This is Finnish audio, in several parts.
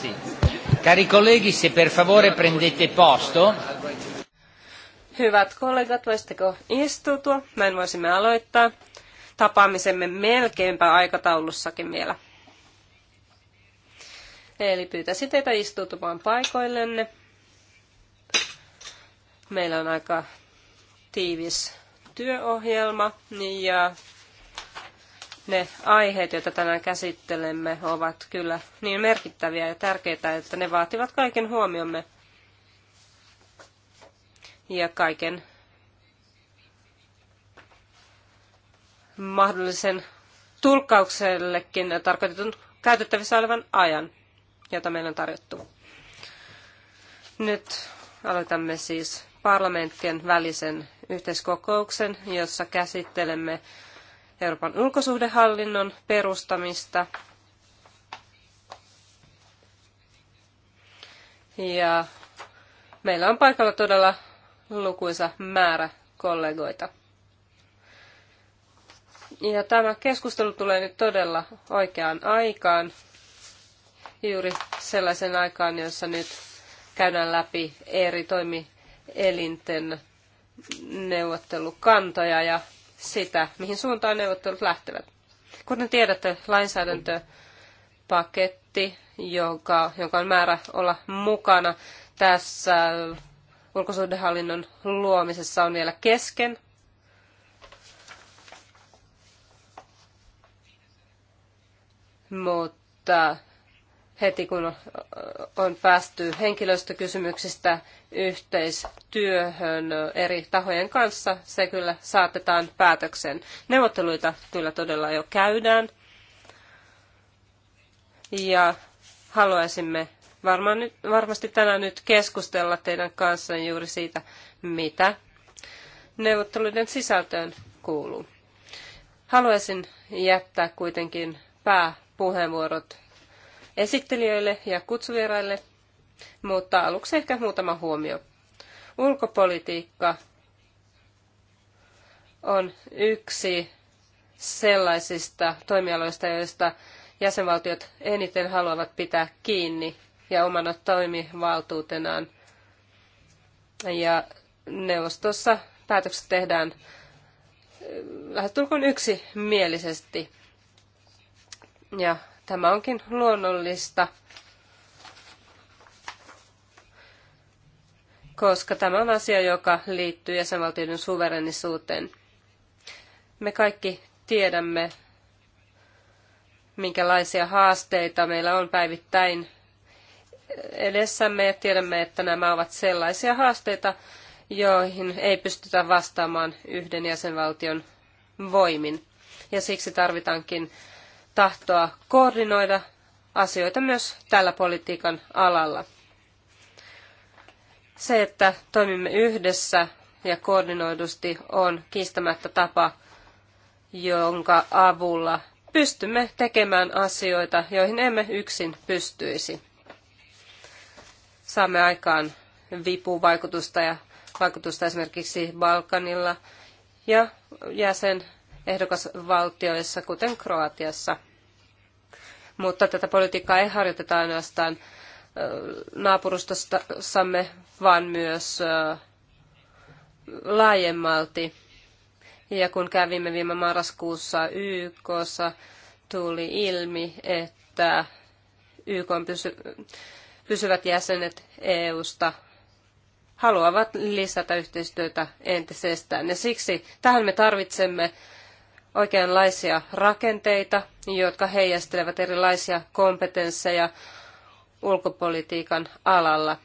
Grazie. Cari colleghi, se per favore prendete posto. Hyvät kollegat, voisitteko istutua? Näin voisimme aloittaa tapaamisemme melkeinpä aikataulussakin vielä. Eli pyytäisin teitä istutumaan paikoillenne. Meillä on aika tiivis työohjelma ja ne aiheet, joita tänään käsittelemme, ovat kyllä niin merkittäviä ja tärkeitä, että ne vaativat kaiken huomiomme ja kaiken mahdollisen tulkkauksellekin tarkoitetun käytettävissä olevan ajan, jota meillä on tarjottu. Nyt aloitamme siis parlamenttien välisen yhteiskokouksen, jossa käsittelemme Euroopan ulkosuhdehallinnon perustamista. Ja meillä on paikalla todella lukuisa määrä kollegoita. Ja tämä keskustelu tulee nyt todella oikeaan aikaan, juuri sellaisen aikaan, jossa nyt käydään läpi eri toimielinten neuvottelukantoja ja sitä, mihin suuntaan neuvottelut lähtevät. Kuten tiedätte, lainsäädäntöpaketti, jonka, jonka on määrä olla mukana tässä ulkosuhdehallinnon luomisessa, on vielä kesken. Mutta heti kun on päästy henkilöstökysymyksistä yhteistyöhön eri tahojen kanssa, se kyllä saatetaan päätökseen. Neuvotteluita kyllä todella jo käydään. Ja haluaisimme varmaan, varmasti tänään nyt keskustella teidän kanssanne juuri siitä, mitä neuvotteluiden sisältöön kuuluu. Haluaisin jättää kuitenkin pääpuheenvuorot esittelijöille ja kutsuvieraille, mutta aluksi ehkä muutama huomio. Ulkopolitiikka on yksi sellaisista toimialoista, joista jäsenvaltiot eniten haluavat pitää kiinni ja omana toimivaltuutenaan. Ja neuvostossa päätökset tehdään äh, lähestulkoon yksimielisesti. Ja Tämä onkin luonnollista, koska tämä on asia, joka liittyy jäsenvaltioiden suverenisuuteen. Me kaikki tiedämme, minkälaisia haasteita meillä on päivittäin edessämme ja tiedämme, että nämä ovat sellaisia haasteita, joihin ei pystytä vastaamaan yhden jäsenvaltion voimin. Ja siksi tarvitaankin tahtoa koordinoida asioita myös tällä politiikan alalla. Se, että toimimme yhdessä ja koordinoidusti on kiistämättä tapa, jonka avulla pystymme tekemään asioita, joihin emme yksin pystyisi. Saamme aikaan vipuvaikutusta ja vaikutusta esimerkiksi Balkanilla ja jäsen ehdokasvaltioissa, kuten Kroatiassa. Mutta tätä politiikkaa ei harjoiteta ainoastaan naapurustossamme, vaan myös laajemmalti. Ja kun kävimme viime marraskuussa YKssa, tuli ilmi, että YK pysyvät jäsenet EUsta haluavat lisätä yhteistyötä entisestään. Ja siksi tähän me tarvitsemme oikeanlaisia rakenteita, jotka heijastelevat erilaisia kompetensseja ulkopolitiikan alalla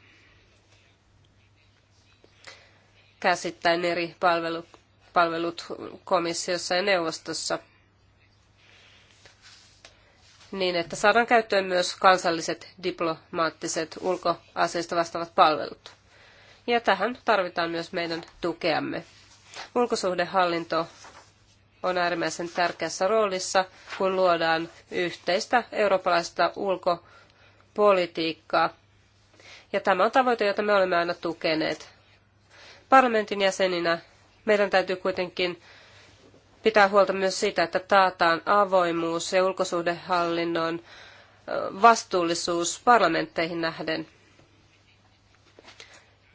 käsittäen eri palvelut, palvelut komissiossa ja neuvostossa niin, että saadaan käyttöön myös kansalliset diplomaattiset ulkoasioista vastaavat palvelut. Ja tähän tarvitaan myös meidän tukeamme. Ulkosuhdehallinto on äärimmäisen tärkeässä roolissa, kun luodaan yhteistä eurooppalaista ulkopolitiikkaa. Ja tämä on tavoite, jota me olemme aina tukeneet. Parlamentin jäseninä meidän täytyy kuitenkin pitää huolta myös siitä, että taataan avoimuus ja ulkosuhdehallinnon vastuullisuus parlamentteihin nähden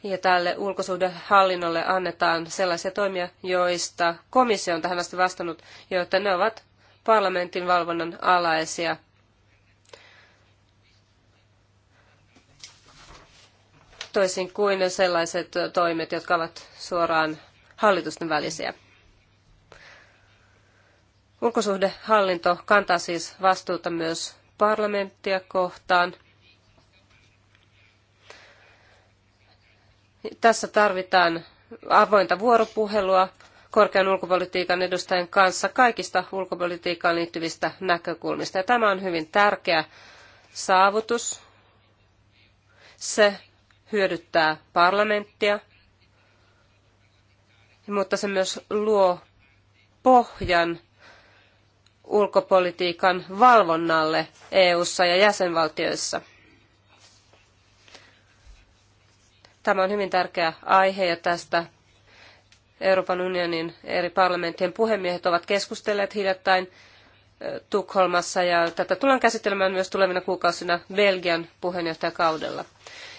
ja tälle ulkosuhdehallinnolle annetaan sellaisia toimia, joista komissio on tähän asti vastannut, joita ne ovat parlamentin valvonnan alaisia. Toisin kuin sellaiset toimet, jotka ovat suoraan hallitusten välisiä. Ulkosuhdehallinto kantaa siis vastuuta myös parlamenttia kohtaan – Tässä tarvitaan avointa vuoropuhelua korkean ulkopolitiikan edustajien kanssa kaikista ulkopolitiikkaan liittyvistä näkökulmista. Ja tämä on hyvin tärkeä saavutus. Se hyödyttää parlamenttia, mutta se myös luo pohjan ulkopolitiikan valvonnalle EU:ssa ja jäsenvaltioissa. Tämä on hyvin tärkeä aihe ja tästä Euroopan unionin eri parlamenttien puhemiehet ovat keskustelleet hiljattain Tukholmassa ja tätä tullaan käsittelemään myös tulevina kuukausina Belgian puheenjohtajakaudella.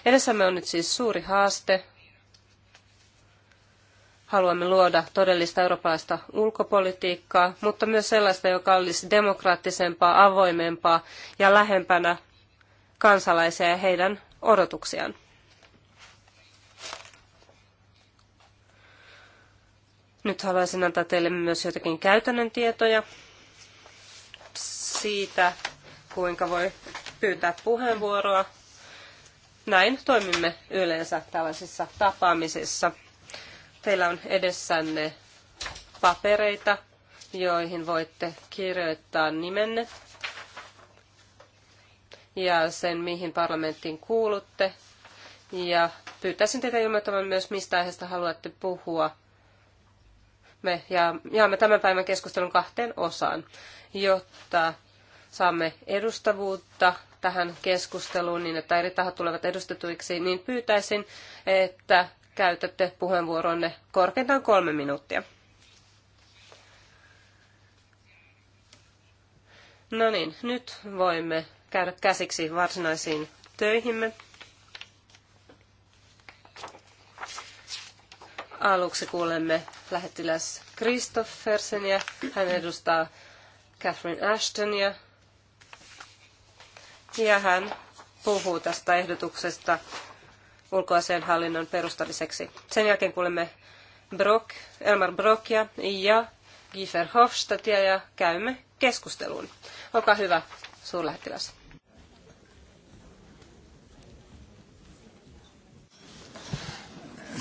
Edessämme on nyt siis suuri haaste. Haluamme luoda todellista eurooppalaista ulkopolitiikkaa, mutta myös sellaista, joka olisi demokraattisempaa, avoimempaa ja lähempänä kansalaisia ja heidän odotuksiaan. Nyt haluaisin antaa teille myös jotakin käytännön tietoja siitä, kuinka voi pyytää puheenvuoroa. Näin toimimme yleensä tällaisissa tapaamisissa. Teillä on edessänne papereita, joihin voitte kirjoittaa nimenne ja sen, mihin parlamenttiin kuulutte. Ja pyytäisin teitä ilmoittamaan myös, mistä aiheesta haluatte puhua me jaamme tämän päivän keskustelun kahteen osaan, jotta saamme edustavuutta tähän keskusteluun niin, että eri tahot tulevat edustetuiksi, niin pyytäisin, että käytätte puheenvuoronne korkeintaan kolme minuuttia. No niin, nyt voimme käydä käsiksi varsinaisiin töihimme. Aluksi kuulemme lähettiläs Kristoffersenia. Hän edustaa Catherine Ashtonia. Ja hän puhuu tästä ehdotuksesta ulkoasiainhallinnon perustamiseksi. Sen jälkeen kuulemme Brock, Elmar Brockia ja Giefer Hofstadtia ja käymme keskusteluun. Olkaa hyvä, suurlähettiläs.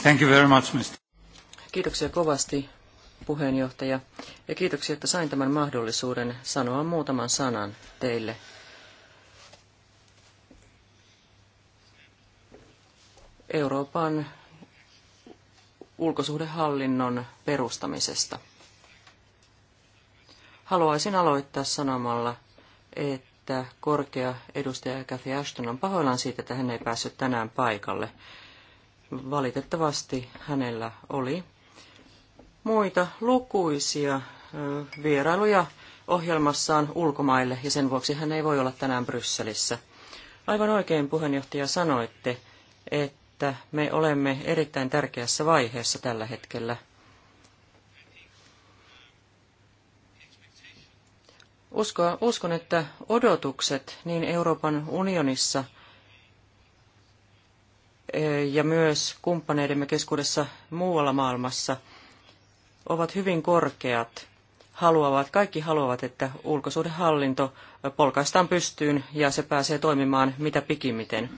Thank you very much, Mr. Kiitoksia kovasti, puheenjohtaja, ja kiitoksia, että sain tämän mahdollisuuden sanoa muutaman sanan teille. Euroopan ulkosuhdehallinnon perustamisesta. Haluaisin aloittaa sanomalla, että korkea edustaja Kathy Ashton on pahoillaan siitä, että hän ei päässyt tänään paikalle. Valitettavasti hänellä oli muita lukuisia vierailuja ohjelmassaan ulkomaille, ja sen vuoksi hän ei voi olla tänään Brysselissä. Aivan oikein puheenjohtaja sanoitte, että me olemme erittäin tärkeässä vaiheessa tällä hetkellä. Usko, uskon, että odotukset niin Euroopan unionissa ja myös kumppaneidemme keskuudessa muualla maailmassa – ovat hyvin korkeat. Haluavat, kaikki haluavat, että ulkosuhdehallinto polkaistaan pystyyn ja se pääsee toimimaan mitä pikimmiten.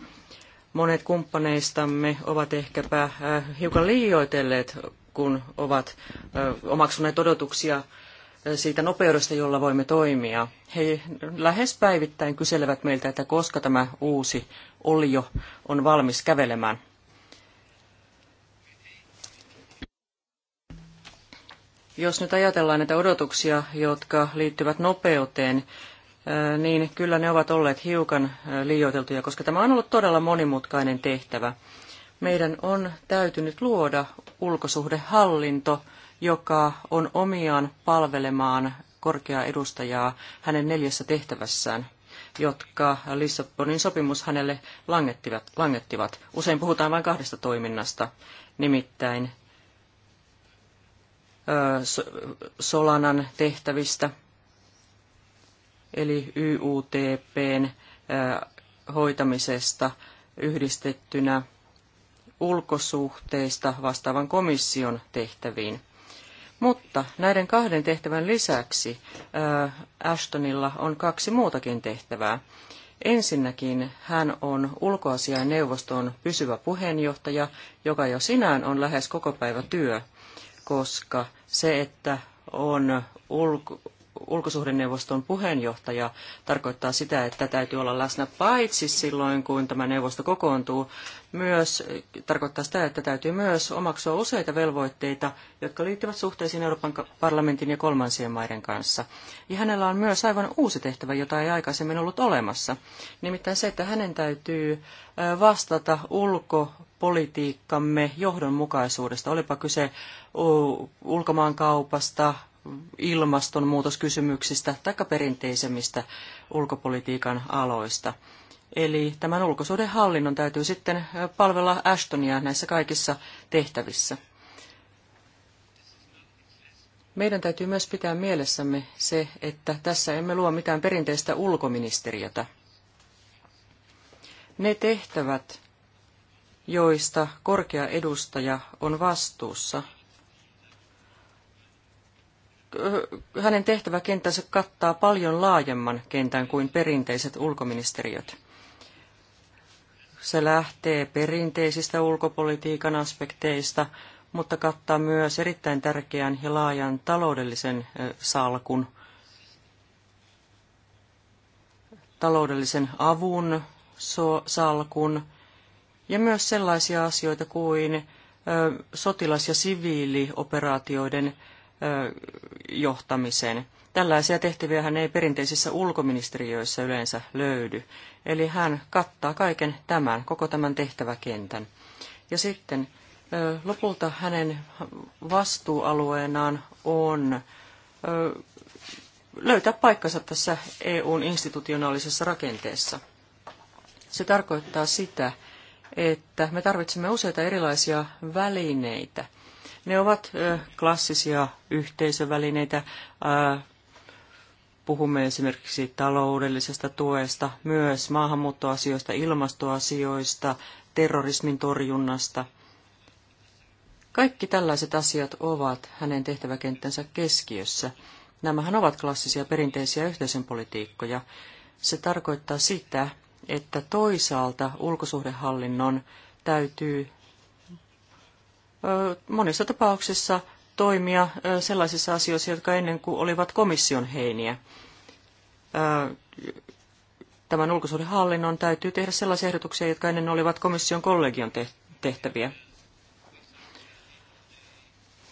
Monet kumppaneistamme ovat ehkäpä äh, hiukan liioitelleet, kun ovat äh, omaksuneet odotuksia äh, siitä nopeudesta, jolla voimme toimia. He lähes päivittäin kyselevät meiltä, että koska tämä uusi olio on valmis kävelemään. Jos nyt ajatellaan näitä odotuksia, jotka liittyvät nopeuteen, äh, niin kyllä ne ovat olleet hiukan äh, liioiteltuja, koska tämä on ollut todella monimutkainen tehtävä. Meidän on täytynyt luoda ulkosuhdehallinto, joka on omiaan palvelemaan korkeaa edustajaa hänen neljässä tehtävässään jotka Lissabonin sopimus hänelle langettivat. langettivat. Usein puhutaan vain kahdesta toiminnasta, nimittäin Solanan tehtävistä, eli YUTPn hoitamisesta yhdistettynä ulkosuhteista vastaavan komission tehtäviin. Mutta näiden kahden tehtävän lisäksi Ashtonilla on kaksi muutakin tehtävää. Ensinnäkin hän on ulkoasiainneuvoston pysyvä puheenjohtaja, joka jo sinään on lähes koko päivä työ – koska se, että on ulko- ulkosuhdeneuvoston puheenjohtaja tarkoittaa sitä, että täytyy olla läsnä paitsi silloin, kun tämä neuvosto kokoontuu, myös tarkoittaa sitä, että täytyy myös omaksua useita velvoitteita, jotka liittyvät suhteisiin Euroopan parlamentin ja kolmansien maiden kanssa. Ja hänellä on myös aivan uusi tehtävä, jota ei aikaisemmin ollut olemassa. Nimittäin se, että hänen täytyy vastata ulkopolitiikkamme johdonmukaisuudesta, olipa kyse ulkomaankaupasta, ilmastonmuutoskysymyksistä tai perinteisemmistä ulkopolitiikan aloista. Eli tämän ulkosuhdehallinnon täytyy sitten palvella Ashtonia näissä kaikissa tehtävissä. Meidän täytyy myös pitää mielessämme se, että tässä emme luo mitään perinteistä ulkoministeriötä. Ne tehtävät, joista korkea edustaja on vastuussa, hänen tehtäväkenttänsä kattaa paljon laajemman kentän kuin perinteiset ulkoministeriöt. Se lähtee perinteisistä ulkopolitiikan aspekteista, mutta kattaa myös erittäin tärkeän ja laajan taloudellisen salkun, taloudellisen avun salkun ja myös sellaisia asioita kuin sotilas- ja siviilioperaatioiden johtamiseen. Tällaisia tehtäviä hän ei perinteisissä ulkoministeriöissä yleensä löydy, eli hän kattaa kaiken tämän, koko tämän tehtäväkentän. Ja sitten lopulta hänen vastuualueenaan on löytää paikkansa tässä EUn institutionaalisessa rakenteessa. Se tarkoittaa sitä, että me tarvitsemme useita erilaisia välineitä, ne ovat klassisia yhteisövälineitä. Puhumme esimerkiksi taloudellisesta tuesta, myös maahanmuuttoasioista, ilmastoasioista, terrorismin torjunnasta. Kaikki tällaiset asiat ovat hänen tehtäväkenttänsä keskiössä. Nämähän ovat klassisia perinteisiä yhteisön politiikkoja. Se tarkoittaa sitä, että toisaalta ulkosuhdehallinnon täytyy monissa tapauksissa toimia sellaisissa asioissa, jotka ennen kuin olivat komission heiniä. Tämän ulkosuhdehallinnon täytyy tehdä sellaisia ehdotuksia, jotka ennen olivat komission kollegion tehtäviä.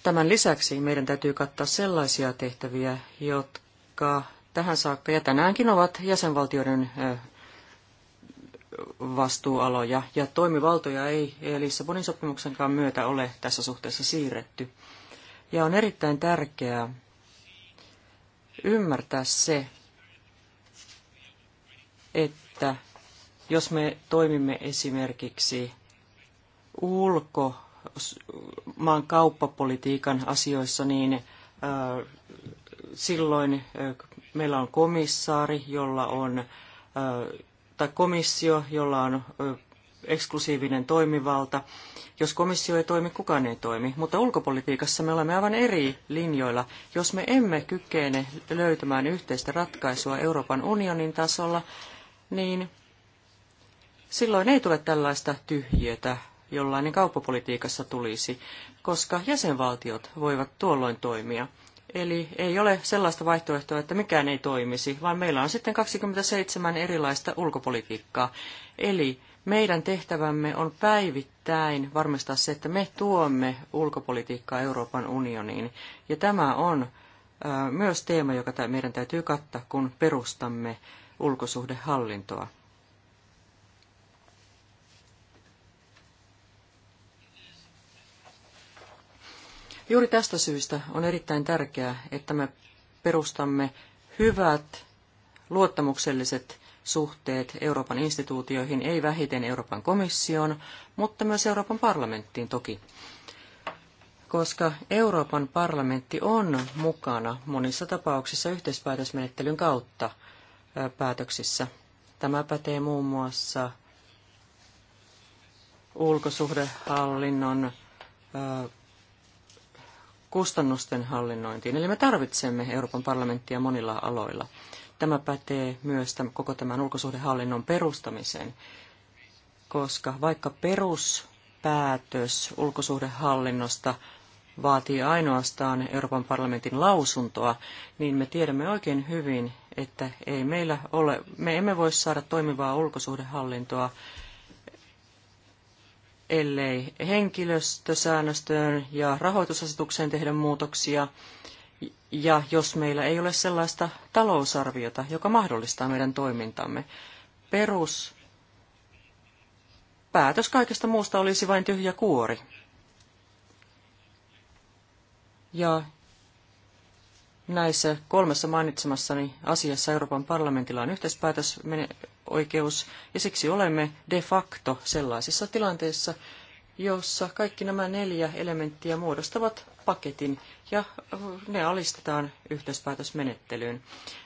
Tämän lisäksi meidän täytyy kattaa sellaisia tehtäviä, jotka tähän saakka ja tänäänkin ovat jäsenvaltioiden vastuualoja ja toimivaltoja ei Lissabonin sopimuksenkaan myötä ole tässä suhteessa siirretty. Ja on erittäin tärkeää ymmärtää se, että jos me toimimme esimerkiksi ulkomaan kauppapolitiikan asioissa, niin äh, silloin äh, meillä on komissaari, jolla on äh, mutta komissio, jolla on eksklusiivinen toimivalta. Jos komissio ei toimi, kukaan ei toimi. Mutta ulkopolitiikassa me olemme aivan eri linjoilla. Jos me emme kykene löytämään yhteistä ratkaisua Euroopan unionin tasolla, niin silloin ei tule tällaista tyhjiötä, jollainen kauppapolitiikassa tulisi, koska jäsenvaltiot voivat tuolloin toimia. Eli ei ole sellaista vaihtoehtoa, että mikään ei toimisi, vaan meillä on sitten 27 erilaista ulkopolitiikkaa. Eli meidän tehtävämme on päivittäin varmistaa se, että me tuomme ulkopolitiikkaa Euroopan unioniin. Ja tämä on myös teema, joka meidän täytyy kattaa, kun perustamme ulkosuhdehallintoa. Juuri tästä syystä on erittäin tärkeää, että me perustamme hyvät luottamukselliset suhteet Euroopan instituutioihin, ei vähiten Euroopan komissioon, mutta myös Euroopan parlamenttiin toki. Koska Euroopan parlamentti on mukana monissa tapauksissa yhteispäätösmenettelyn kautta päätöksissä. Tämä pätee muun muassa ulkosuhdehallinnon kustannusten hallinnointiin. Eli me tarvitsemme Euroopan parlamenttia monilla aloilla. Tämä pätee myös tämän, koko tämän ulkosuhdehallinnon perustamiseen, koska vaikka peruspäätös ulkosuhdehallinnosta vaatii ainoastaan Euroopan parlamentin lausuntoa, niin me tiedämme oikein hyvin, että ei meillä ole, me emme voi saada toimivaa ulkosuhdehallintoa ellei henkilöstösäännöstöön ja rahoitusasetukseen tehdä muutoksia, ja jos meillä ei ole sellaista talousarviota, joka mahdollistaa meidän toimintamme. Perus päätös kaikesta muusta olisi vain tyhjä kuori. Ja näissä kolmessa mainitsemassani asiassa Euroopan parlamentilla on yhteispäätösoikeus, ja siksi olemme de facto sellaisessa tilanteessa, jossa kaikki nämä neljä elementtiä muodostavat paketin, ja ne alistetaan yhteispäätösmenettelyyn.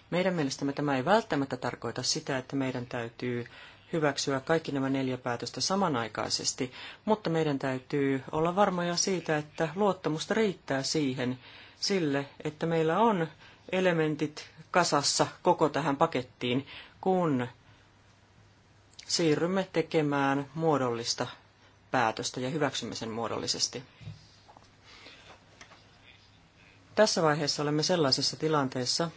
Meidän mielestämme tämä ei välttämättä tarkoita sitä, että meidän täytyy hyväksyä kaikki nämä neljä päätöstä samanaikaisesti, mutta meidän täytyy olla varmoja siitä, että luottamusta riittää siihen, sille, että meillä on elementit kasassa koko tähän pakettiin, kun siirrymme tekemään muodollista päätöstä ja hyväksymme sen muodollisesti. Tässä vaiheessa olemme sellaisessa tilanteessa,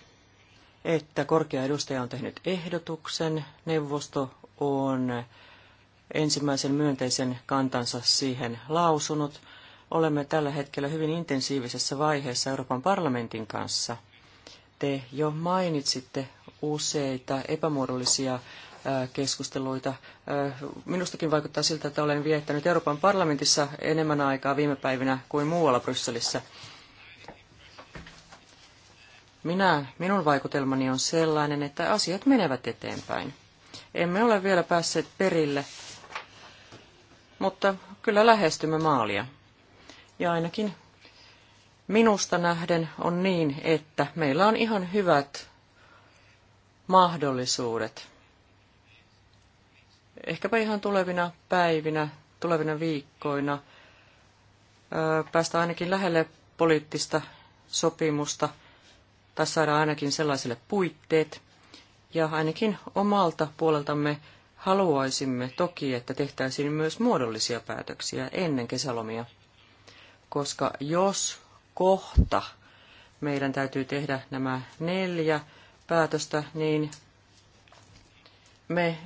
että korkea edustaja on tehnyt ehdotuksen, neuvosto on ensimmäisen myönteisen kantansa siihen lausunut, Olemme tällä hetkellä hyvin intensiivisessä vaiheessa Euroopan parlamentin kanssa. Te jo mainitsitte useita epämuodollisia keskusteluita. Minustakin vaikuttaa siltä, että olen viettänyt Euroopan parlamentissa enemmän aikaa viime päivinä kuin muualla Brysselissä. Minä, minun vaikutelmani on sellainen, että asiat menevät eteenpäin. Emme ole vielä päässeet perille, mutta kyllä lähestymme maalia. Ja ainakin minusta nähden on niin, että meillä on ihan hyvät mahdollisuudet. Ehkäpä ihan tulevina päivinä, tulevina viikkoina päästä ainakin lähelle poliittista sopimusta tai saada ainakin sellaiselle puitteet. Ja ainakin omalta puoleltamme haluaisimme toki, että tehtäisiin myös muodollisia päätöksiä ennen kesälomia koska jos kohta meidän täytyy tehdä nämä neljä päätöstä, niin me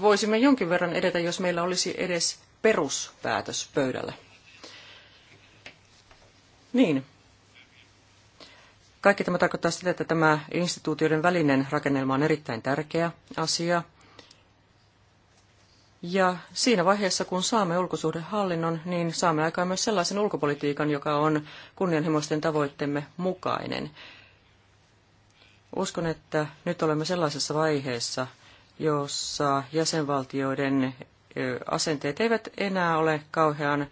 voisimme jonkin verran edetä, jos meillä olisi edes peruspäätös pöydällä. Niin. Kaikki tämä tarkoittaa sitä, että tämä instituutioiden välinen rakennelma on erittäin tärkeä asia – ja siinä vaiheessa, kun saamme ulkosuhdehallinnon, niin saamme aikaan myös sellaisen ulkopolitiikan, joka on kunnianhimoisten tavoitteemme mukainen. Uskon, että nyt olemme sellaisessa vaiheessa, jossa jäsenvaltioiden asenteet eivät enää ole kauhean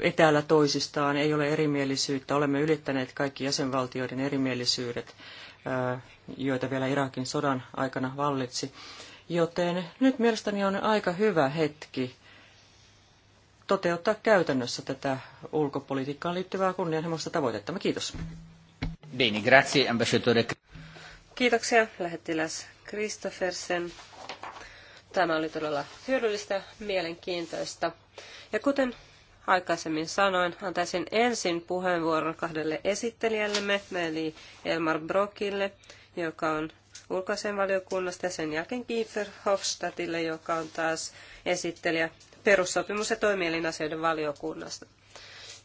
etäällä toisistaan, ei ole erimielisyyttä. Olemme ylittäneet kaikki jäsenvaltioiden erimielisyydet, joita vielä Irakin sodan aikana vallitsi. Joten nyt mielestäni on aika hyvä hetki toteuttaa käytännössä tätä ulkopolitiikkaan liittyvää kunnianhimoista tavoitetta. Kiitos. Bene, grazie, ambasciatore. Kiitoksia, lähettiläs Kristoffersen. Tämä oli todella hyödyllistä ja mielenkiintoista. Ja kuten aikaisemmin sanoin, antaisin ensin puheenvuoron kahdelle esittelijällemme, eli Elmar Brokille, joka on ulkoasianvaliokunnasta ja sen jälkeen Kiefer Hofstadille, joka on taas esittelijä perussopimus- ja toimielinasioiden valiokunnasta.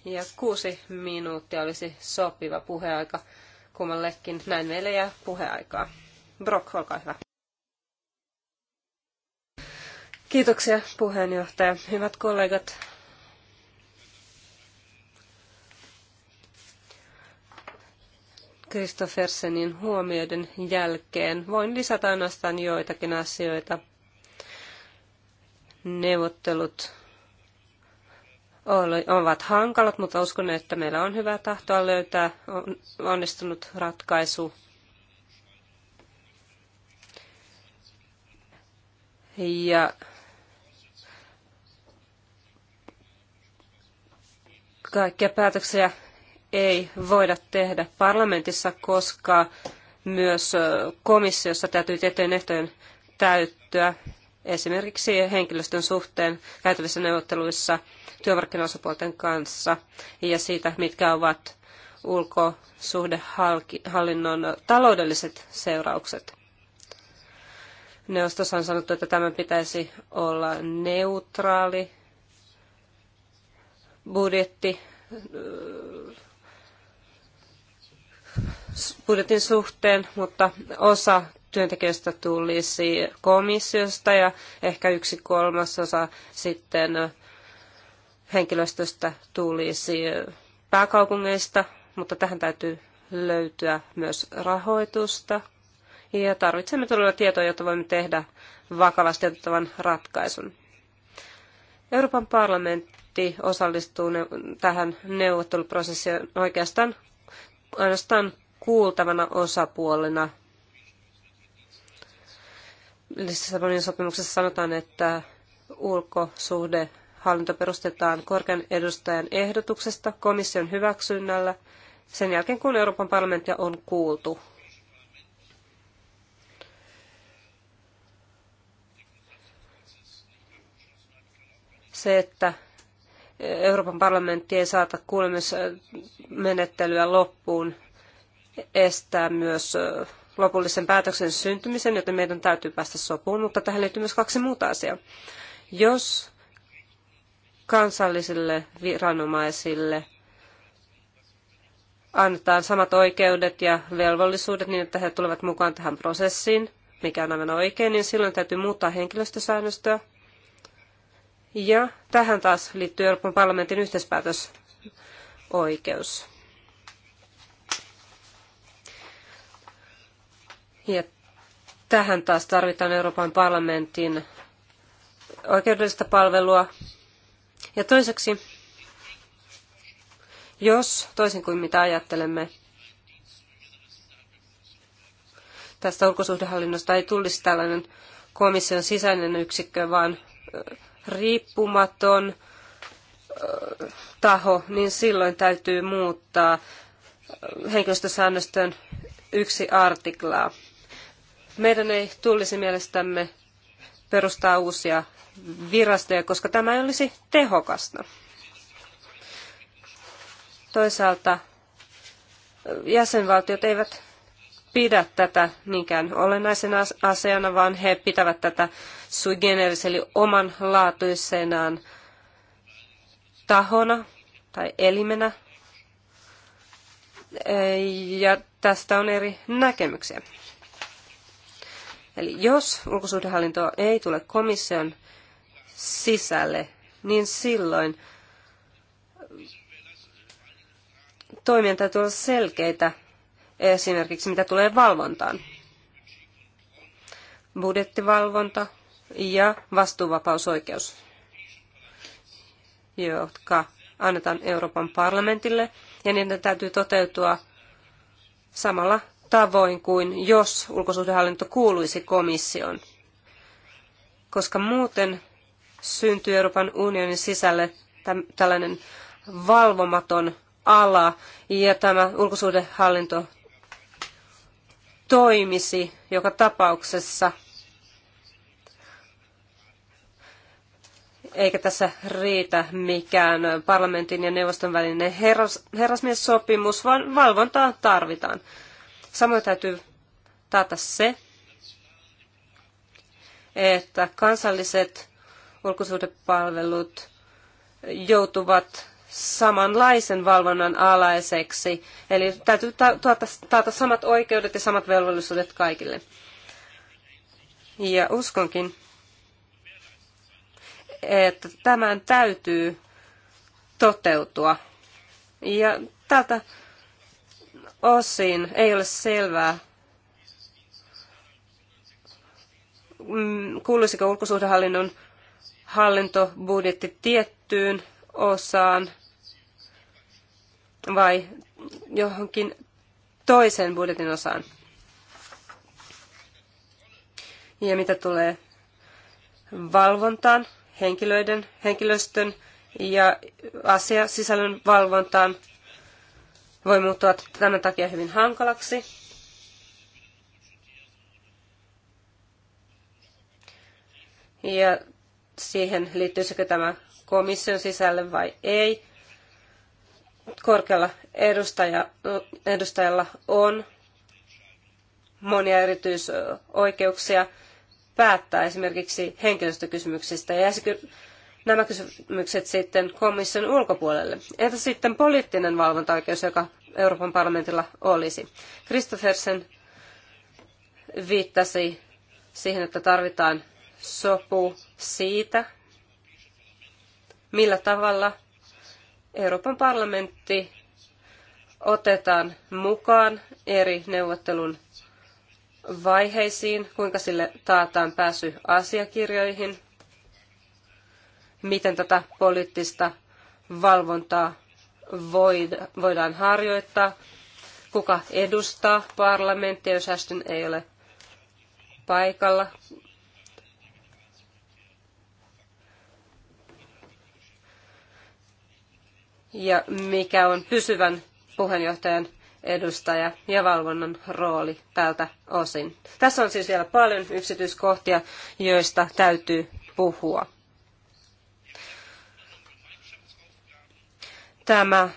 Ja kuusi minuuttia olisi sopiva puheaika kummallekin. Näin meille jää puheaikaa. Brock, olkaa hyvä. Kiitoksia puheenjohtaja. Hyvät kollegat, Kristoffersenin huomioiden jälkeen voin lisätä ainoastaan joitakin asioita. Neuvottelut ovat hankalat, mutta uskon, että meillä on hyvää tahtoa löytää onnistunut ratkaisu. Ja kaikkia päätöksiä ei voida tehdä parlamentissa, koska myös komissiossa täytyy tiettyjen ehtojen täyttyä esimerkiksi henkilöstön suhteen käytävissä neuvotteluissa työmarkkinaosapuolten kanssa ja siitä, mitkä ovat ulkosuhdehallinnon taloudelliset seuraukset. Neuvostossa on sanottu, että tämän pitäisi olla neutraali budjetti budjetin suhteen, mutta osa työntekijöistä tulisi komissiosta ja ehkä yksi kolmasosa sitten henkilöstöstä tulisi pääkaupungeista, mutta tähän täytyy löytyä myös rahoitusta. Ja tarvitsemme todella tietoa, jotta voimme tehdä vakavasti otettavan ratkaisun. Euroopan parlamentti osallistuu tähän neuvotteluprosessiin oikeastaan ainoastaan kuultavana osapuolena. Lissabonin sopimuksessa sanotaan, että ulkosuhde hallinto perustetaan korkean edustajan ehdotuksesta komission hyväksynnällä sen jälkeen, kun Euroopan parlamenttia on kuultu. Se, että Euroopan parlamentti ei saata kuulemismenettelyä loppuun, estää myös lopullisen päätöksen syntymisen, joten meidän täytyy päästä sopuun, mutta tähän liittyy myös kaksi muuta asiaa. Jos kansallisille viranomaisille annetaan samat oikeudet ja velvollisuudet niin, että he tulevat mukaan tähän prosessiin, mikä on aivan oikein, niin silloin täytyy muuttaa henkilöstösäännöstöä. Ja tähän taas liittyy Euroopan parlamentin yhteispäätösoikeus. Ja tähän taas tarvitaan Euroopan parlamentin oikeudellista palvelua. Ja toiseksi, jos toisin kuin mitä ajattelemme, tästä ulkosuhdehallinnosta ei tulisi tällainen komission sisäinen yksikkö, vaan riippumaton taho, niin silloin täytyy muuttaa henkilöstösäännöstön yksi artiklaa. Meidän ei tulisi mielestämme perustaa uusia virastoja, koska tämä ei olisi tehokasta. Toisaalta jäsenvaltiot eivät pidä tätä niinkään olennaisena asiana, vaan he pitävät tätä sui generis, eli oman laatuisenaan tahona tai elimenä. Ja tästä on eri näkemyksiä. Eli jos ulkosuhdehallinto ei tule komission sisälle, niin silloin toimien täytyy olla selkeitä, esimerkiksi mitä tulee valvontaan. Budjettivalvonta ja vastuuvapausoikeus, jotka annetaan Euroopan parlamentille, ja niiden täytyy toteutua samalla tavoin kuin jos ulkosuhdehallinto kuuluisi komissioon, koska muuten syntyy Euroopan unionin sisälle tällainen valvomaton ala ja tämä ulkosuhdehallinto toimisi joka tapauksessa. Eikä tässä riitä mikään parlamentin ja neuvoston välinen herras, herrasmies-sopimus, vaan valvontaa tarvitaan. Samoin täytyy taata se, että kansalliset ulkosuhdepalvelut joutuvat samanlaisen valvonnan alaiseksi. Eli täytyy taata, tuota- taata samat oikeudet ja samat velvollisuudet kaikille. Ja uskonkin, että tämän täytyy toteutua. Ja tältä osin ei ole selvää, mm, kuuluisiko ulkosuhdehallinnon hallintobudjetti tiettyyn osaan vai johonkin toiseen budjetin osaan. Ja mitä tulee valvontaan, henkilöiden, henkilöstön ja asiasisällön valvontaan, voi muuttua tämän takia hyvin hankalaksi. Ja siihen liittyisikö tämä komission sisälle vai ei. Korkealla edustaja, edustajalla on monia erityisoikeuksia päättää esimerkiksi henkilöstökysymyksistä. Ja jäisikö nämä kysymykset sitten komission ulkopuolelle. Entä sitten poliittinen valvontaoikeus, joka Euroopan parlamentilla olisi? Christophersen viittasi siihen, että tarvitaan sopu siitä, millä tavalla Euroopan parlamentti otetaan mukaan eri neuvottelun vaiheisiin, kuinka sille taataan pääsy asiakirjoihin miten tätä poliittista valvontaa voidaan harjoittaa, kuka edustaa parlamenttia, jos Ashton ei ole paikalla. Ja mikä on pysyvän puheenjohtajan edustaja ja valvonnan rooli tältä osin. Tässä on siis vielä paljon yksityiskohtia, joista täytyy puhua. tämä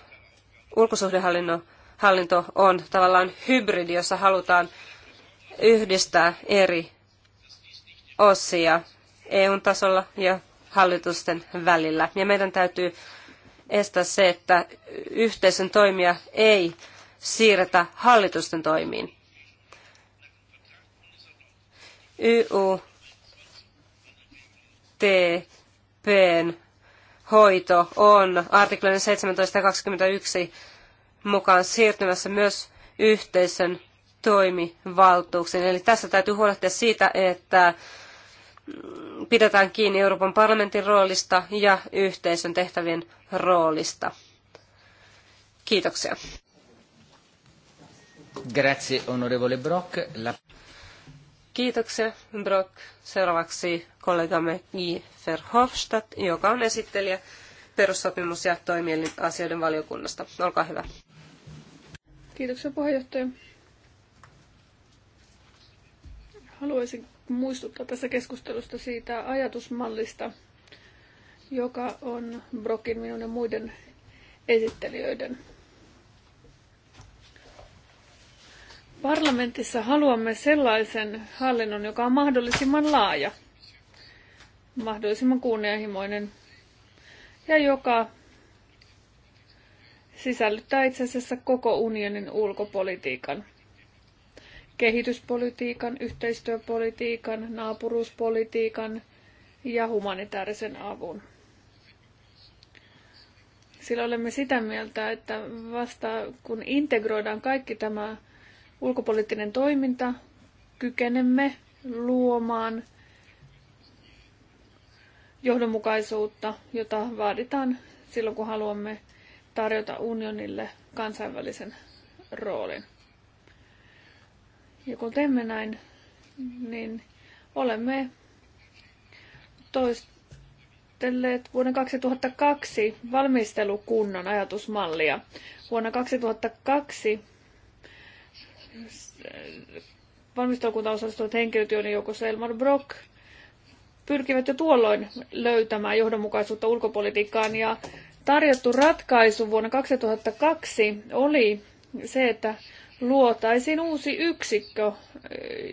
ulkosuhdehallinto on tavallaan hybridi, jossa halutaan yhdistää eri osia EUn tasolla ja hallitusten välillä. Ja meidän täytyy estää se, että yhteisön toimia ei siirretä hallitusten toimiin. YUTPn hoito on artiklojen 17 ja 21 mukaan siirtymässä myös yhteisön toimivaltuuksiin. Eli tässä täytyy huolehtia siitä, että pidetään kiinni Euroopan parlamentin roolista ja yhteisön tehtävien roolista. Kiitoksia. Grazie, onorevole Brock. La... Kiitoksia, Brock. Seuraavaksi kollegamme J. Verhofstadt, joka on esittelijä perussopimus- ja toimielinasioiden valiokunnasta. Olkaa hyvä. Kiitoksia puheenjohtaja. Haluaisin muistuttaa tässä keskustelusta siitä ajatusmallista, joka on Brokin minun ja muiden esittelijöiden Parlamentissa haluamme sellaisen hallinnon, joka on mahdollisimman laaja, mahdollisimman kunnianhimoinen ja joka sisällyttää itse asiassa koko unionin ulkopolitiikan. Kehityspolitiikan, yhteistyöpolitiikan, naapuruuspolitiikan ja humanitaarisen avun. Sillä olemme sitä mieltä, että vasta kun integroidaan kaikki tämä ulkopoliittinen toiminta, kykenemme luomaan johdonmukaisuutta, jota vaaditaan silloin, kun haluamme tarjota unionille kansainvälisen roolin. Ja kun teemme näin, niin olemme toistelleet vuoden 2002 valmistelukunnan ajatusmallia. Vuonna 2002 valmistaukunta osastuvat henkilöt, joiden joukossa Elmar Brock, pyrkivät jo tuolloin löytämään johdonmukaisuutta ulkopolitiikkaan ja tarjottu ratkaisu vuonna 2002 oli se, että luotaisiin uusi yksikkö,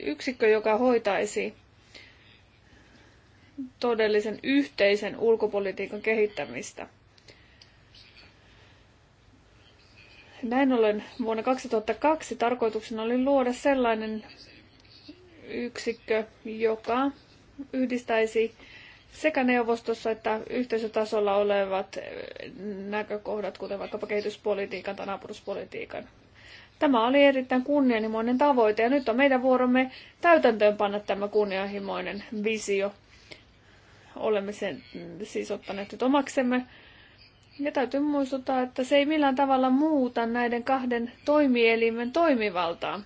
yksikkö joka hoitaisi todellisen yhteisen ulkopolitiikan kehittämistä. Näin ollen vuonna 2002 tarkoituksena oli luoda sellainen yksikkö, joka yhdistäisi sekä neuvostossa että yhteisötasolla olevat näkökohdat, kuten vaikkapa kehityspolitiikan tai naapuruspolitiikan. Tämä oli erittäin kunnianhimoinen tavoite ja nyt on meidän vuoromme täytäntöönpanna tämä kunnianhimoinen visio. Olemme sen siis ottaneet nyt omaksemme ja täytyy muistuttaa, että se ei millään tavalla muuta näiden kahden toimielimen toimivaltaa.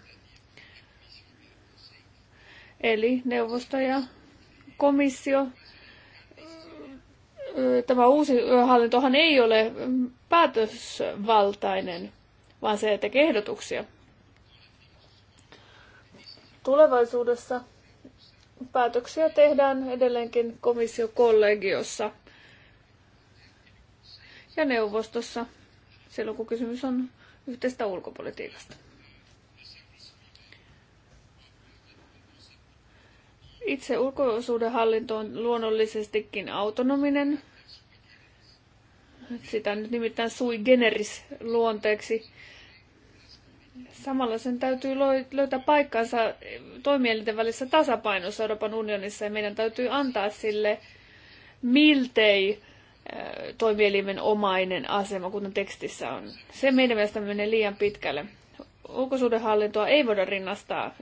Eli neuvosto ja komissio. Tämä uusi hallintohan ei ole päätösvaltainen, vaan se tekee ehdotuksia. Tulevaisuudessa päätöksiä tehdään edelleenkin komissiokollegiossa – ja neuvostossa silloin, kun kysymys on yhteistä ulkopolitiikasta. Itse hallinto on luonnollisestikin autonominen. Sitä nyt nimittäin sui generis luonteeksi. Samalla sen täytyy löytää paikkansa toimielinten välissä tasapainossa Euroopan unionissa ja meidän täytyy antaa sille miltei toimielimen omainen asema, kuten tekstissä on. Se meidän mielestä menee liian pitkälle. Ulkosuudenhallintoa ei voida rinnastaa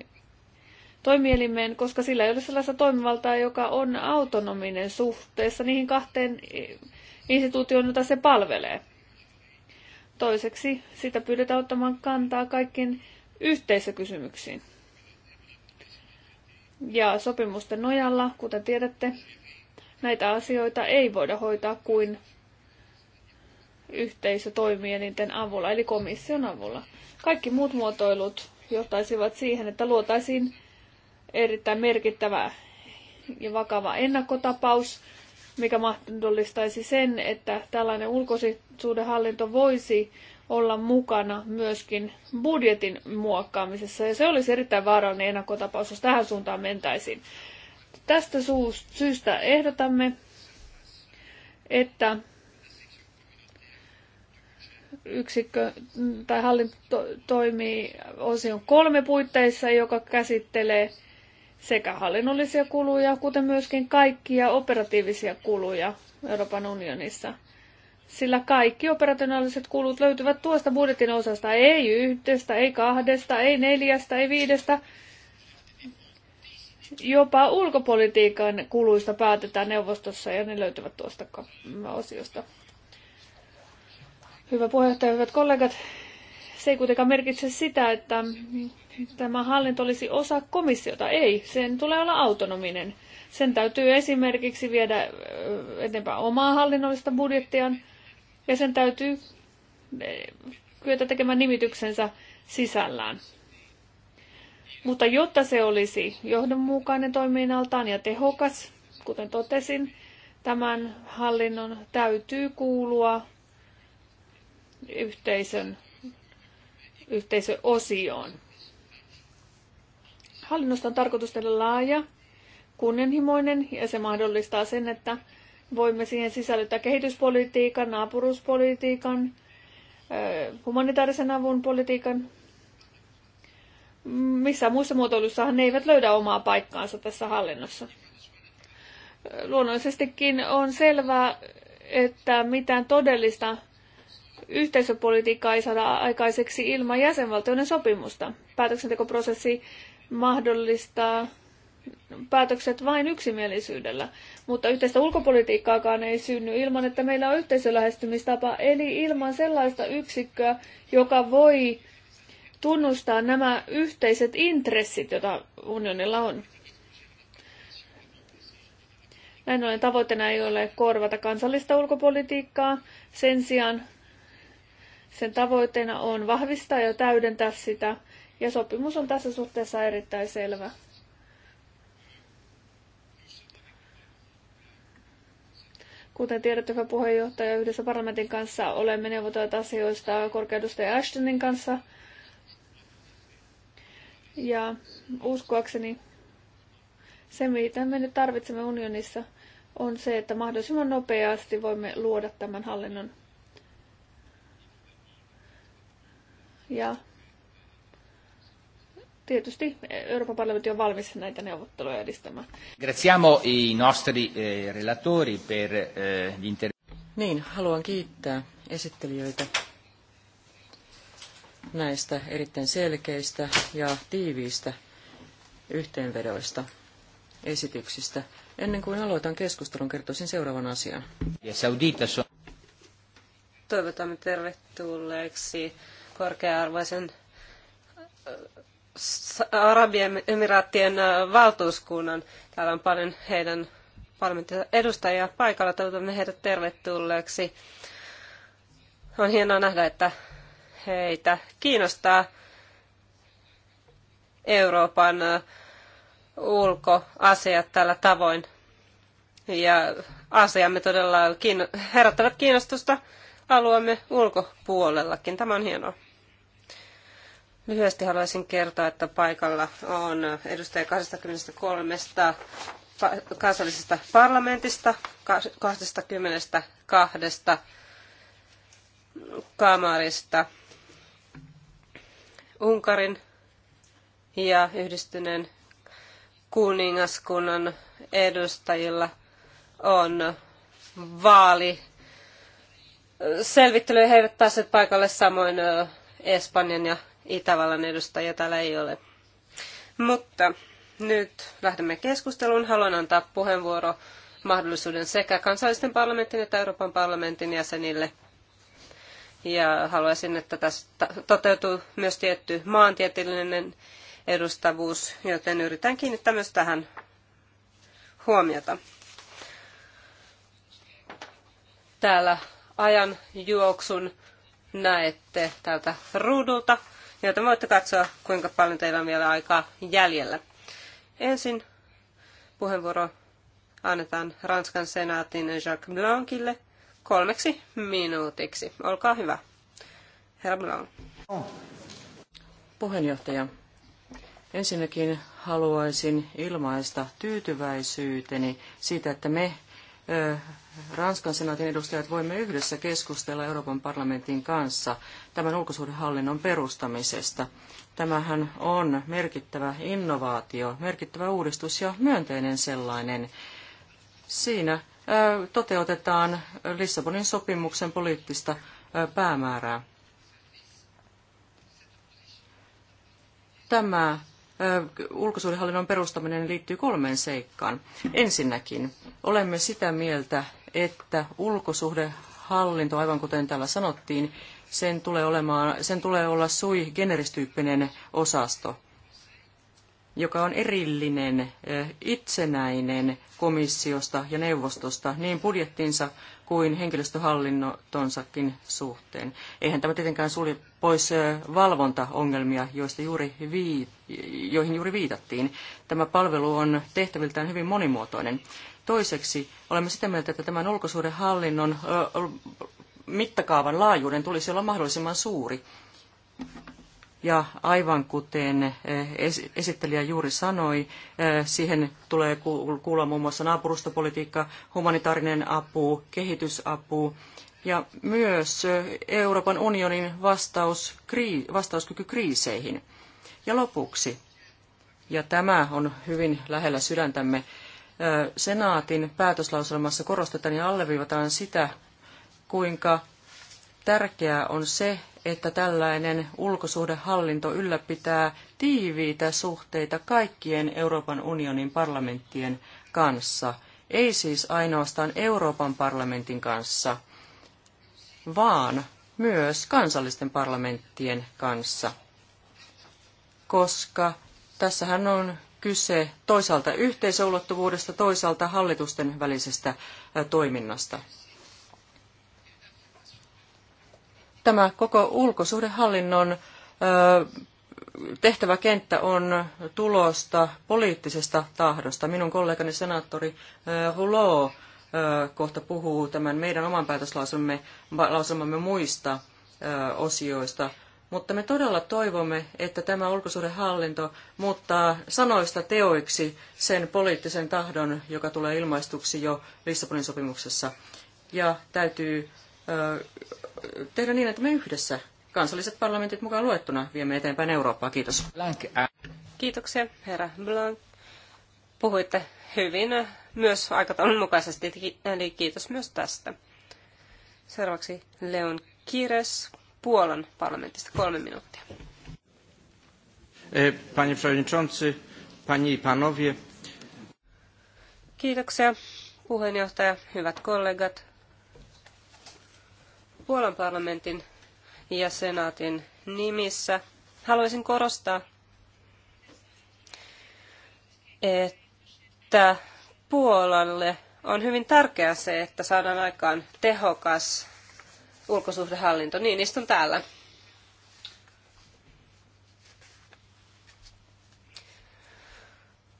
toimielimeen, koska sillä ei ole sellaista toimivaltaa, joka on autonominen suhteessa niihin kahteen instituutioon, jota se palvelee. Toiseksi sitä pyydetään ottamaan kantaa kaikkiin yhteisökysymyksiin. Ja sopimusten nojalla, kuten tiedätte, Näitä asioita ei voida hoitaa kuin yhteisötoimielinten avulla, eli komission avulla. Kaikki muut muotoilut johtaisivat siihen, että luotaisiin erittäin merkittävä ja vakava ennakkotapaus, mikä mahdollistaisi sen, että tällainen ulkosuhdehallinto voisi olla mukana myöskin budjetin muokkaamisessa. Ja se olisi erittäin vaarallinen ennakkotapaus, jos tähän suuntaan mentäisiin. Tästä syystä ehdotamme, että yksikkö tai hallinto toimii osion kolme puitteissa, joka käsittelee sekä hallinnollisia kuluja, kuten myöskin kaikkia operatiivisia kuluja Euroopan unionissa. Sillä kaikki operationaaliset kulut löytyvät tuosta budjetin osasta, ei yhdestä, ei kahdesta, ei neljästä, ei viidestä, Jopa ulkopolitiikan kuluista päätetään neuvostossa ja ne löytyvät tuosta osiosta. Hyvä puheenjohtaja, hyvät kollegat. Se ei kuitenkaan merkitse sitä, että tämä hallinto olisi osa komissiota. Ei, sen tulee olla autonominen. Sen täytyy esimerkiksi viedä eteenpäin omaa hallinnollista budjettiaan ja sen täytyy kyetä tekemään nimityksensä sisällään. Mutta jotta se olisi johdonmukainen toiminnaltaan ja tehokas, kuten totesin, tämän hallinnon täytyy kuulua yhteisön, osioon. Hallinnosta on tarkoitus tehdä laaja, kunnianhimoinen ja se mahdollistaa sen, että voimme siihen sisällyttää kehityspolitiikan, naapuruuspolitiikan, humanitaarisen avun politiikan missään muissa muotoilussahan ne eivät löydä omaa paikkaansa tässä hallinnossa. Luonnollisestikin on selvää, että mitään todellista yhteisöpolitiikkaa ei saada aikaiseksi ilman jäsenvaltioiden sopimusta. Päätöksentekoprosessi mahdollistaa päätökset vain yksimielisyydellä, mutta yhteistä ulkopolitiikkaakaan ei synny ilman, että meillä on yhteisölähestymistapa, eli ilman sellaista yksikköä, joka voi tunnustaa nämä yhteiset intressit, joita unionilla on. Näin ollen tavoitteena ei ole korvata kansallista ulkopolitiikkaa. Sen sijaan sen tavoitteena on vahvistaa ja täydentää sitä, ja sopimus on tässä suhteessa erittäin selvä. Kuten tiedätte, hyvä puheenjohtaja, yhdessä parlamentin kanssa olemme neuvotelleet asioista ja Ashtonin kanssa – ja uskoakseni se, mitä me nyt tarvitsemme unionissa, on se, että mahdollisimman nopeasti voimme luoda tämän hallinnon. Ja tietysti Euroopan parlamentti on valmis näitä neuvotteluja edistämään. Graziamo i nostri eh, relatori per eh, gli inter... Niin, haluan kiittää esittelijöitä näistä erittäin selkeistä ja tiiviistä yhteenvedoista esityksistä. Ennen kuin aloitan keskustelun, kertoisin seuraavan asian. Toivotamme tervetulleeksi korkea-arvoisen äh, Arabian emiraattien äh, valtuuskunnan. Täällä on paljon heidän parlamentin edustajia paikalla. Toivotamme heidät tervetulleeksi. On hienoa nähdä, että heitä kiinnostaa Euroopan ulkoasiat tällä tavoin. Ja asiamme todella herättävät kiinnostusta alueemme ulkopuolellakin. Tämä on hienoa. Lyhyesti haluaisin kertoa, että paikalla on edustaja 23 kansallisesta parlamentista, 22 kamarista Unkarin ja yhdistyneen kuningaskunnan edustajilla on vaali selvittely. He eivät päässeet paikalle, samoin Espanjan ja Itävallan edustajia täällä ei ole. Mutta nyt lähdemme keskusteluun. Haluan antaa puheenvuoro mahdollisuuden sekä kansallisten parlamentin että Euroopan parlamentin jäsenille – ja haluaisin, että tästä toteutuu myös tietty maantieteellinen edustavuus, joten yritän kiinnittää myös tähän huomiota. Täällä ajan juoksun näette tältä ruudulta, joten voitte katsoa, kuinka paljon teillä on vielä aikaa jäljellä. Ensin puheenvuoro annetaan Ranskan senaatin Jacques Blancille, kolmeksi minuutiksi. Olkaa hyvä. Herra Brown. Puheenjohtaja, ensinnäkin haluaisin ilmaista tyytyväisyyteni siitä, että me Ranskan senaatin edustajat voimme yhdessä keskustella Euroopan parlamentin kanssa tämän ulkosuhdehallinnon perustamisesta. Tämähän on merkittävä innovaatio, merkittävä uudistus ja myönteinen sellainen. Siinä toteutetaan Lissabonin sopimuksen poliittista päämäärää. Tämä ulkosuudenhallinnon perustaminen liittyy kolmeen seikkaan. Ensinnäkin olemme sitä mieltä, että ulkosuhdehallinto, aivan kuten täällä sanottiin, sen tulee, olemaan, sen tulee olla sui generistyyppinen osasto joka on erillinen, itsenäinen komissiosta ja neuvostosta niin budjettinsa kuin henkilöstöhallintonsakin suhteen. Eihän tämä tietenkään sulje pois valvontaongelmia, joista juuri vii, joihin juuri viitattiin. Tämä palvelu on tehtäviltään hyvin monimuotoinen. Toiseksi olemme sitä mieltä, että tämän ulkosuhdehallinnon mittakaavan laajuuden tulisi olla mahdollisimman suuri. Ja aivan kuten eh, esittelijä juuri sanoi, eh, siihen tulee kuulla muun muassa naapurustopolitiikka, humanitaarinen apu, kehitysapu ja myös eh, Euroopan unionin vastaus, vastauskyky kriiseihin. Ja lopuksi, ja tämä on hyvin lähellä sydäntämme, senaatin päätöslauselmassa korostetaan ja alleviivataan sitä, kuinka tärkeää on se, että tällainen ulkosuhdehallinto ylläpitää tiiviitä suhteita kaikkien Euroopan unionin parlamenttien kanssa, ei siis ainoastaan Euroopan parlamentin kanssa, vaan myös kansallisten parlamenttien kanssa, koska tässähän on kyse toisaalta yhteisöulottuvuudesta, toisaalta hallitusten välisestä toiminnasta. Tämä koko ulkosuhdehallinnon tehtäväkenttä on tulosta poliittisesta tahdosta. Minun kollegani senaattori Hulot kohta puhuu tämän meidän oman päätöslausumamme muista osioista. Mutta me todella toivomme, että tämä ulkosuhdehallinto muuttaa sanoista teoiksi sen poliittisen tahdon, joka tulee ilmaistuksi jo Lissabonin sopimuksessa. Ja täytyy tehdä niin, että me yhdessä, kansalliset parlamentit mukaan luettuna, viemme eteenpäin Eurooppaa. Kiitos. Kiitoksia, herra Blanc. Puhuitte hyvin myös aikataulun mukaisesti, eli kiitos myös tästä. Seuraavaksi Leon Kires Puolan parlamentista kolme minuuttia. E, panie przewodniczący, panie i panowie. Kiitoksia puheenjohtaja, hyvät kollegat. Puolan parlamentin ja senaatin nimissä haluaisin korostaa, että Puolalle on hyvin tärkeää se, että saadaan aikaan tehokas ulkosuhdehallinto. Niin, istun täällä.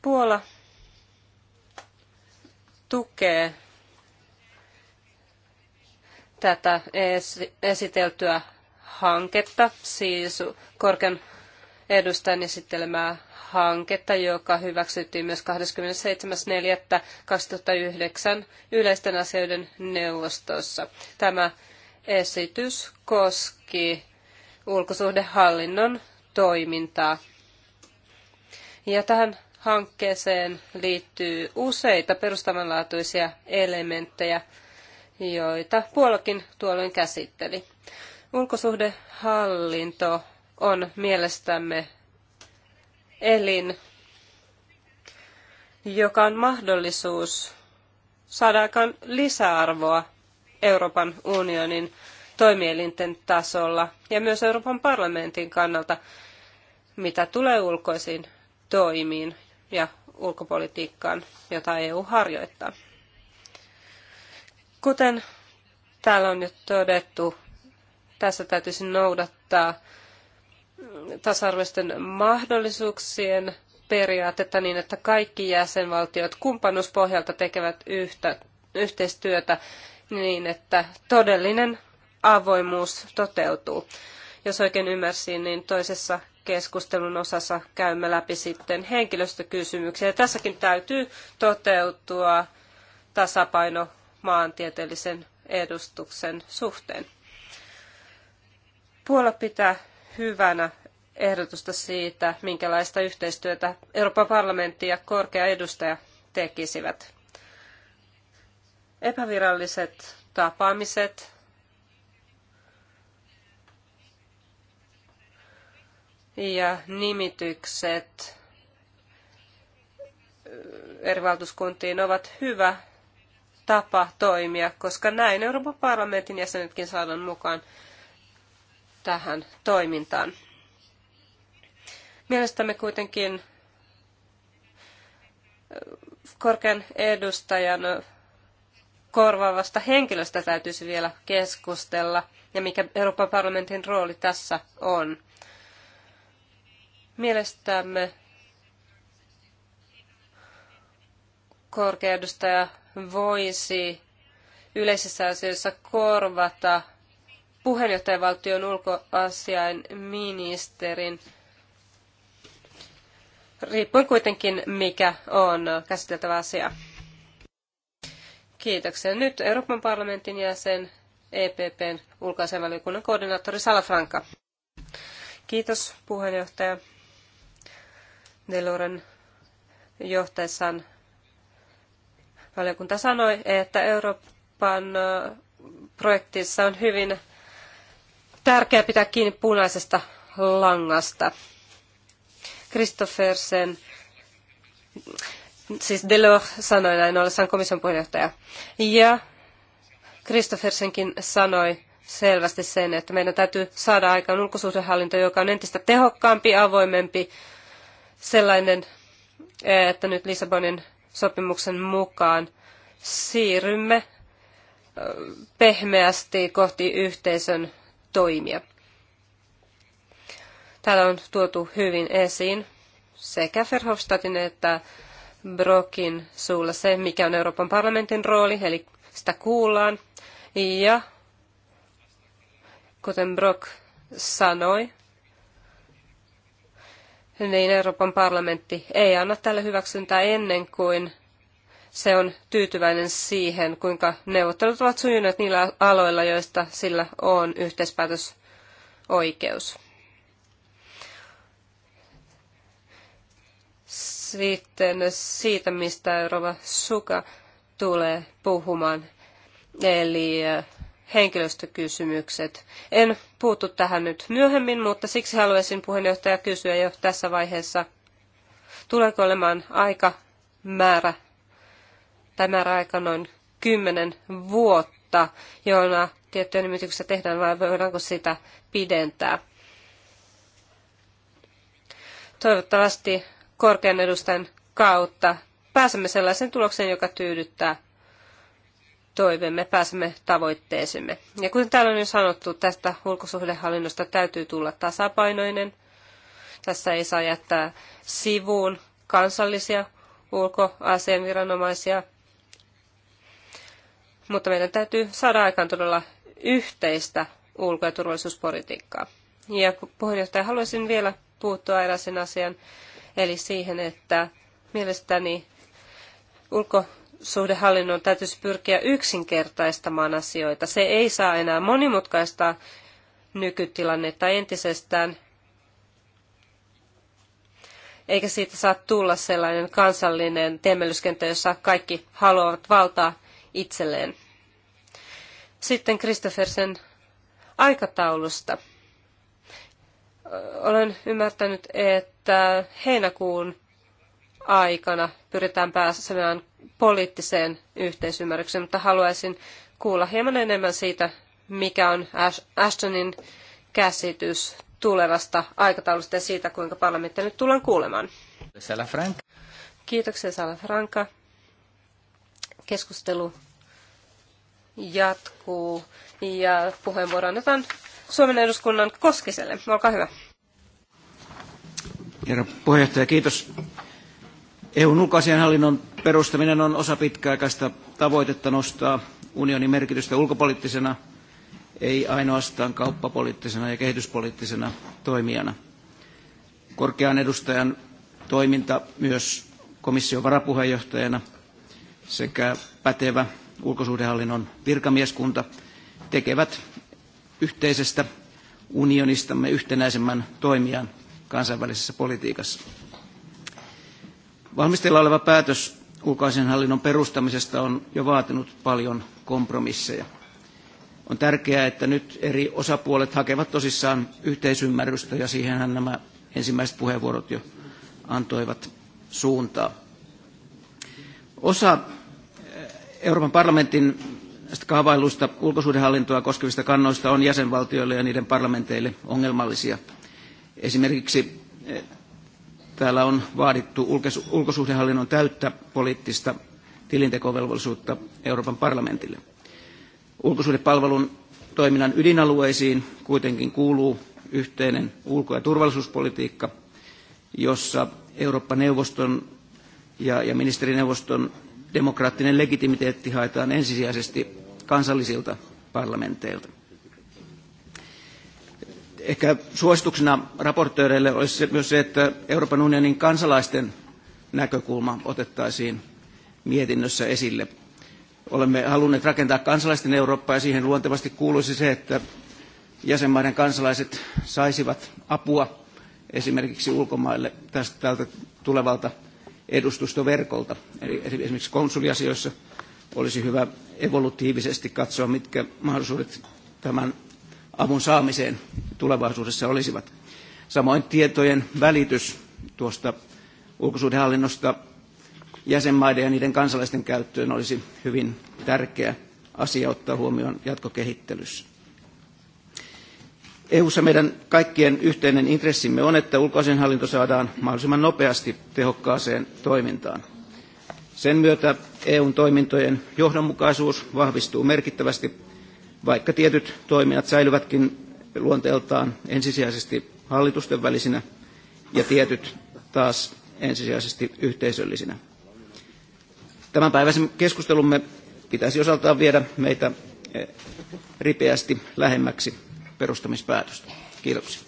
Puola tukee tätä esiteltyä hanketta, siis korkean edustajan esittelemää hanketta, joka hyväksyttiin myös 27.4.2009 yleisten asioiden neuvostossa. Tämä esitys koski ulkosuhdehallinnon toimintaa. Ja tähän hankkeeseen liittyy useita perustavanlaatuisia elementtejä, joita puolakin tuolloin käsitteli. Ulkosuhdehallinto on mielestämme elin, joka on mahdollisuus saada aikaan lisäarvoa Euroopan unionin toimielinten tasolla ja myös Euroopan parlamentin kannalta, mitä tulee ulkoisiin toimiin ja ulkopolitiikkaan, jota EU harjoittaa. Kuten täällä on jo todettu, tässä täytyisi noudattaa tasa-arvoisten mahdollisuuksien periaatetta niin, että kaikki jäsenvaltiot kumppanuuspohjalta tekevät yhtä, yhteistyötä niin, että todellinen avoimuus toteutuu. Jos oikein ymmärsin, niin toisessa keskustelun osassa käymme läpi sitten henkilöstökysymyksiä. Ja tässäkin täytyy toteutua tasapaino maantieteellisen edustuksen suhteen. Puola pitää hyvänä ehdotusta siitä, minkälaista yhteistyötä Euroopan parlamentti ja korkea edustaja tekisivät. Epäviralliset tapaamiset ja nimitykset eri valtuuskuntiin ovat hyvä tapa toimia, koska näin Euroopan parlamentin jäsenetkin saadaan mukaan tähän toimintaan. Mielestämme kuitenkin äh, korkean edustajan äh, korvaavasta henkilöstä täytyisi vielä keskustella ja mikä Euroopan parlamentin rooli tässä on. Mielestämme korkean edustaja voisi yleisissä asioissa korvata puheenjohtajavaltion ulkoasiainministerin ministerin, riippuen kuitenkin mikä on käsiteltävä asia. Kiitoksia. Nyt Euroopan parlamentin jäsen EPPn ulkoasianvaliokunnan koordinaattori Salafranka. Kiitos puheenjohtaja Deloren johtaessaan Valiokunta sanoi, että Euroopan projektissa on hyvin tärkeää pitää kiinni punaisesta langasta. Christophersen, siis Delors sanoi näin ollessaan komission puheenjohtaja. Ja Christophersenkin sanoi selvästi sen, että meidän täytyy saada aikaan ulkosuhdehallinto, joka on entistä tehokkaampi, avoimempi, sellainen, että nyt Lissabonin sopimuksen mukaan siirrymme pehmeästi kohti yhteisön toimia. Täällä on tuotu hyvin esiin sekä Verhofstadtin että Brokin suulla se, mikä on Euroopan parlamentin rooli, eli sitä kuullaan. Ja kuten Brok sanoi, niin Euroopan parlamentti ei anna tälle hyväksyntää ennen kuin se on tyytyväinen siihen, kuinka neuvottelut ovat sujuneet niillä aloilla, joista sillä on yhteispäätösoikeus. Sitten siitä, mistä Eurova Suka tulee puhumaan, eli henkilöstökysymykset. En puutu tähän nyt myöhemmin, mutta siksi haluaisin puheenjohtaja kysyä jo tässä vaiheessa, tuleeko olemaan aika määrä tai määräaika noin kymmenen vuotta, jona tiettyjä nimityksiä tehdään vai voidaanko sitä pidentää. Toivottavasti korkean edustajan kautta pääsemme sellaiseen tulokseen, joka tyydyttää toivemme, pääsemme tavoitteeseemme. Ja kuten täällä on jo sanottu, tästä ulkosuhdehallinnosta täytyy tulla tasapainoinen. Tässä ei saa jättää sivuun kansallisia ulkoasianviranomaisia, mutta meidän täytyy saada aikaan todella yhteistä ulko- ja turvallisuuspolitiikkaa. Ja puheenjohtaja, haluaisin vielä puuttua eräisen asian, eli siihen, että mielestäni ulko- suhdehallinnon täytyisi pyrkiä yksinkertaistamaan asioita. Se ei saa enää monimutkaistaa nykytilannetta entisestään, eikä siitä saa tulla sellainen kansallinen temmelyskenttä, jossa kaikki haluavat valtaa itselleen. Sitten Kristoffersen aikataulusta. Olen ymmärtänyt, että heinäkuun aikana pyritään pääsemään poliittiseen yhteisymmärrykseen, mutta haluaisin kuulla hieman enemmän siitä, mikä on Ashtonin käsitys tulevasta aikataulusta ja siitä, kuinka parlamenttia nyt tullaan kuulemaan. Salafranca. Kiitoksia Salafranca. Keskustelu jatkuu ja puheenvuoro annetaan Suomen eduskunnan Koskiselle. Olkaa hyvä. Herra puheenjohtaja, kiitos EUn ulkoasianhallinnon perustaminen on osa pitkäaikaista tavoitetta nostaa unionin merkitystä ulkopoliittisena, ei ainoastaan kauppapoliittisena ja kehityspoliittisena toimijana. Korkean edustajan toiminta myös komission varapuheenjohtajana sekä pätevä ulkosuhdehallinnon virkamieskunta tekevät yhteisestä unionistamme yhtenäisemmän toimijan kansainvälisessä politiikassa. Valmistella oleva päätös hallinnon perustamisesta on jo vaatinut paljon kompromisseja. On tärkeää, että nyt eri osapuolet hakevat tosissaan yhteisymmärrystä ja siihenhän nämä ensimmäiset puheenvuorot jo antoivat suuntaa. Osa eh, Euroopan parlamentin näistä kaavailuista ulkosuhdehallintoa koskevista kannoista on jäsenvaltioille ja niiden parlamenteille ongelmallisia. Esimerkiksi eh, Täällä on vaadittu ulkosuhdehallinnon täyttä poliittista tilintekovelvollisuutta Euroopan parlamentille. Ulkosuhdepalvelun toiminnan ydinalueisiin kuitenkin kuuluu yhteinen ulko- ja turvallisuuspolitiikka, jossa Eurooppa-neuvoston ja, ja ministerineuvoston demokraattinen legitimiteetti haetaan ensisijaisesti kansallisilta parlamenteilta. Ehkä suosituksena raportööreille olisi myös se, että Euroopan unionin kansalaisten näkökulma otettaisiin mietinnössä esille. Olemme halunneet rakentaa kansalaisten Eurooppaa ja siihen luontevasti kuuluisi se, että jäsenmaiden kansalaiset saisivat apua esimerkiksi ulkomaille tästä tältä tulevalta edustustoverkolta. Eli esimerkiksi konsuliasioissa olisi hyvä evolutiivisesti katsoa, mitkä mahdollisuudet tämän avun saamiseen tulevaisuudessa olisivat. Samoin tietojen välitys tuosta ulkosuhdehallinnosta jäsenmaiden ja niiden kansalaisten käyttöön olisi hyvin tärkeä asia ottaa huomioon jatkokehittelyssä. EU-ssa meidän kaikkien yhteinen intressimme on, että ulkoasianhallinto saadaan mahdollisimman nopeasti tehokkaaseen toimintaan. Sen myötä EUn toimintojen johdonmukaisuus vahvistuu merkittävästi vaikka tietyt toiminnat säilyvätkin luonteeltaan ensisijaisesti hallitusten välisinä ja tietyt taas ensisijaisesti yhteisöllisinä. Tämänpäiväisen keskustelumme pitäisi osaltaan viedä meitä eh, ripeästi lähemmäksi perustamispäätöstä. Kiitoksia.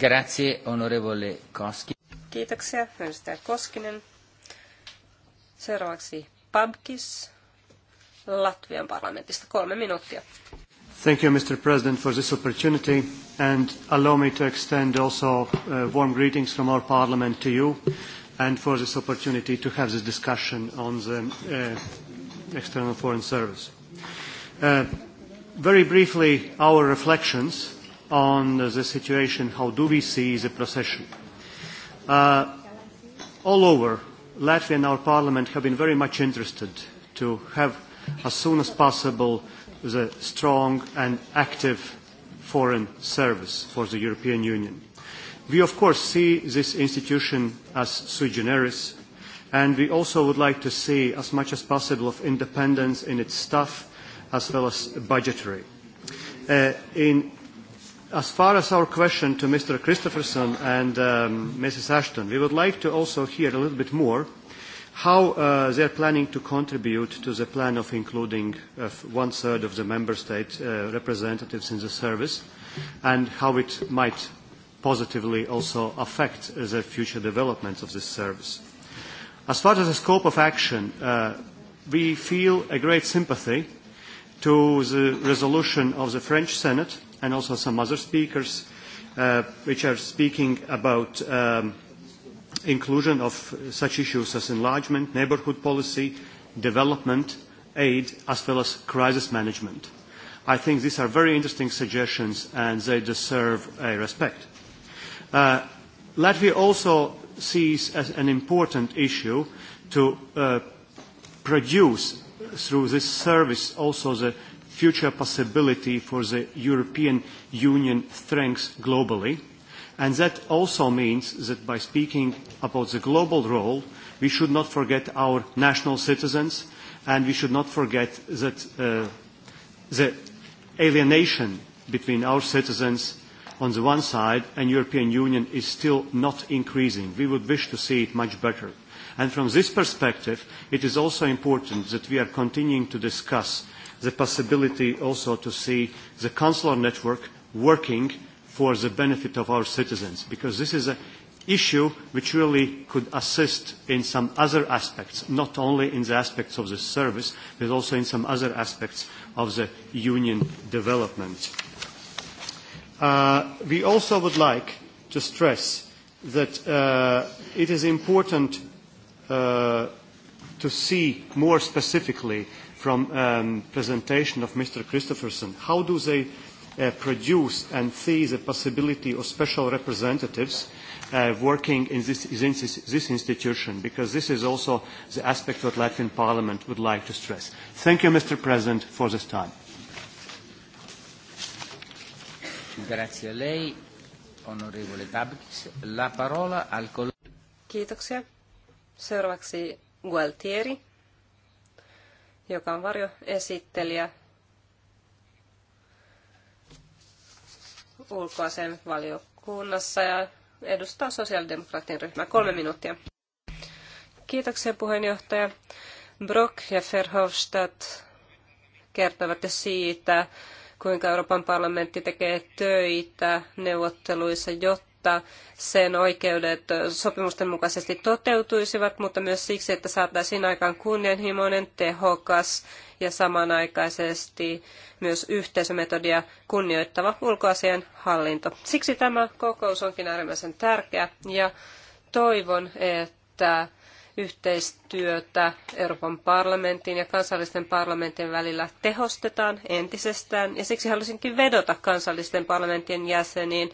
Grazie, onorevole Koski. Kiitoksia, edustaja Koskinen. Seuraavaksi Papakis Latvian parlamentista. Kolme minuuttia. Thank you, Mr. President, for this opportunity, and allow me to extend also uh, warm greetings from our parliament to you, and for this opportunity to have this discussion on the uh, external foreign service. Uh, very briefly, our reflections on the situation, how do we see the procession? Uh, all over Latvia and our parliament have been very much interested to have, as soon as possible, the strong and active foreign service for the European Union. We, of course, see this institution as sui generis, and we also would like to see as much as possible of independence in its staff as well as budgetary. Uh, in As far as our question to Mr. Christopherson and um, Mrs. Ashton, we would like to also hear a little bit more how uh, they are planning to contribute to the plan of including uh, one-third of the member state uh, representatives in the service and how it might positively also affect the future development of this service. As far as the scope of action, uh, we feel a great sympathy to the resolution of the French Senate and also some other speakers, uh, which are speaking about um, inclusion of such issues as enlargement, neighborhood policy, development, aid, as well as crisis management. I think these are very interesting suggestions and they deserve a respect. Uh, Latvia also sees as an important issue to uh, produce through this service also the uh, future possibility for the European Union strength globally. And that also means that by speaking about the global role, we should not forget our national citizens and we should not forget that uh, the alienation between our citizens on the one side and European Union is still not increasing. We would wish to see it much better. And from this perspective, it is also important that we are continuing to discuss the possibility also to see the consular network working for the benefit of our citizens, because this is an issue which really could assist in some other aspects, not only in the aspects of the service, but also in some other aspects of the union development. Uh, we also would like to stress that uh, it is important uh, to see more specifically from um, presentation of Mr. Christopherson. How do they uh, produce and see the possibility of special representatives uh, working in this, in this, this institution? Because this is also the aspect that Latvian Parliament would like to stress. Thank you, Mr. President, for this time. Grazie a lei, onorevole La parola al Kiitoksia. Seuraavaksi Gualtieri joka on varjoesittelijä ulkoasen valiokunnassa ja edustaa sosiaalidemokraattien ryhmää. Kolme minuuttia. Kiitoksia puheenjohtaja. Brock ja Verhofstadt kertovat siitä, kuinka Euroopan parlamentti tekee töitä neuvotteluissa, jotta jotta sen oikeudet sopimusten mukaisesti toteutuisivat, mutta myös siksi, että saataisiin aikaan kunnianhimoinen, tehokas ja samanaikaisesti myös yhteisömetodia kunnioittava ulkoasian hallinto. Siksi tämä kokous onkin äärimmäisen tärkeä ja toivon, että yhteistyötä Euroopan parlamentin ja kansallisten parlamentin välillä tehostetaan entisestään. Ja siksi halusinkin vedota kansallisten parlamenttien jäseniin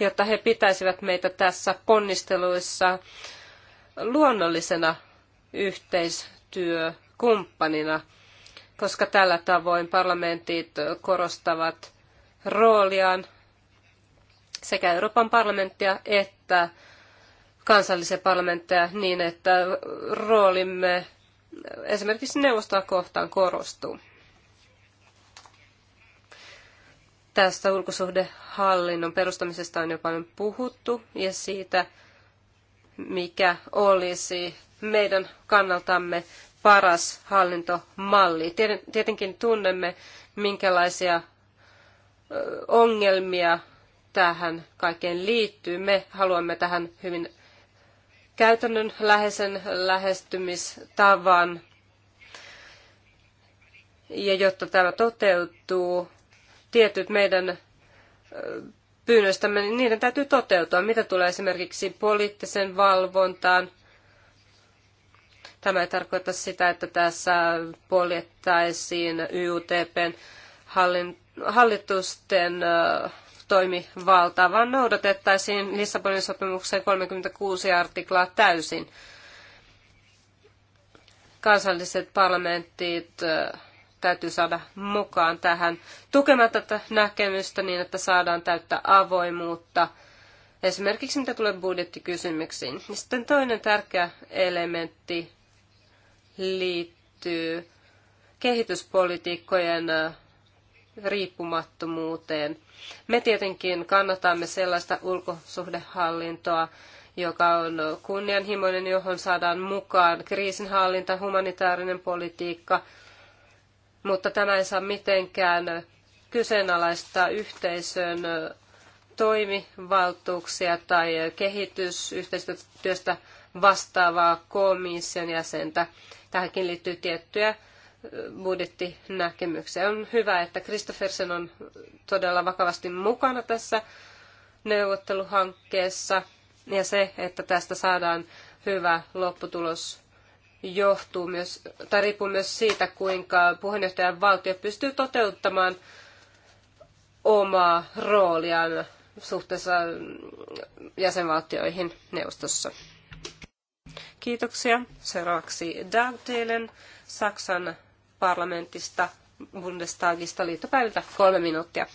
jotta he pitäisivät meitä tässä ponnisteluissa luonnollisena yhteistyökumppanina, koska tällä tavoin parlamentit korostavat rooliaan sekä Euroopan parlamenttia että kansallisia parlamentteja niin, että roolimme esimerkiksi neuvostoa kohtaan korostuu. Tästä ulkosuhdehallinnon perustamisesta on jo paljon puhuttu ja siitä, mikä olisi meidän kannaltamme paras hallintomalli. Tietenkin tunnemme, minkälaisia ongelmia tähän kaikkeen liittyy. Me haluamme tähän hyvin käytännön läheisen lähestymistavan. Ja jotta tämä toteutuu, tietyt meidän pyynnöstämme, niin niiden täytyy toteutua. Mitä tulee esimerkiksi poliittisen valvontaan, Tämä ei tarkoita sitä, että tässä poljettaisiin YUTPn hallitusten toimivaltaa, vaan noudatettaisiin Lissabonin sopimuksen 36 artiklaa täysin. Kansalliset parlamentit täytyy saada mukaan tähän tukemaan tätä näkemystä niin, että saadaan täyttä avoimuutta, esimerkiksi mitä tulee budjettikysymyksiin. Sitten toinen tärkeä elementti liittyy kehityspolitiikkojen äh, riippumattomuuteen. Me tietenkin kannatamme sellaista ulkosuhdehallintoa, joka on kunnianhimoinen, johon saadaan mukaan kriisinhallinta, humanitaarinen politiikka – mutta tämä ei saa mitenkään kyseenalaistaa yhteisön toimivaltuuksia tai kehitysyhteistyöstä vastaavaa komission jäsentä. Tähänkin liittyy tiettyjä budjettinäkemyksiä. On hyvä, että Kristoffersen on todella vakavasti mukana tässä neuvotteluhankkeessa ja se, että tästä saadaan hyvä lopputulos johtuu myös, tai riippuu myös siitä, kuinka puheenjohtajan valtio pystyy toteuttamaan omaa rooliaan suhteessa jäsenvaltioihin neuvostossa. Kiitoksia. Seuraavaksi Dagdalen Saksan parlamentista Bundestagista liittopäiviltä kolme minuuttia.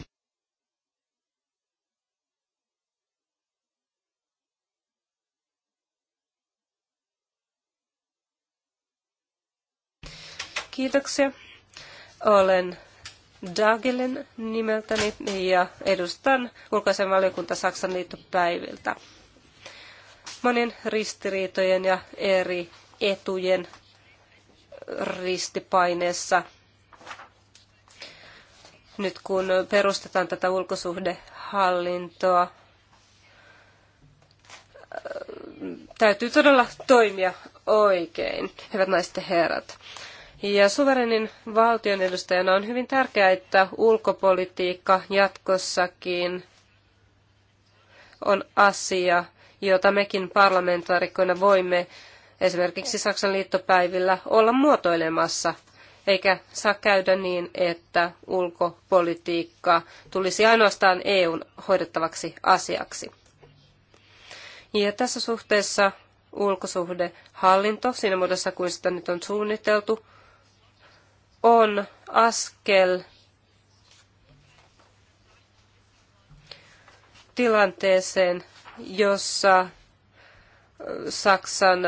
Kiitoksia. Olen Dagelen nimeltäni ja edustan ulkoisen valiokunta Saksan liittopäiviltä. Monien ristiriitojen ja eri etujen ristipaineessa nyt kun perustetaan tätä ulkosuhdehallintoa, täytyy todella toimia oikein, hyvät naiset ja herrat. Ja suverenin valtion edustajana on hyvin tärkeää, että ulkopolitiikka jatkossakin on asia, jota mekin parlamentaarikkoina voimme esimerkiksi Saksan liittopäivillä olla muotoilemassa, eikä saa käydä niin, että ulkopolitiikka tulisi ainoastaan EUn hoidettavaksi asiaksi. Ja tässä suhteessa ulkosuhdehallinto, siinä muodossa kuin sitä nyt on suunniteltu, on askel tilanteeseen, jossa Saksan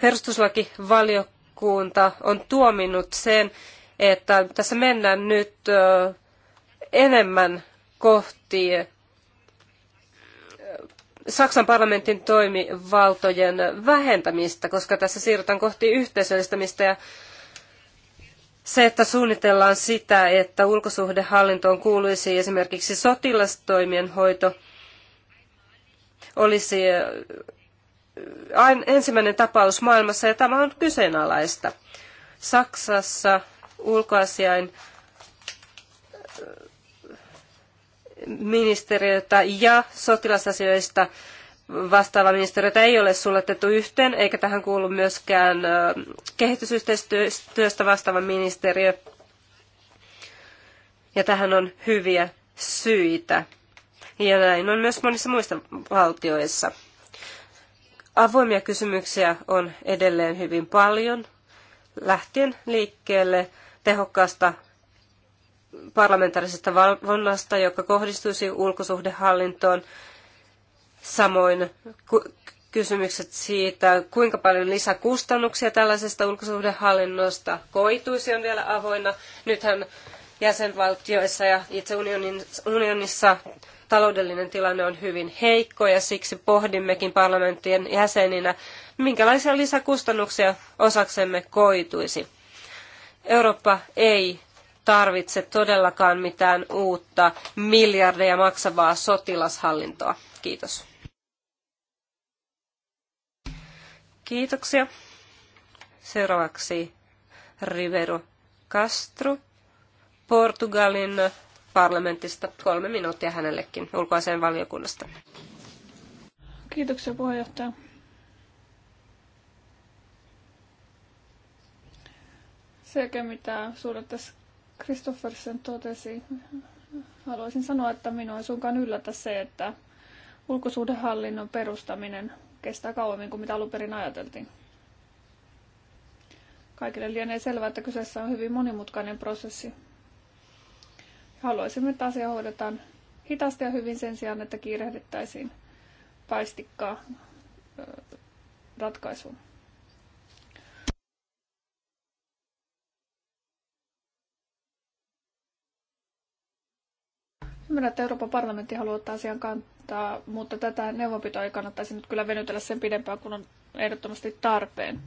perustuslakivaliokunta on tuominnut sen, että tässä mennään nyt enemmän kohti Saksan parlamentin toimivaltojen vähentämistä, koska tässä siirrytään kohti yhteisöllistämistä ja se, että suunnitellaan sitä, että ulkosuhdehallintoon kuuluisi esimerkiksi sotilastoimien hoito, olisi äh, ensimmäinen tapaus maailmassa ja tämä on kyseenalaista. Saksassa ulkoasiain ministeriötä ja sotilasasioista vastaava ministeriötä ei ole suljettu yhteen, eikä tähän kuulu myöskään kehitysyhteistyöstä vastaava ministeriö. Ja tähän on hyviä syitä. Ja näin on myös monissa muissa valtioissa. Avoimia kysymyksiä on edelleen hyvin paljon, lähtien liikkeelle tehokkaasta parlamentaarisesta valvonnasta, joka kohdistuisi ulkosuhdehallintoon. Samoin kysymykset siitä, kuinka paljon lisäkustannuksia tällaisesta ulkosuhdehallinnosta koituisi, on vielä avoinna. Nythän jäsenvaltioissa ja itse unionissa taloudellinen tilanne on hyvin heikko ja siksi pohdimmekin parlamenttien jäseninä, minkälaisia lisäkustannuksia osaksemme koituisi. Eurooppa ei tarvitse todellakaan mitään uutta miljardeja maksavaa sotilashallintoa. Kiitos. Kiitoksia. Seuraavaksi Rivero Castro Portugalin parlamentista. Kolme minuuttia hänellekin ulkoiseen valiokunnasta. Kiitoksia puheenjohtaja. sekä mitä suuret tässä Kristoffersen totesi, haluaisin sanoa, että minua ei suinkaan yllätä se, että ulkosuhdehallinnon perustaminen kestää kauemmin kuin mitä alun perin ajateltiin. Kaikille lienee selvää, että kyseessä on hyvin monimutkainen prosessi. Haluaisimme, että asia hoidetaan hitaasti ja hyvin sen sijaan, että kiirehdittäisiin paistikkaa ratkaisuun. Ymmärrän, että Euroopan parlamentti haluaa ottaa asian kantaa, mutta tätä neuvonpitoa ei kannattaisi nyt kyllä venytellä sen pidempään, kun on ehdottomasti tarpeen.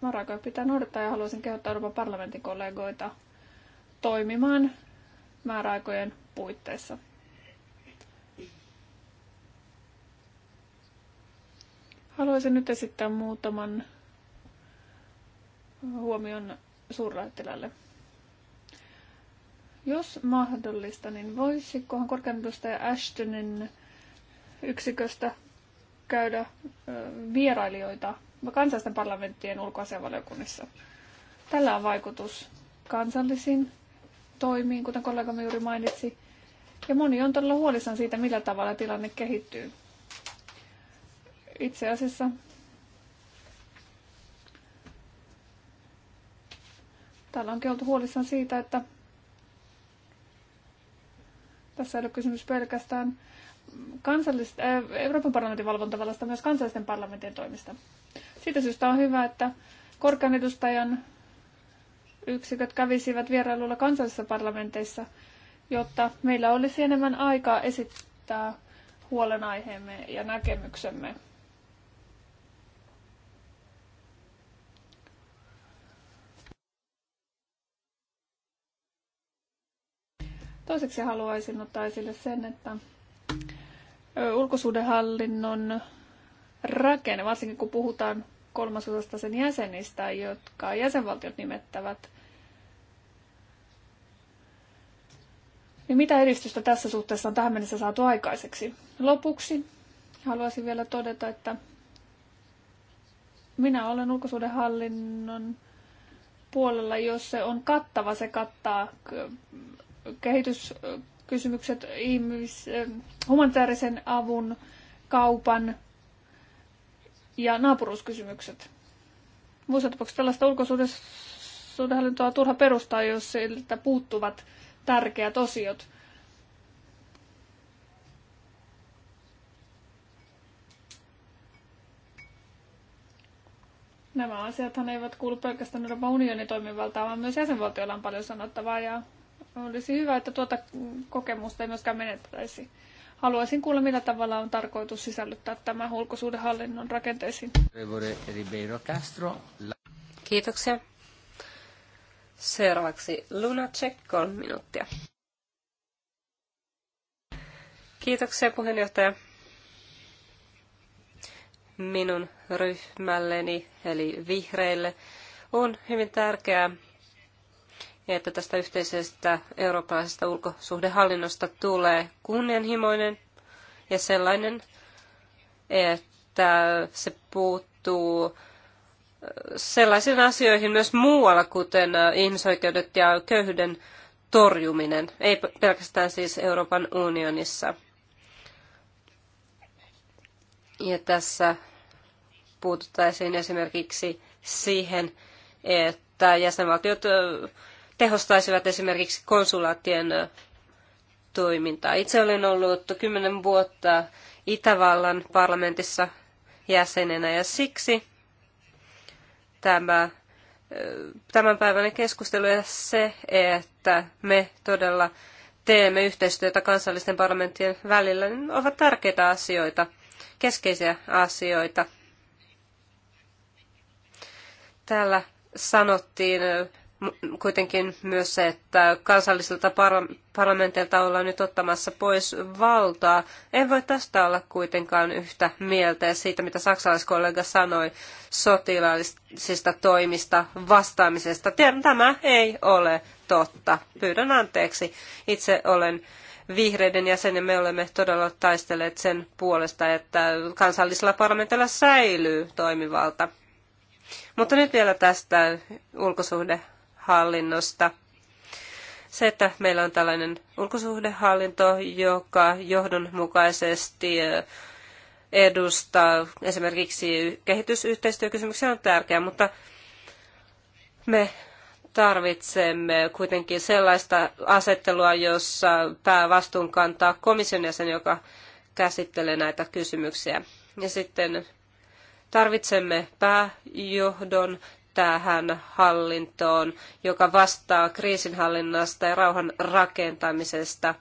Marakoja pitää noudattaa ja haluaisin kehottaa Euroopan parlamentin kollegoita toimimaan määräaikojen puitteissa. Haluaisin nyt esittää muutaman huomion suurlähettilälle. Jos mahdollista, niin voisikohan korkean edustaja Ashtonin yksiköstä käydä vierailijoita kansallisten parlamenttien ulkoasianvaliokunnissa. Tällä on vaikutus kansallisiin toimiin, kuten kollegamme juuri mainitsi, ja moni on todella huolissaan siitä, millä tavalla tilanne kehittyy. Itse asiassa täällä onkin oltu huolissaan siitä, että tässä ei ole kysymys pelkästään kansallista, äh, Euroopan parlamentin valvontavallasta, myös kansallisten parlamentin toimista. Siitä syystä on hyvä, että korkean edustajan yksiköt kävisivät vierailulla kansallisissa parlamenteissa, jotta meillä olisi enemmän aikaa esittää huolenaiheemme ja näkemyksemme Toiseksi haluaisin ottaa esille sen, että ulkosuudenhallinnon rakenne, varsinkin kun puhutaan kolmasosasta sen jäsenistä, jotka jäsenvaltiot nimettävät, niin mitä edistystä tässä suhteessa on tähän mennessä saatu aikaiseksi? Lopuksi haluaisin vielä todeta, että minä olen ulkosuudenhallinnon puolella, jos se on kattava, se kattaa kehityskysymykset, ihmis, äh, humanitaarisen avun, kaupan ja naapuruuskysymykset. Muissa tapauksissa tällaista ulkosuhdehallintoa on turha perustaa, jos siltä puuttuvat tärkeät osiot – nämä asiat eivät kuulu pelkästään Euroopan unionin toimivaltaan, vaan myös jäsenvaltioilla on paljon sanottavaa ja olisi hyvä, että tuota kokemusta ei myöskään menettäisi. Haluaisin kuulla, millä tavalla on tarkoitus sisällyttää tämä ulkosuuden hallinnon rakenteisiin. Castro. Kiitoksia. Seuraavaksi Check, kolme minuuttia. Kiitoksia puheenjohtaja. Minun ryhmälleni, eli vihreille, on hyvin tärkeää, ja että tästä yhteisestä eurooppalaisesta ulkosuhdehallinnosta tulee kunnianhimoinen ja sellainen, että se puuttuu äh, sellaisiin asioihin myös muualla, kuten äh, ihmisoikeudet ja köyhyyden torjuminen, ei pelkästään siis Euroopan unionissa. Ja tässä puututtaisiin esimerkiksi siihen, että jäsenvaltiot äh, tehostaisivat esimerkiksi konsulaattien toimintaa. Itse olen ollut kymmenen vuotta Itävallan parlamentissa jäsenenä ja siksi tämä tämänpäiväinen keskustelu ja se, että me todella teemme yhteistyötä kansallisten parlamenttien välillä, niin ovat tärkeitä asioita, keskeisiä asioita. Täällä sanottiin kuitenkin myös se, että kansallisilta parlamenteilta ollaan nyt ottamassa pois valtaa. En voi tästä olla kuitenkaan yhtä mieltä ja siitä, mitä saksalaiskollega sanoi sotilaallisista toimista vastaamisesta. Tämä ei ole totta. Pyydän anteeksi. Itse olen vihreiden jäsen ja me olemme todella taistelleet sen puolesta, että kansallisilla parlamentilla säilyy toimivalta. Mutta nyt vielä tästä ulkosuhde hallinnosta. Se, että meillä on tällainen ulkosuhdehallinto, joka johdonmukaisesti edustaa esimerkiksi kehitysyhteistyökysymyksiä on tärkeää, mutta me tarvitsemme kuitenkin sellaista asettelua, jossa päävastuun kantaa komission jäsen, joka käsittelee näitä kysymyksiä. Ja sitten tarvitsemme pääjohdon, tähän hallintoon, joka vastaa kriisinhallinnasta ja rauhan rakentamisesta.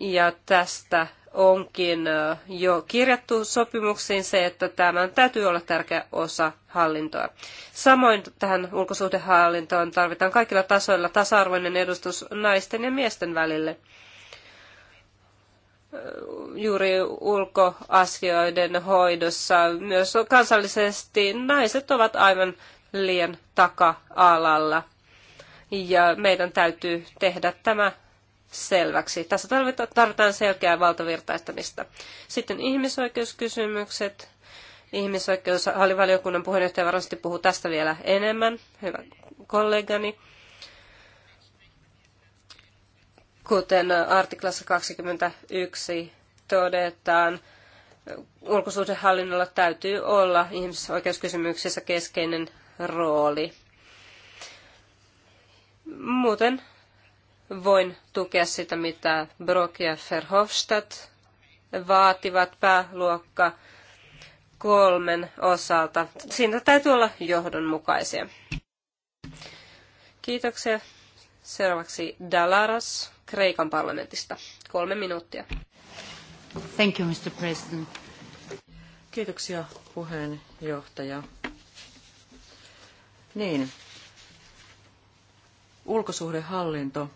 Ja tästä onkin jo kirjattu sopimuksiin se, että tämän täytyy olla tärkeä osa hallintoa. Samoin tähän ulkosuhdehallintoon tarvitaan kaikilla tasoilla tasa-arvoinen edustus naisten ja miesten välille juuri ulkoasioiden hoidossa. Myös kansallisesti naiset ovat aivan liian taka-alalla. Ja meidän täytyy tehdä tämä selväksi. Tässä tarvitaan selkeää valtavirtaistamista. Sitten ihmisoikeuskysymykset. Ihmisoikeushallivaliokunnan puheenjohtaja varmasti puhuu tästä vielä enemmän, hyvä kollegani. Kuten artiklassa 21 todetaan, ulkosuhdehallinnolla täytyy olla ihmisoikeuskysymyksissä keskeinen rooli. Muuten voin tukea sitä, mitä Brock ja Verhofstadt vaativat pääluokka kolmen osalta. Siinä täytyy olla johdonmukaisia. Kiitoksia. Seuraavaksi Dalaras. Kreikan parlamentista. Kolme minuuttia. Thank you, Mr. President. Kiitoksia puheenjohtaja. Niin, ulkosuhdehallinto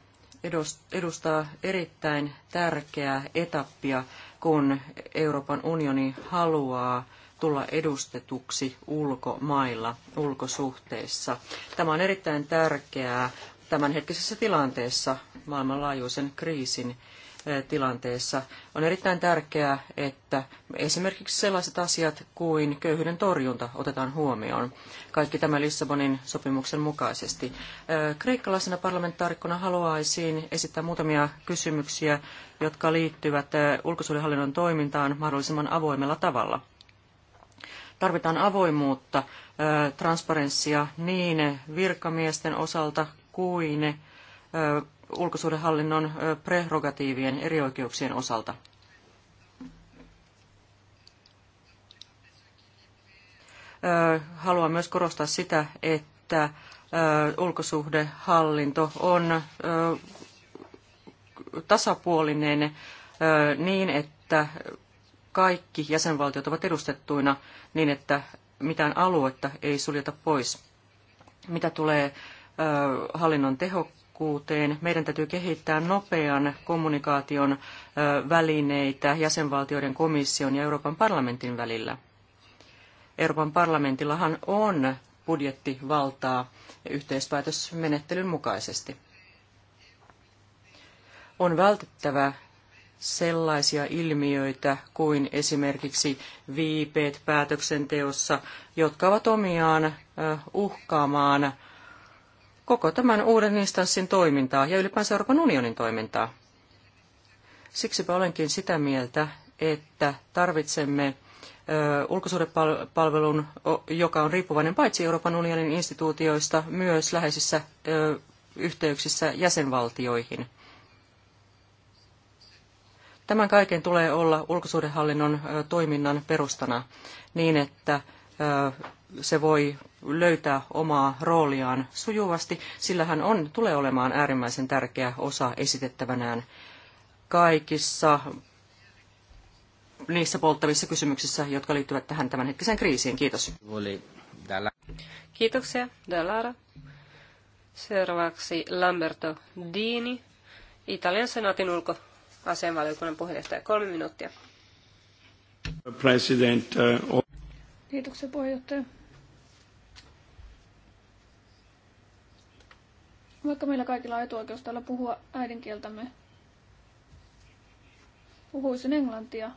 edustaa erittäin tärkeää etappia, kun Euroopan unioni haluaa tulla edustetuksi ulkomailla, ulkosuhteissa. Tämä on erittäin tärkeää tämänhetkisessä tilanteessa, maailmanlaajuisen kriisin tilanteessa, on erittäin tärkeää, että esimerkiksi sellaiset asiat kuin köyhyyden torjunta otetaan huomioon. Kaikki tämä Lissabonin sopimuksen mukaisesti. Kreikkalaisena parlamentaarikkona haluaisin esittää muutamia kysymyksiä, jotka liittyvät ulkosuudenhallinnon toimintaan mahdollisimman avoimella tavalla. Tarvitaan avoimuutta transparenssia niin virkamiesten osalta kuin ulkosuhdehallinnon prerogatiivien eri oikeuksien osalta. Haluan myös korostaa sitä, että ulkosuhdehallinto on tasapuolinen niin, että kaikki jäsenvaltiot ovat edustettuina niin, että mitään aluetta ei suljeta pois. Mitä tulee hallinnon tehokkuuteen. Meidän täytyy kehittää nopean kommunikaation välineitä jäsenvaltioiden komission ja Euroopan parlamentin välillä. Euroopan parlamentillahan on budjettivaltaa yhteispäätösmenettelyn mukaisesti. On vältettävä sellaisia ilmiöitä kuin esimerkiksi viipeet päätöksenteossa, jotka ovat omiaan uhkaamaan koko tämän uuden instanssin toimintaa ja ylipäänsä Euroopan unionin toimintaa. Siksipä olenkin sitä mieltä, että tarvitsemme ulkosuhdepalvelun, joka on riippuvainen paitsi Euroopan unionin instituutioista, myös läheisissä yhteyksissä jäsenvaltioihin. Tämän kaiken tulee olla ulkosuhdehallinnon toiminnan perustana niin, että se voi löytää omaa rooliaan sujuvasti, sillä hän on, tulee olemaan äärimmäisen tärkeä osa esitettävänään kaikissa niissä polttavissa kysymyksissä, jotka liittyvät tähän tämänhetkiseen kriisiin. Kiitos. Kiitoksia, Dallara. Seuraavaksi Lamberto Dini, Italian senaatin ulkoasianvaliokunnan puheenjohtaja. Kolme minuuttia. President, uh, Kiitoksia puheenjohtaja. Vaikka meillä kaikilla on etuoikeus täällä puhua äidinkieltämme, puhuisin englantia,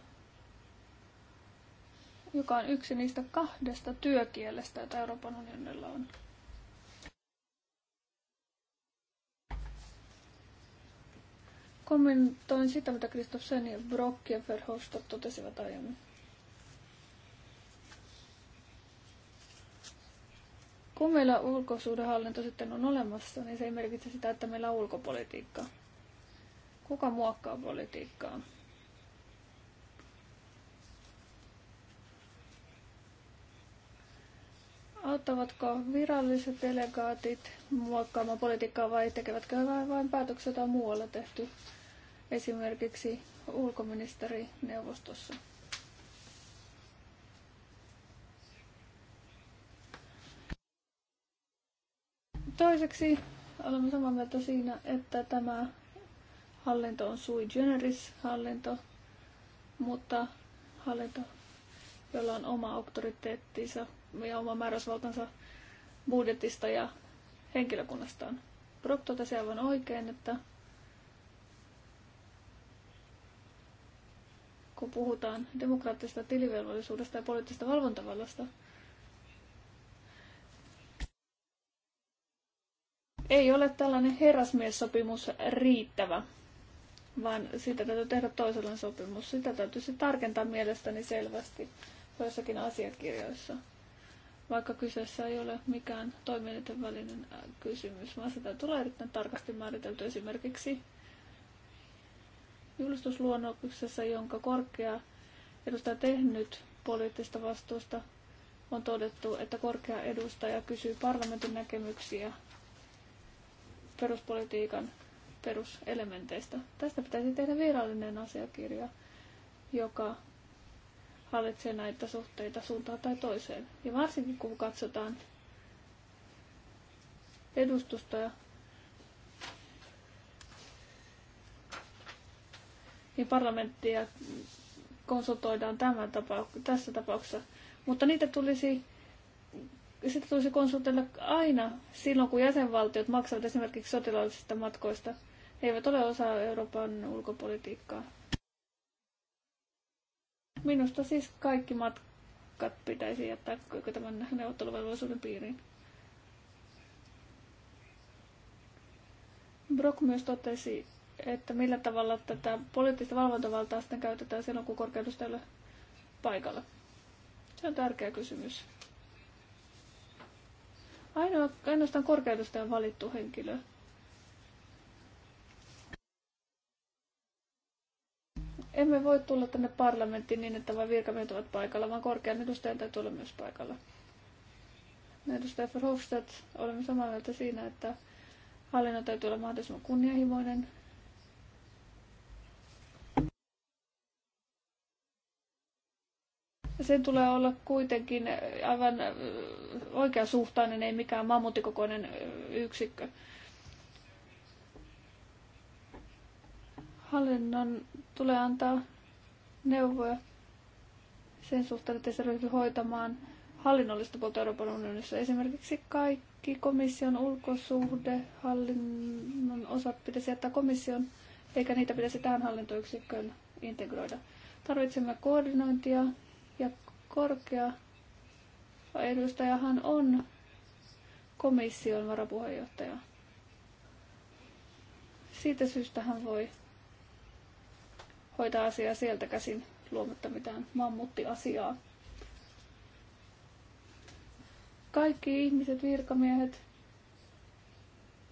joka on yksi niistä kahdesta työkielestä, joita Euroopan unionilla on. Kommentoin sitä, mitä Kristoffsen ja Brock ja Verhofstadt totesivat aiemmin. Kun meillä ulkosuhdehallinto sitten on olemassa, niin se ei merkitse sitä, että meillä on ulkopolitiikkaa. Kuka muokkaa politiikkaa? Auttavatko viralliset delegaatit muokkaamaan politiikkaa vai tekevätkö vain, vain päätöksiä, joita muualla tehty, esimerkiksi ulkoministerineuvostossa? neuvostossa? Toiseksi olemme samaa mieltä siinä, että tämä hallinto on sui generis hallinto, mutta hallinto, jolla on oma auktoriteettinsa ja oma määräysvaltansa budjetista ja henkilökunnastaan. Brock totesi aivan oikein, että kun puhutaan demokraattisesta tilivelvollisuudesta ja poliittisesta valvontavallasta, ei ole tällainen herrasmiessopimus riittävä, vaan siitä täytyy tehdä toisenlainen sopimus. Sitä se tarkentaa mielestäni selvästi joissakin asiakirjoissa, vaikka kyseessä ei ole mikään toimielinten välinen äh, kysymys, vaan sitä tulee erittäin tarkasti määritelty esimerkiksi julistusluonnoksessa, jonka korkea edustaja tehnyt poliittista vastuusta, on todettu, että korkea edustaja kysyy parlamentin näkemyksiä peruspolitiikan peruselementeistä. Tästä pitäisi tehdä virallinen asiakirja, joka hallitsee näitä suhteita suuntaan tai toiseen. Ja varsinkin kun katsotaan ja niin parlamenttia konsultoidaan tämän tapauksessa, tässä tapauksessa. Mutta niitä tulisi sitä tulisi konsultoida aina silloin, kun jäsenvaltiot maksavat esimerkiksi sotilaallisista matkoista. He eivät ole osa Euroopan ulkopolitiikkaa. Minusta siis kaikki matkat pitäisi jättää koko tämän neuvotteluvelvollisuuden piiriin. Brock myös totesi, että millä tavalla tätä poliittista valvontavaltaa sitten käytetään silloin, kun korkeudusta ei ole paikalla. Se on tärkeä kysymys. Ainoa, ainoastaan korkeudesta on valittu henkilö. Emme voi tulla tänne parlamenttiin niin, että vain virkamiehet ovat paikalla, vaan korkean edustajan täytyy olla myös paikalla. No, edustaja Verhofstadt, olemme samaa mieltä siinä, että hallinnon täytyy olla mahdollisimman kunnianhimoinen, sen tulee olla kuitenkin aivan oikeasuhtainen, ei mikään mammutikokoinen yksikkö. Hallinnon tulee antaa neuvoja sen suhteen, että se ryhdy hoitamaan hallinnollista puolta Euroopan unionissa. Esimerkiksi kaikki komission ulkosuhde, hallinnon osat pitäisi jättää komission, eikä niitä pitäisi tähän hallintoyksikköön integroida. Tarvitsemme koordinointia ja korkea edustajahan on komission varapuheenjohtaja. Siitä syystä hän voi hoitaa asiaa sieltä käsin luomatta mitään mammuttiasiaa. Kaikki ihmiset, virkamiehet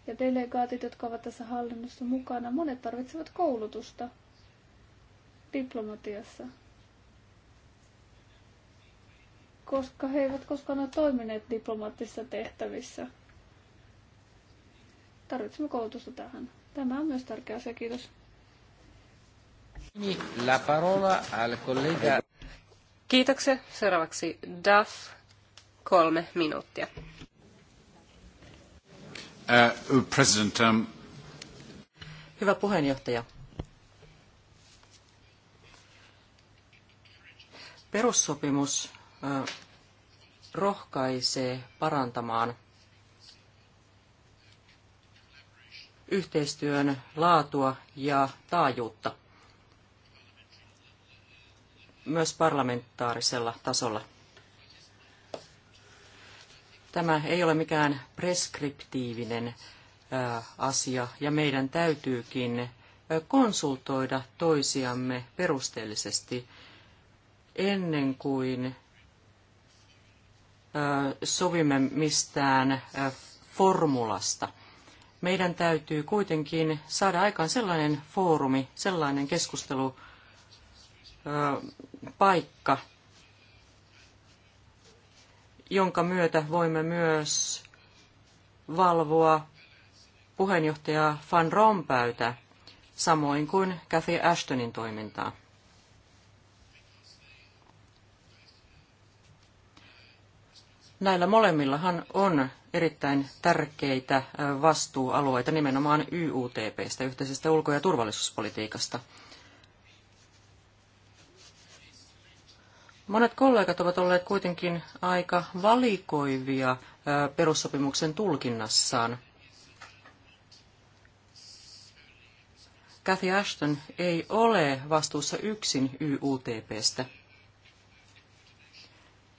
ja delegaatit, jotka ovat tässä hallinnossa mukana, monet tarvitsevat koulutusta diplomatiassa, koska he eivät koskaan ole toimineet diplomaattisissa tehtävissä. Tarvitsemme koulutusta tähän. Tämä on myös tärkeä asia. Kiitos. La parola al collega. Kiitoksia. Seuraavaksi DAF, kolme minuuttia. Uh, president, um... Hyvä puheenjohtaja. Perussopimus rohkaisee parantamaan yhteistyön laatua ja taajuutta myös parlamentaarisella tasolla. Tämä ei ole mikään preskriptiivinen asia ja meidän täytyykin konsultoida toisiamme perusteellisesti ennen kuin sovimme mistään formulasta. Meidän täytyy kuitenkin saada aikaan sellainen foorumi, sellainen keskustelupaikka, jonka myötä voimme myös valvoa puheenjohtaja Van Rompäytä, samoin kuin Cathy Ashtonin toimintaa. Näillä molemmillahan on erittäin tärkeitä vastuualueita nimenomaan YUTPstä, yhteisestä ulko- ja turvallisuuspolitiikasta. Monet kollegat ovat olleet kuitenkin aika valikoivia perussopimuksen tulkinnassaan. Cathy Ashton ei ole vastuussa yksin YUTPstä.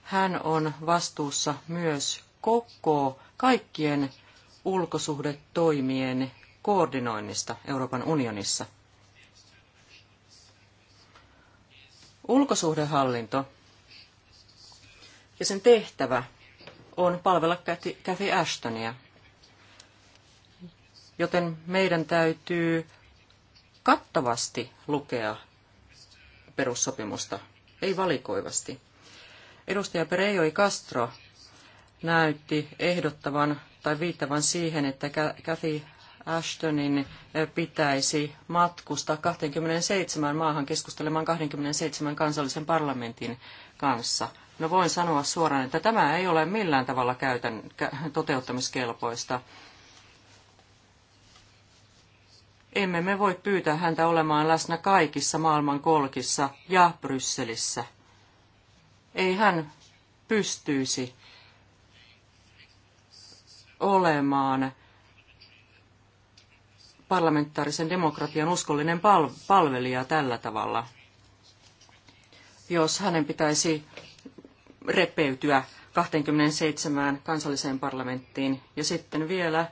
Hän on vastuussa myös koko kaikkien ulkosuhdetoimien koordinoinnista Euroopan unionissa. Ulkosuhdehallinto ja sen tehtävä on palvella Kathy Ashtonia, joten meidän täytyy kattavasti lukea perussopimusta, ei valikoivasti. Edustaja Pereio Castro näytti ehdottavan tai viittavan siihen, että Kathy Ashtonin eh, pitäisi matkustaa 27 maahan keskustelemaan 27 kansallisen parlamentin kanssa. No voin sanoa suoraan, että tämä ei ole millään tavalla käytän, toteuttamiskelpoista. Emme me voi pyytää häntä olemaan läsnä kaikissa maailman kolkissa ja Brysselissä ei hän pystyisi olemaan parlamentaarisen demokratian uskollinen pal- palvelija tällä tavalla, jos hänen pitäisi repeytyä 27 kansalliseen parlamenttiin ja sitten vielä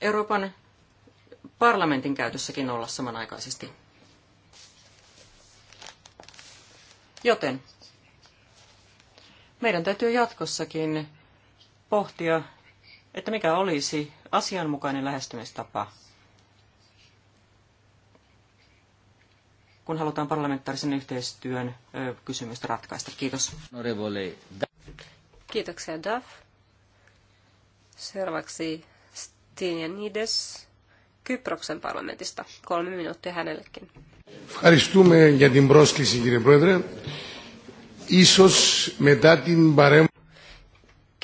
Euroopan parlamentin käytössäkin olla samanaikaisesti. Joten meidän täytyy jatkossakin pohtia, että mikä olisi asianmukainen lähestymistapa, kun halutaan parlamentaarisen yhteistyön kysymystä ratkaista. Kiitos. Kiitoksia, Duff. Seuraavaksi Nides. Kyproksen parlamentista. Kolme minuuttia hänellekin. Ευχαριστούμε για την πρόσκληση κύριε Πρόεδρε. Ίσως μετά την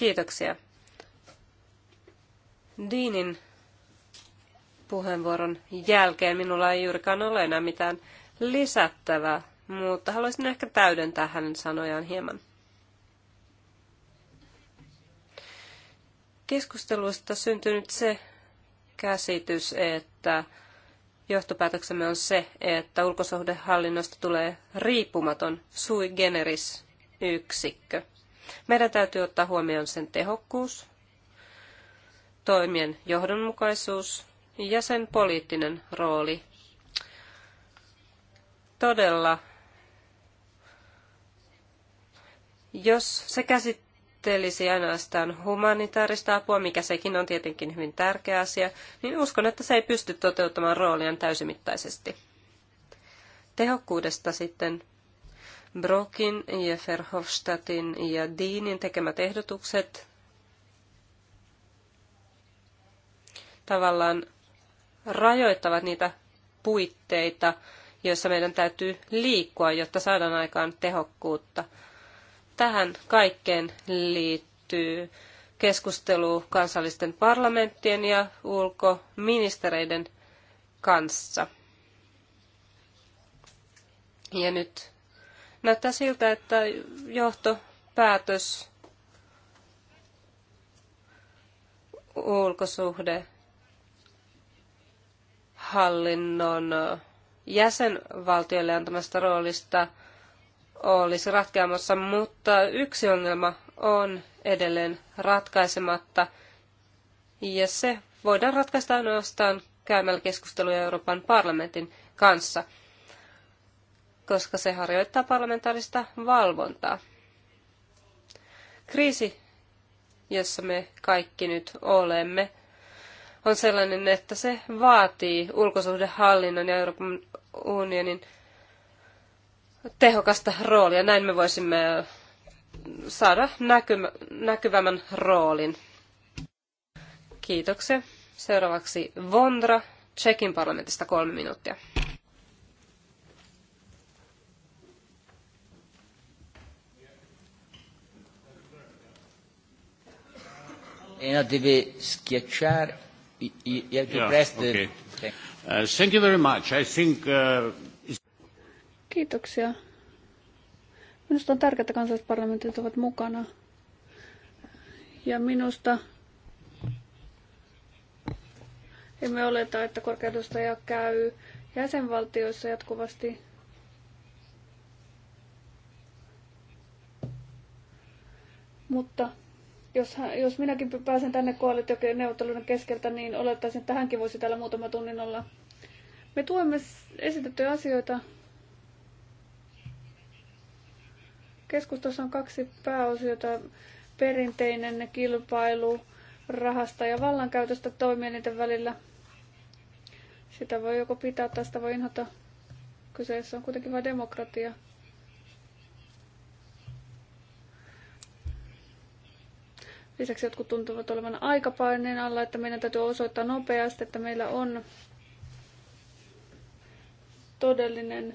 Kiitoksia. Diinin puheenvuoron jälkeen minulla ei juurikaan ole enää mitään lisättävää, mutta haluaisin ehkä täydentää hänen sanojaan hieman. Keskustelusta syntynyt se käsitys, että johtopäätöksemme on se, että ulkosuhdehallinnosta tulee riippumaton sui generis yksikkö. Meidän täytyy ottaa huomioon sen tehokkuus, toimien johdonmukaisuus ja sen poliittinen rooli. Todella, jos se käsittää käsittelisi ainoastaan humanitaarista apua, mikä sekin on tietenkin hyvin tärkeä asia, niin uskon, että se ei pysty toteuttamaan rooliaan täysimittaisesti. Tehokkuudesta sitten Brokin ja Verhofstadtin ja Deanin tekemät ehdotukset tavallaan rajoittavat niitä puitteita, joissa meidän täytyy liikkua, jotta saadaan aikaan tehokkuutta – Tähän kaikkeen liittyy keskustelu kansallisten parlamenttien ja ulkoministereiden kanssa. Ja nyt näyttää siltä, että johtopäätös ulkosuhde hallinnon jäsenvaltioille antamasta roolista – olisi ratkeamassa, mutta yksi ongelma on edelleen ratkaisematta. Ja se voidaan ratkaista ainoastaan käymällä keskusteluja Euroopan parlamentin kanssa, koska se harjoittaa parlamentaarista valvontaa. Kriisi, jossa me kaikki nyt olemme, on sellainen, että se vaatii ulkosuhdehallinnon ja Euroopan unionin tehokasta roolia. Näin me voisimme saada näky- näkyvämmän roolin. Kiitoksia. Seuraavaksi Vondra, Tsekin parlamentista kolme minuuttia. Ena deve schiacciare, you have to Okay. Uh, thank you very much. I think uh, Kiitoksia. Minusta on tärkeää, että kansallisparlamentit ovat mukana. Ja minusta emme oleta, että korkeudustaja käy jäsenvaltioissa jatkuvasti. Mutta jos, jos minäkin pääsen tänne neuvottelun keskeltä, niin olettaisin, että hänkin voisi täällä muutama tunnin olla. Me tuemme esitettyjä asioita, Keskustassa on kaksi pääosiota, perinteinen kilpailu rahasta ja vallankäytöstä niiden välillä. Sitä voi joko pitää, tästä voi inhota. Kyseessä on kuitenkin vain demokratia. Lisäksi jotkut tuntuvat olevan aikapaineen alla, että meidän täytyy osoittaa nopeasti, että meillä on todellinen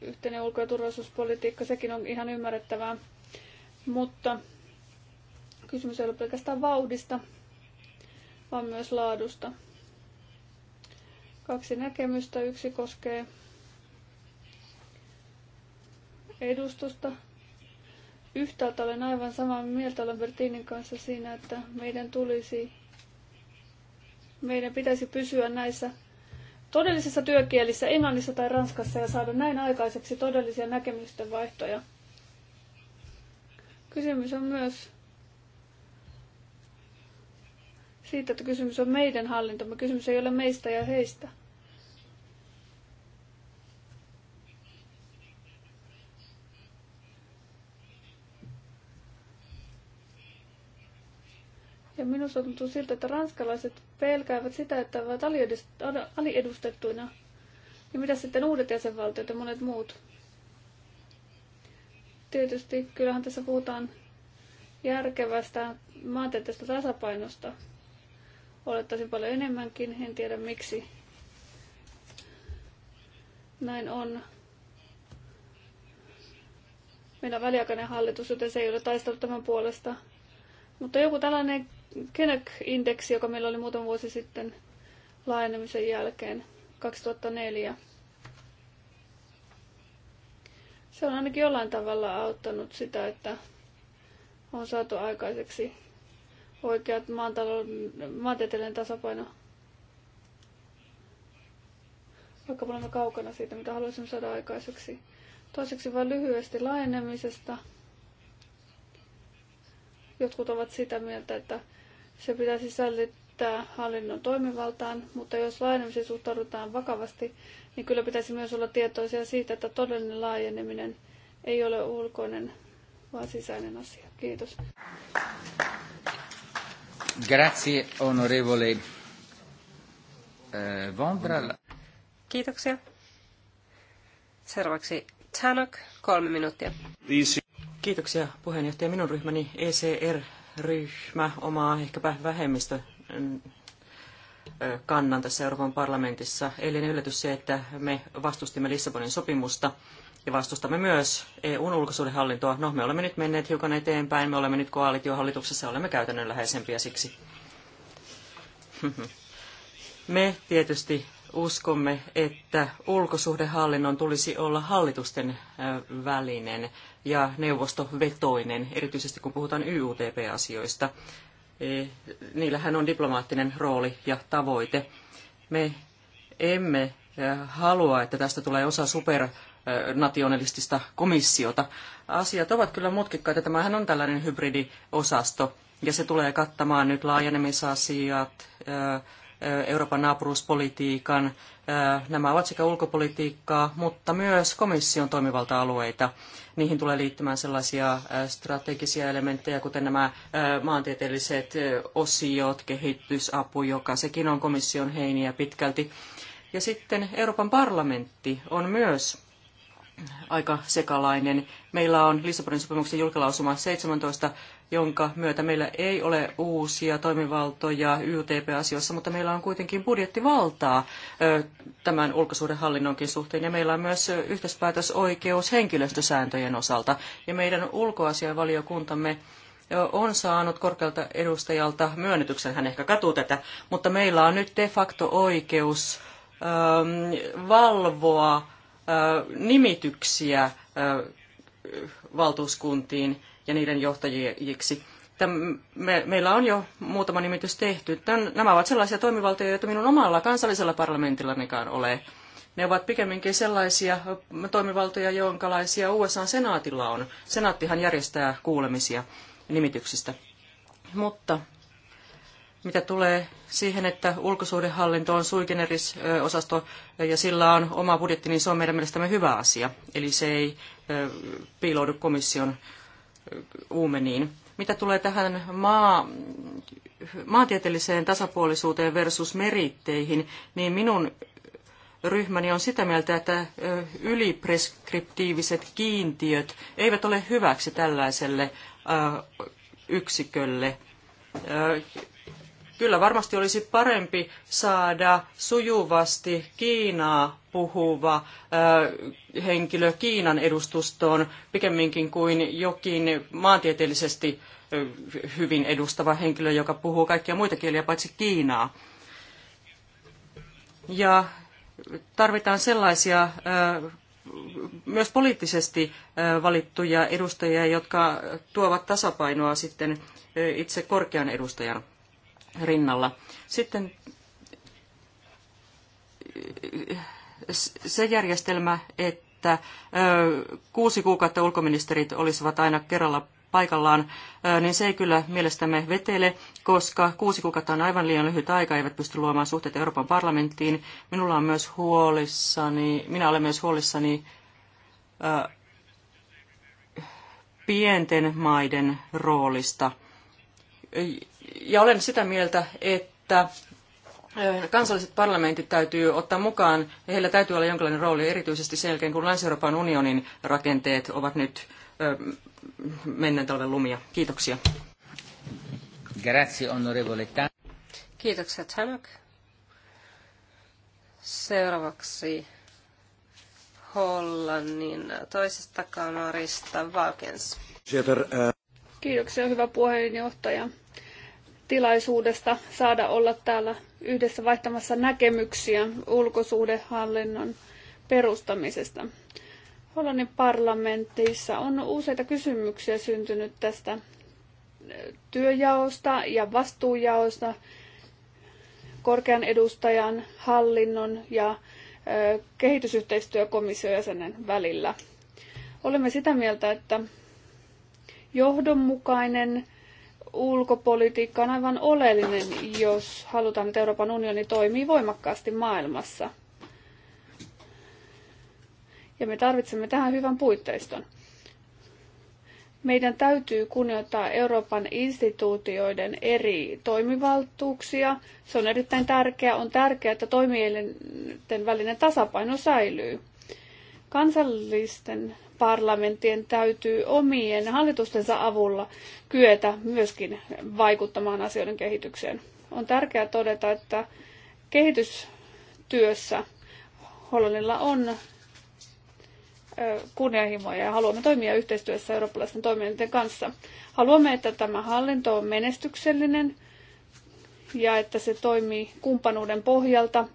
yhteinen ulko- ja turvallisuuspolitiikka, sekin on ihan ymmärrettävää. Mutta kysymys ei ole pelkästään vauhdista, vaan myös laadusta. Kaksi näkemystä. Yksi koskee edustusta. Yhtäältä olen aivan samaa mieltä Lambertinin kanssa siinä, että meidän tulisi, meidän pitäisi pysyä näissä todellisissa työkielissä, englannissa tai ranskassa ja saada näin aikaiseksi todellisia näkemysten vaihtoja. Kysymys on myös siitä, että kysymys on meidän hallintomme. Kysymys ei ole meistä ja heistä. minusta tuntuu siltä, että ranskalaiset pelkäävät sitä, että ovat aliedustettuina. Ja mitä sitten uudet jäsenvaltiot ja monet muut? Tietysti kyllähän tässä puhutaan järkevästä maantieteestä tasapainosta. Olettaisin paljon enemmänkin, en tiedä miksi näin on. Meillä on väliaikainen hallitus, joten se ei ole taistellut tämän puolesta. Mutta joku tällainen Kenek-indeksi, joka meillä oli muutama vuosi sitten laajenemisen jälkeen 2004. Se on ainakin jollain tavalla auttanut sitä, että on saatu aikaiseksi oikeat maantieteellinen tasapaino. Vaikka me olemme kaukana siitä, mitä haluaisimme saada aikaiseksi. Toiseksi vain lyhyesti laajenemisesta. Jotkut ovat sitä mieltä, että se pitää sisällyttää hallinnon toimivaltaan, mutta jos laajenemiseen suhtaudutaan vakavasti, niin kyllä pitäisi myös olla tietoisia siitä, että todellinen laajeneminen ei ole ulkoinen, vaan sisäinen asia. Kiitos. Grazie, onorevole eh, Vondral. Kiitoksia. Seuraavaksi Tanok, kolme minuuttia. Kiitoksia puheenjohtaja. Minun ryhmäni ECR ryhmä omaa ehkäpä vähemmistö mm, kannan tässä Euroopan parlamentissa. eli yllätys se, että me vastustimme Lissabonin sopimusta ja vastustamme myös EUn ulkosuudenhallintoa. No, me olemme nyt menneet hiukan eteenpäin, me olemme nyt koalitiohallituksessa, olemme käytännönläheisempiä siksi. Me tietysti uskomme, että ulkosuhdehallinnon tulisi olla hallitusten äh, välinen ja neuvostovetoinen, erityisesti kun puhutaan YUTP-asioista. E, niillähän on diplomaattinen rooli ja tavoite. Me emme äh, halua, että tästä tulee osa supernationalistista komissiota. Asiat ovat kyllä mutkikkaita. Tämähän on tällainen hybridiosasto, ja se tulee kattamaan nyt laajenemisasiat, äh, Euroopan naapuruuspolitiikan. Nämä ovat sekä ulkopolitiikkaa, mutta myös komission toimivalta-alueita. Niihin tulee liittymään sellaisia strategisia elementtejä, kuten nämä maantieteelliset osiot, kehitysapu, joka sekin on komission heiniä pitkälti. Ja sitten Euroopan parlamentti on myös aika sekalainen. Meillä on Lissabonin sopimuksen julkilausuma 17 jonka myötä meillä ei ole uusia toimivaltoja YTP-asioissa, mutta meillä on kuitenkin budjettivaltaa tämän ulkosuhdehallinnonkin suhteen, ja meillä on myös yhteispäätösoikeus henkilöstösääntöjen osalta. Ja meidän ulkoasiainvaliokuntamme on saanut korkealta edustajalta myönnytyksen, hän ehkä katuu tätä, mutta meillä on nyt de facto oikeus valvoa nimityksiä valtuuskuntiin ja niiden johtajiksi. Täm, me, meillä on jo muutama nimitys tehty. Tän, nämä ovat sellaisia toimivaltoja, joita minun omalla kansallisella parlamentillanikaan ole. Ne ovat pikemminkin sellaisia toimivaltoja, jonkalaisia USA-senaatilla on. Senaattihan järjestää kuulemisia nimityksistä. Mutta mitä tulee siihen, että ulkosuhdehallinto on suikeneris-osasto ja sillä on oma budjetti, niin se on meidän mielestämme hyvä asia. Eli se ei piiloudu komission uumeniin. Mitä tulee tähän maa, maantieteelliseen tasapuolisuuteen versus meritteihin, niin minun ryhmäni on sitä mieltä, että ylipreskriptiiviset kiintiöt eivät ole hyväksi tällaiselle yksikölle. Kyllä varmasti olisi parempi saada sujuvasti Kiinaa puhuva ö, henkilö Kiinan edustustoon pikemminkin kuin jokin maantieteellisesti ö, hyvin edustava henkilö, joka puhuu kaikkia muita kieliä paitsi Kiinaa. Ja tarvitaan sellaisia ö, myös poliittisesti valittuja edustajia, jotka tuovat tasapainoa sitten itse korkean edustajan rinnalla. Sitten se järjestelmä, että kuusi kuukautta ulkoministerit olisivat aina kerralla paikallaan, niin se ei kyllä mielestämme vetele, koska kuusi kuukautta on aivan liian lyhyt aika, eivät pysty luomaan suhteita Euroopan parlamenttiin. Minulla on myös huolissani, minä olen myös huolissani pienten maiden roolista ja olen sitä mieltä, että kansalliset parlamentit täytyy ottaa mukaan, ja heillä täytyy olla jonkinlainen rooli, erityisesti sen jälkeen, kun Länsi-Euroopan unionin rakenteet ovat nyt menneen talven lumia. Kiitoksia. Grazie, onorevole Kiitoksia, Tanak. Seuraavaksi Hollannin toisesta kamarista Valkens. Kiitoksia, hyvä puheenjohtaja tilaisuudesta saada olla täällä yhdessä vaihtamassa näkemyksiä ulkosuhdehallinnon perustamisesta. Hollannin parlamentissa on useita kysymyksiä syntynyt tästä työjaosta ja vastuujaosta korkean edustajan, hallinnon ja kehitysyhteistyökomission jäsenen välillä. Olemme sitä mieltä, että johdonmukainen ulkopolitiikka on aivan oleellinen, jos halutaan, että Euroopan unioni toimii voimakkaasti maailmassa. Ja me tarvitsemme tähän hyvän puitteiston. Meidän täytyy kunnioittaa Euroopan instituutioiden eri toimivaltuuksia. Se on erittäin tärkeää. On tärkeää, että toimielinten välinen tasapaino säilyy. Kansallisten parlamenttien täytyy omien hallitustensa avulla kyetä myöskin vaikuttamaan asioiden kehitykseen. On tärkeää todeta, että kehitystyössä Hollannilla on kunnianhimoja ja haluamme toimia yhteistyössä eurooppalaisten toimijoiden kanssa. Haluamme, että tämä hallinto on menestyksellinen ja että se toimii kumppanuuden pohjalta,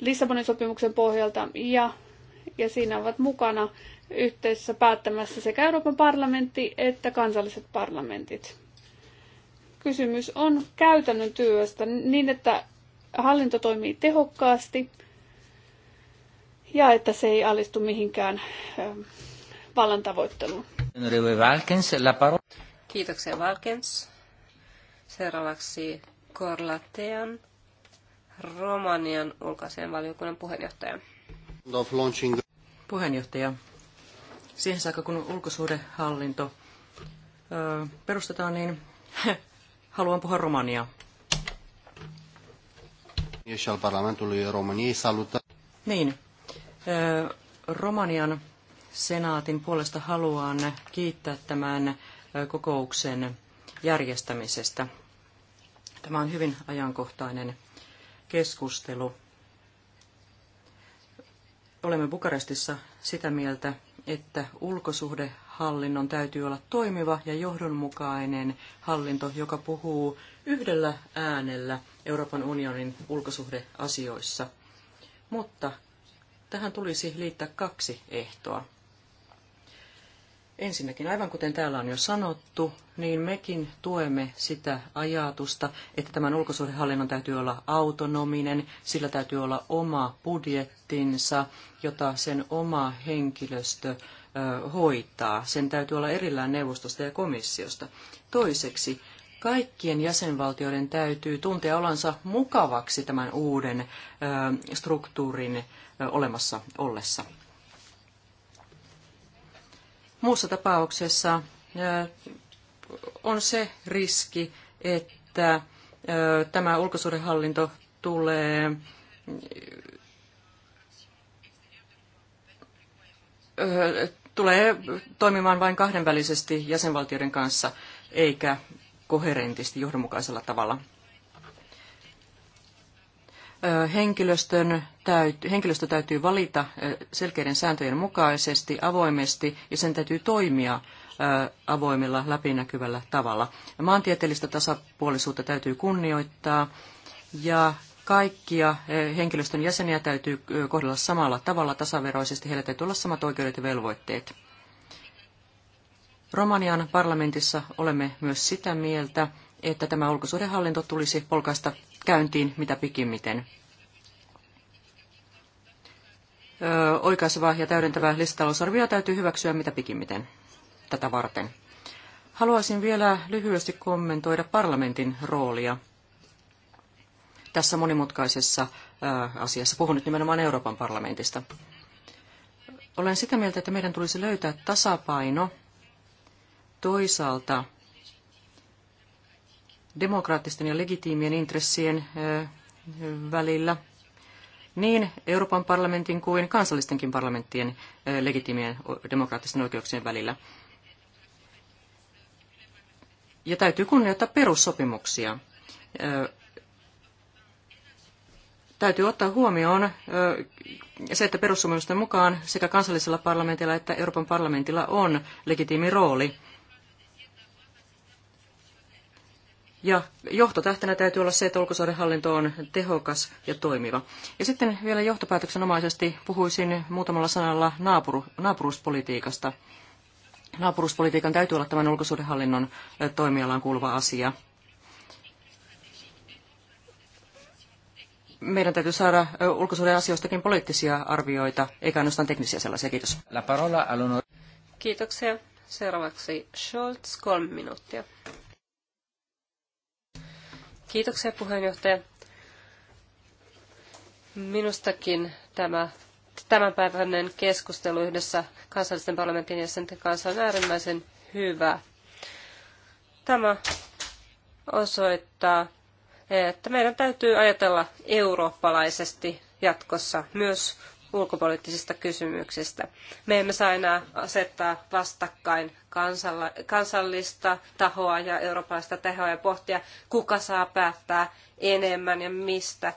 Lissabonin sopimuksen pohjalta ja ja siinä ovat mukana yhteisessä päättämässä sekä Euroopan parlamentti että kansalliset parlamentit. Kysymys on käytännön työstä niin, että hallinto toimii tehokkaasti ja että se ei alistu mihinkään vallan tavoitteluun. Kiitoksia Valkens. Seuraavaksi Korlatean, Romanian ulkoisen valiokunnan puheenjohtaja. Puheenjohtaja, siihen saakka kun ulkosuhdehallinto perustetaan, niin haluan puhua romaniaa. Niin. Romanian senaatin puolesta haluan kiittää tämän kokouksen järjestämisestä. Tämä on hyvin ajankohtainen keskustelu olemme Bukarestissa sitä mieltä, että ulkosuhdehallinnon täytyy olla toimiva ja johdonmukainen hallinto, joka puhuu yhdellä äänellä Euroopan unionin ulkosuhdeasioissa. Mutta tähän tulisi liittää kaksi ehtoa. Ensinnäkin, aivan kuten täällä on jo sanottu, niin mekin tuemme sitä ajatusta, että tämän ulkosuhdehallinnon täytyy olla autonominen, sillä täytyy olla oma budjettinsa, jota sen oma henkilöstö hoitaa. Sen täytyy olla erillään neuvostosta ja komissiosta. Toiseksi, kaikkien jäsenvaltioiden täytyy tuntea olansa mukavaksi tämän uuden struktuurin olemassa ollessa. Muussa tapauksessa on se riski, että tämä ulkosuhdehallinto tulee tulee toimimaan vain kahdenvälisesti jäsenvaltioiden kanssa, eikä koherentisti johdonmukaisella tavalla. Henkilöstön täytyy, henkilöstö täytyy valita selkeiden sääntöjen mukaisesti, avoimesti ja sen täytyy toimia avoimella, läpinäkyvällä tavalla. Maantieteellistä tasapuolisuutta täytyy kunnioittaa ja kaikkia henkilöstön jäseniä täytyy kohdella samalla tavalla tasaveroisesti. Heillä täytyy olla samat oikeudet ja velvoitteet. Romanian parlamentissa olemme myös sitä mieltä, että tämä ulkosuhdehallinto tulisi polkaista käyntiin mitä pikimmiten. Oikaiseva ja täydentävä lisätalousarvio täytyy hyväksyä mitä pikimmiten tätä varten. Haluaisin vielä lyhyesti kommentoida parlamentin roolia tässä monimutkaisessa asiassa. Puhun nyt nimenomaan Euroopan parlamentista. Olen sitä mieltä, että meidän tulisi löytää tasapaino toisaalta demokraattisten ja legitiimien intressien välillä, niin Euroopan parlamentin kuin kansallistenkin parlamenttien legitiimien demokraattisten oikeuksien välillä. Ja täytyy kunnioittaa perussopimuksia. Täytyy ottaa huomioon se, että perussopimusten mukaan sekä kansallisella parlamentilla että Euroopan parlamentilla on legitiimi rooli – Ja johtotähtenä täytyy olla se, että ulkosuuden hallinto on tehokas ja toimiva. Ja sitten vielä johtopäätöksenomaisesti puhuisin muutamalla sanalla naapuru, naapuruuspolitiikasta. Naapuruuspolitiikan täytyy olla tämän hallinnon toimialaan kuuluva asia. meidän täytyy saada ulkosuuden asioistakin poliittisia arvioita, eikä ainoastaan teknisiä sellaisia. Kiitos. La parola Kiitoksia. Seuraavaksi Scholz, kolme minuuttia. Kiitoksia puheenjohtaja. Minustakin tämä tämänpäiväinen keskustelu yhdessä kansallisten parlamentin jäsenten kanssa on äärimmäisen hyvä. Tämä osoittaa, että meidän täytyy ajatella eurooppalaisesti jatkossa myös ulkopoliittisista kysymyksistä. Me emme saa enää asettaa vastakkain kansallista tahoa ja eurooppalaista tehoa ja pohtia, kuka saa päättää enemmän ja mistä,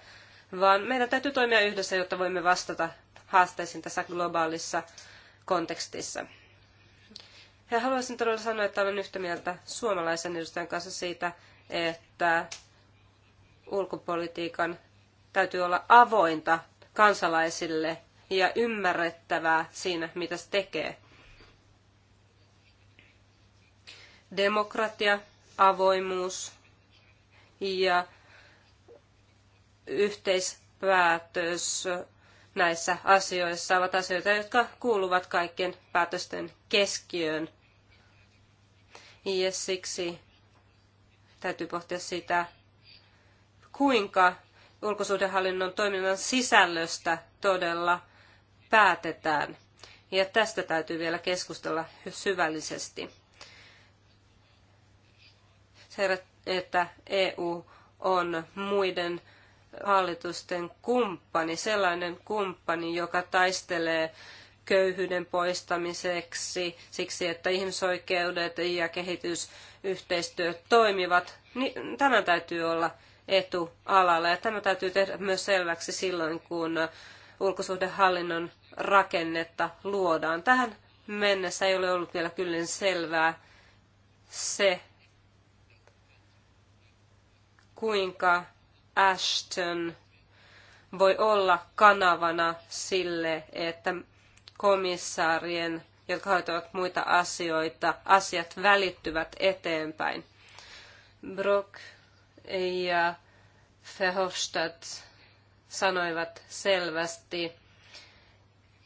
vaan meidän täytyy toimia yhdessä, jotta voimme vastata haasteisiin tässä globaalissa kontekstissa. Ja haluaisin todella sanoa, että olen yhtä mieltä suomalaisen edustajan kanssa siitä, että ulkopolitiikan täytyy olla avointa kansalaisille ja ymmärrettävää siinä, mitä se tekee. Demokratia, avoimuus ja yhteispäätös näissä asioissa ovat asioita, jotka kuuluvat kaikkien päätösten keskiöön. Ja siksi täytyy pohtia sitä, kuinka ulkosuhdehallinnon toiminnan sisällöstä todella päätetään. Ja tästä täytyy vielä keskustella syvällisesti. Se, että EU on muiden hallitusten kumppani, sellainen kumppani, joka taistelee köyhyyden poistamiseksi, siksi että ihmisoikeudet ja kehitysyhteistyö toimivat, niin tämä täytyy olla etualalla. Ja tämä täytyy tehdä myös selväksi silloin, kun ulkosuhdehallinnon rakennetta luodaan. Tähän mennessä ei ole ollut vielä kyllin selvää se, kuinka Ashton voi olla kanavana sille, että komissaarien, jotka hoitavat muita asioita, asiat välittyvät eteenpäin. Brock ja Verhofstadt sanoivat selvästi,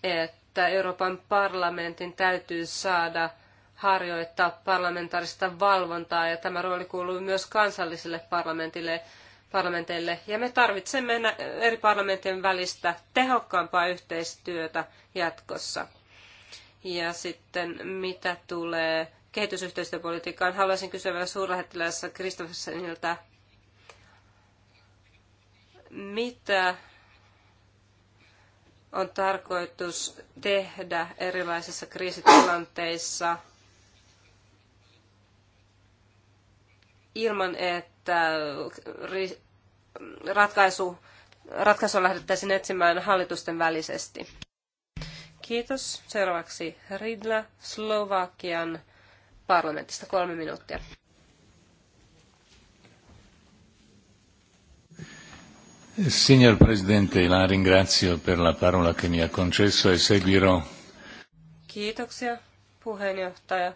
että Euroopan parlamentin täytyy saada harjoittaa parlamentaarista valvontaa ja tämä rooli kuuluu myös kansallisille parlamentille, parlamenteille. Ja me tarvitsemme eri parlamenttien välistä tehokkaampaa yhteistyötä jatkossa. Ja sitten mitä tulee kehitysyhteistyöpolitiikkaan, haluaisin kysyä vielä suurlähettilässä Kristoffersenilta mitä on tarkoitus tehdä erilaisissa kriisitilanteissa ilman, että ratkaisu, ratkaisu lähdettäisiin etsimään hallitusten välisesti. Kiitos. Seuraavaksi Ridla Slovakian parlamentista kolme minuuttia. Signor Presidente, la ringrazio per la parola che mi ha concesso e seguirò. Kiitoksia puheenjohtaja.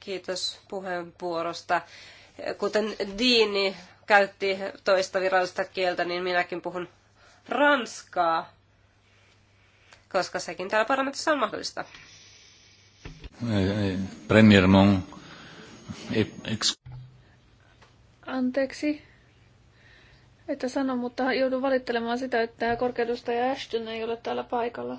Kiitos puheenvuorosta. Kuten Diini käytti toista virallista kieltä, niin minäkin puhun ranskaa, koska sekin täällä parlamentissa on mahdollista. Eh, eh, Mon, eh, Anteeksi, että sano, mutta joudun valittelemaan sitä, että ja Ashton ei ole täällä paikalla.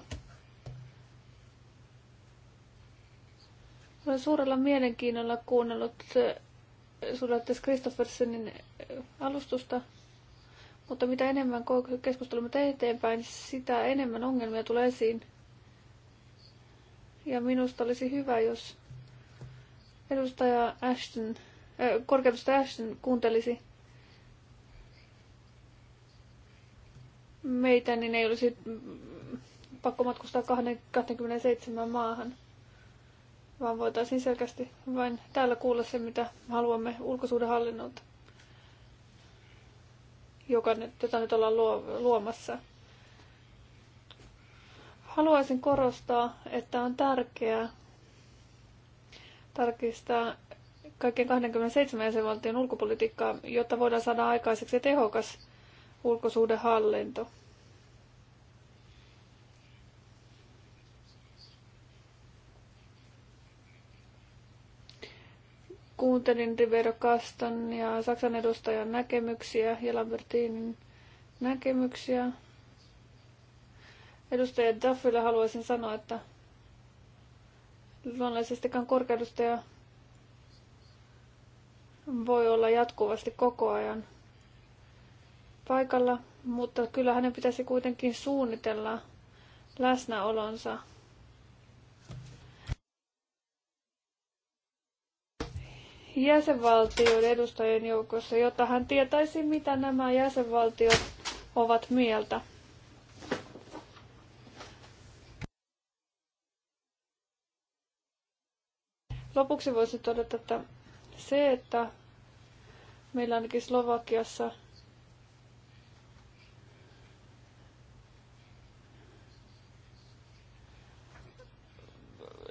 Olen suurella mielenkiinnolla kuunnellut eh, sulattis Kristoffersenin eh, alustusta, mutta mitä enemmän keskustelemme eteenpäin, sitä enemmän ongelmia tulee esiin. Ja minusta olisi hyvä, jos edustaja Ashton, äh, eh, korkeudusta Ashton kuuntelisi meitä, niin ei olisi pakko matkustaa 27 maahan, vaan voitaisiin selkeästi vain täällä kuulla se, mitä haluamme ulkosuudenhallinnolta, joka nyt, jota nyt ollaan luo, luomassa. Haluaisin korostaa, että on tärkeää tarkistaa kaikkien 27 jäsenvaltion ulkopolitiikkaa, jotta voidaan saada aikaiseksi tehokas hallinto. Kuuntelin Rivero Kastan ja Saksan edustajan näkemyksiä ja Lambertinin näkemyksiä. Edustaja Duffylle haluaisin sanoa, että luonnollisestikaan korkeudustaja voi olla jatkuvasti koko ajan paikalla, mutta kyllä hänen pitäisi kuitenkin suunnitella läsnäolonsa. jäsenvaltioiden edustajien joukossa, jotta hän tietäisi, mitä nämä jäsenvaltiot ovat mieltä. Lopuksi voisin todeta, että se, että meillä ainakin Slovakiassa –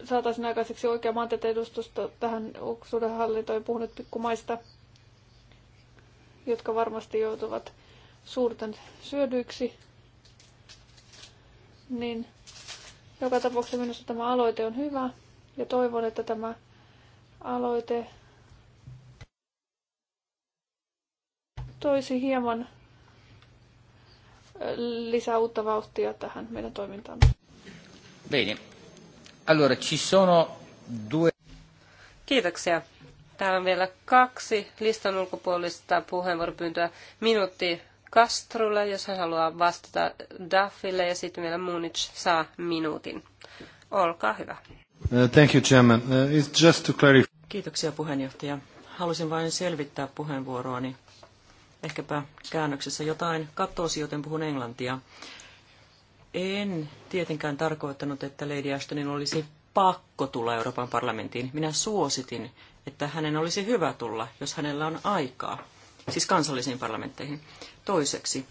saataisiin aikaiseksi oikea maantieteen-edustusta tähän Uksuuden hallintoon. ja puhunut pikkumaista, jotka varmasti joutuvat suurten syödyiksi. Niin joka tapauksessa minusta tämä aloite on hyvä ja toivon, että tämä aloite toisi hieman lisää uutta vauhtia tähän meidän toimintaan. Bene. Allora, ci sono due... Kiitoksia. Täällä on vielä kaksi listan ulkopuolista puheenvuoropyyntöä. Minuutti Kastrulle, jos hän haluaa vastata Daffille, ja sitten vielä Munich saa minuutin. Olkaa hyvä. Uh, thank you, Chairman. Uh, it's just to clarify. Kiitoksia puheenjohtaja. Halusin vain selvittää puheenvuoroani. Ehkäpä käännöksessä jotain katosi, joten puhun englantia. En tietenkään tarkoittanut, että Lady Ashtonin olisi pakko tulla Euroopan parlamenttiin. Minä suositin, että hänen olisi hyvä tulla, jos hänellä on aikaa, siis kansallisiin parlamentteihin. Toiseksi,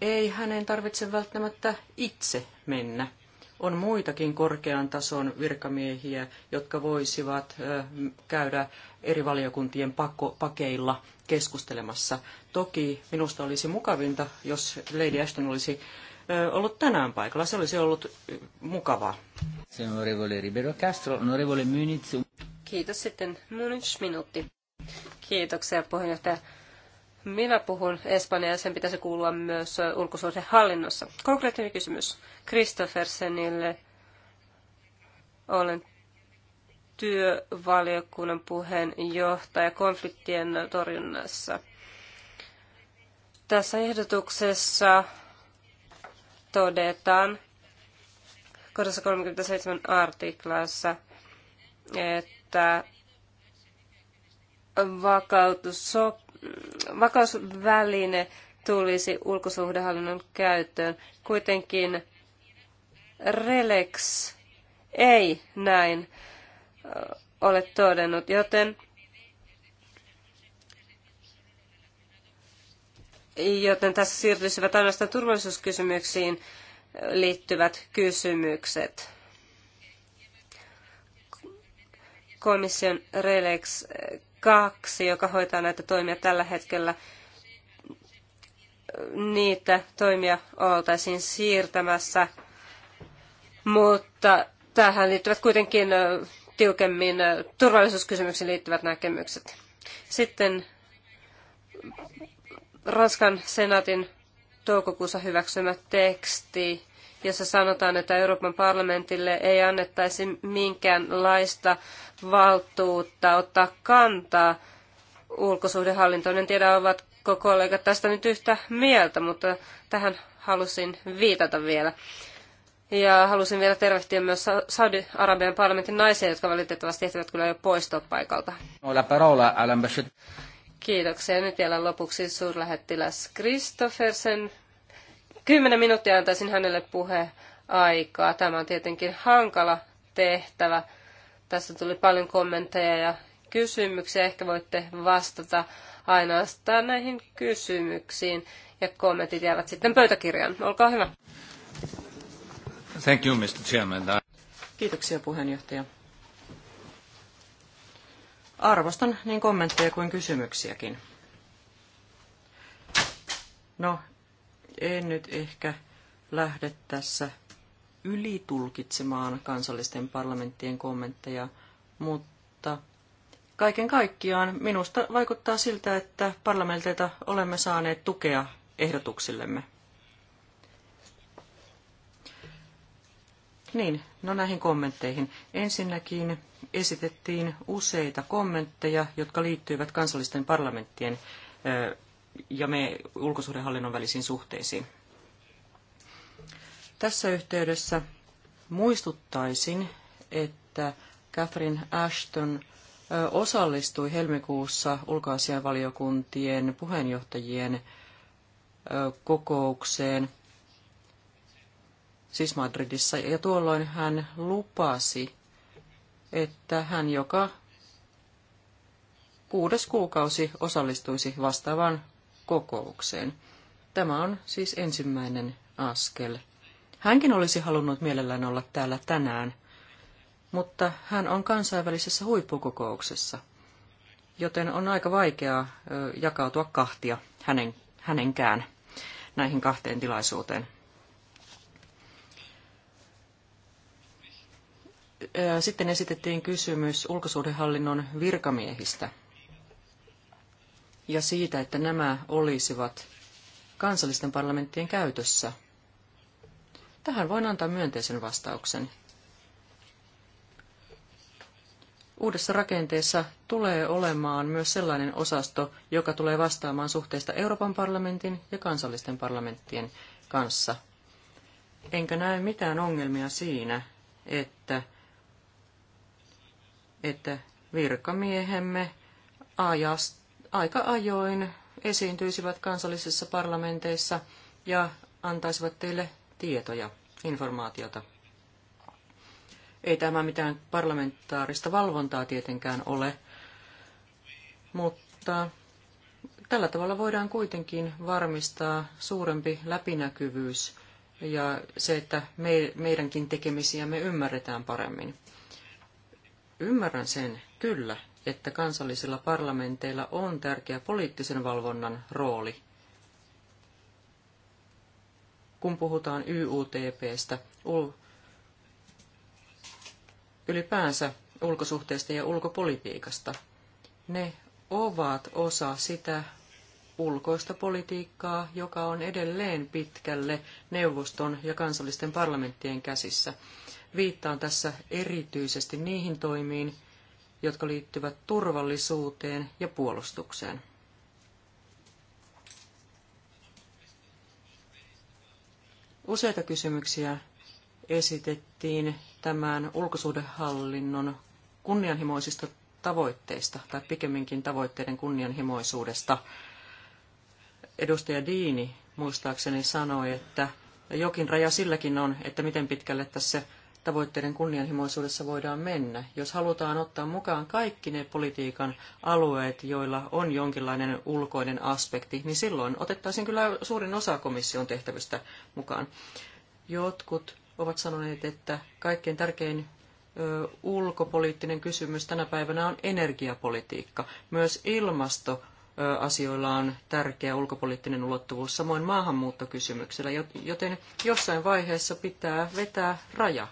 ei hänen tarvitse välttämättä itse mennä on muitakin korkean tason virkamiehiä, jotka voisivat käydä eri valiokuntien pakko, pakeilla keskustelemassa. Toki minusta olisi mukavinta, jos Lady Ashton olisi ollut tänään paikalla. Se olisi ollut mukavaa. Ribeiro Castro, Kiitos sitten. minuutti. Kiitoksia puheenjohtaja. Minä puhun Espanjaa ja sen pitäisi kuulua myös hallinnossa. Konkreettinen kysymys Kristoffersenille. Olen työvaliokunnan puheenjohtaja konfliktien torjunnassa. Tässä ehdotuksessa todetaan kohdassa 37 artiklassa, että vakautusop vakausväline tulisi ulkosuhdehallinnon käyttöön. Kuitenkin Relex ei näin äh, ole todennut, joten joten tässä siirtyisivät ainoastaan turvallisuuskysymyksiin äh, liittyvät kysymykset. Komission Relex äh, kaksi, joka hoitaa näitä toimia tällä hetkellä, niitä toimia oltaisiin siirtämässä, mutta tähän liittyvät kuitenkin tiukemmin turvallisuuskysymyksiin liittyvät näkemykset. Sitten Ranskan senaatin toukokuussa hyväksymä teksti jossa sanotaan, että Euroopan parlamentille ei annettaisi minkäänlaista valtuutta ottaa kantaa ulkosuhdehallintoon. En tiedä, ovatko kollegat tästä nyt yhtä mieltä, mutta tähän halusin viitata vielä. Ja halusin vielä tervehtiä myös Saudi-Arabian parlamentin naisia, jotka valitettavasti ehtivät kyllä jo poistua paikalta. No, Kiitoksia. Nyt vielä lopuksi suurlähettiläs Christoffersen Kymmenen minuuttia antaisin hänelle puheaikaa. Tämä on tietenkin hankala tehtävä. Tässä tuli paljon kommentteja ja kysymyksiä. Ehkä voitte vastata ainoastaan näihin kysymyksiin ja kommentit jäävät sitten pöytäkirjaan. Olkaa hyvä. Thank you, Mr. Chairman. Kiitoksia puheenjohtaja. Arvostan niin kommentteja kuin kysymyksiäkin. No, en nyt ehkä lähde tässä ylitulkitsemaan kansallisten parlamenttien kommentteja, mutta kaiken kaikkiaan minusta vaikuttaa siltä, että parlamentilta olemme saaneet tukea ehdotuksillemme. Niin, no näihin kommentteihin. Ensinnäkin esitettiin useita kommentteja, jotka liittyivät kansallisten parlamenttien ö, ja me ulkosuhdehallinnon välisiin suhteisiin. Tässä yhteydessä muistuttaisin, että Catherine Ashton osallistui helmikuussa ulkoasianvaliokuntien puheenjohtajien kokoukseen, siis Madridissa, ja tuolloin hän lupasi, että hän joka kuudes kuukausi osallistuisi vastaavaan kokoukseen. Tämä on siis ensimmäinen askel. Hänkin olisi halunnut mielellään olla täällä tänään, mutta hän on kansainvälisessä huippukokouksessa, joten on aika vaikeaa jakautua kahtia hänen, hänenkään näihin kahteen tilaisuuteen. Sitten esitettiin kysymys ulkosuhdehallinnon virkamiehistä – ja siitä, että nämä olisivat kansallisten parlamenttien käytössä? Tähän voin antaa myönteisen vastauksen. Uudessa rakenteessa tulee olemaan myös sellainen osasto, joka tulee vastaamaan suhteesta Euroopan parlamentin ja kansallisten parlamenttien kanssa. Enkä näe mitään ongelmia siinä, että, että virkamiehemme ajasta aika ajoin esiintyisivät kansallisissa parlamenteissa ja antaisivat teille tietoja, informaatiota. Ei tämä mitään parlamentaarista valvontaa tietenkään ole, mutta tällä tavalla voidaan kuitenkin varmistaa suurempi läpinäkyvyys ja se, että me, meidänkin tekemisiämme ymmärretään paremmin. Ymmärrän sen, kyllä että kansallisilla parlamenteilla on tärkeä poliittisen valvonnan rooli. Kun puhutaan YUTPstä, ylipäänsä ulkosuhteista ja ulkopolitiikasta, ne ovat osa sitä ulkoista politiikkaa, joka on edelleen pitkälle neuvoston ja kansallisten parlamenttien käsissä. Viittaan tässä erityisesti niihin toimiin, jotka liittyvät turvallisuuteen ja puolustukseen. Useita kysymyksiä esitettiin tämän ulkosuhdehallinnon kunnianhimoisista tavoitteista, tai pikemminkin tavoitteiden kunnianhimoisuudesta. Edustaja Diini muistaakseni sanoi, että jokin raja silläkin on, että miten pitkälle tässä tavoitteiden kunnianhimoisuudessa voidaan mennä, jos halutaan ottaa mukaan kaikki ne politiikan alueet, joilla on jonkinlainen ulkoinen aspekti, niin silloin otettaisiin kyllä suurin osa komission tehtävistä mukaan. Jotkut ovat sanoneet, että kaikkein tärkein ulkopoliittinen kysymys tänä päivänä on energiapolitiikka. Myös ilmasto asioilla on tärkeä ulkopoliittinen ulottuvuus, samoin maahanmuuttokysymyksillä, joten jossain vaiheessa pitää vetää raja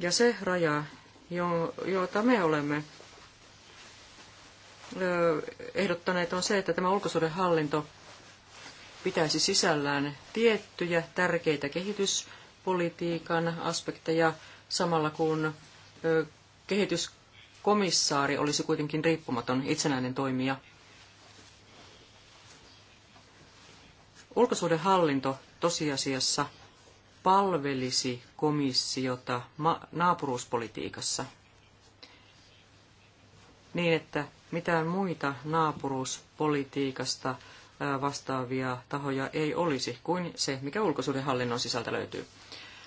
ja se raja, jota me olemme ehdottaneet, on se, että tämä ulkosuhdehallinto pitäisi sisällään tiettyjä tärkeitä kehityspolitiikan aspekteja, samalla kun kehityskomissaari olisi kuitenkin riippumaton itsenäinen toimija. Ulkosuhdehallinto tosiasiassa palvelisi komissiota naapuruuspolitiikassa niin, että mitään muita naapuruuspolitiikasta vastaavia tahoja ei olisi kuin se, mikä ulkosuhdehallinnon sisältä löytyy.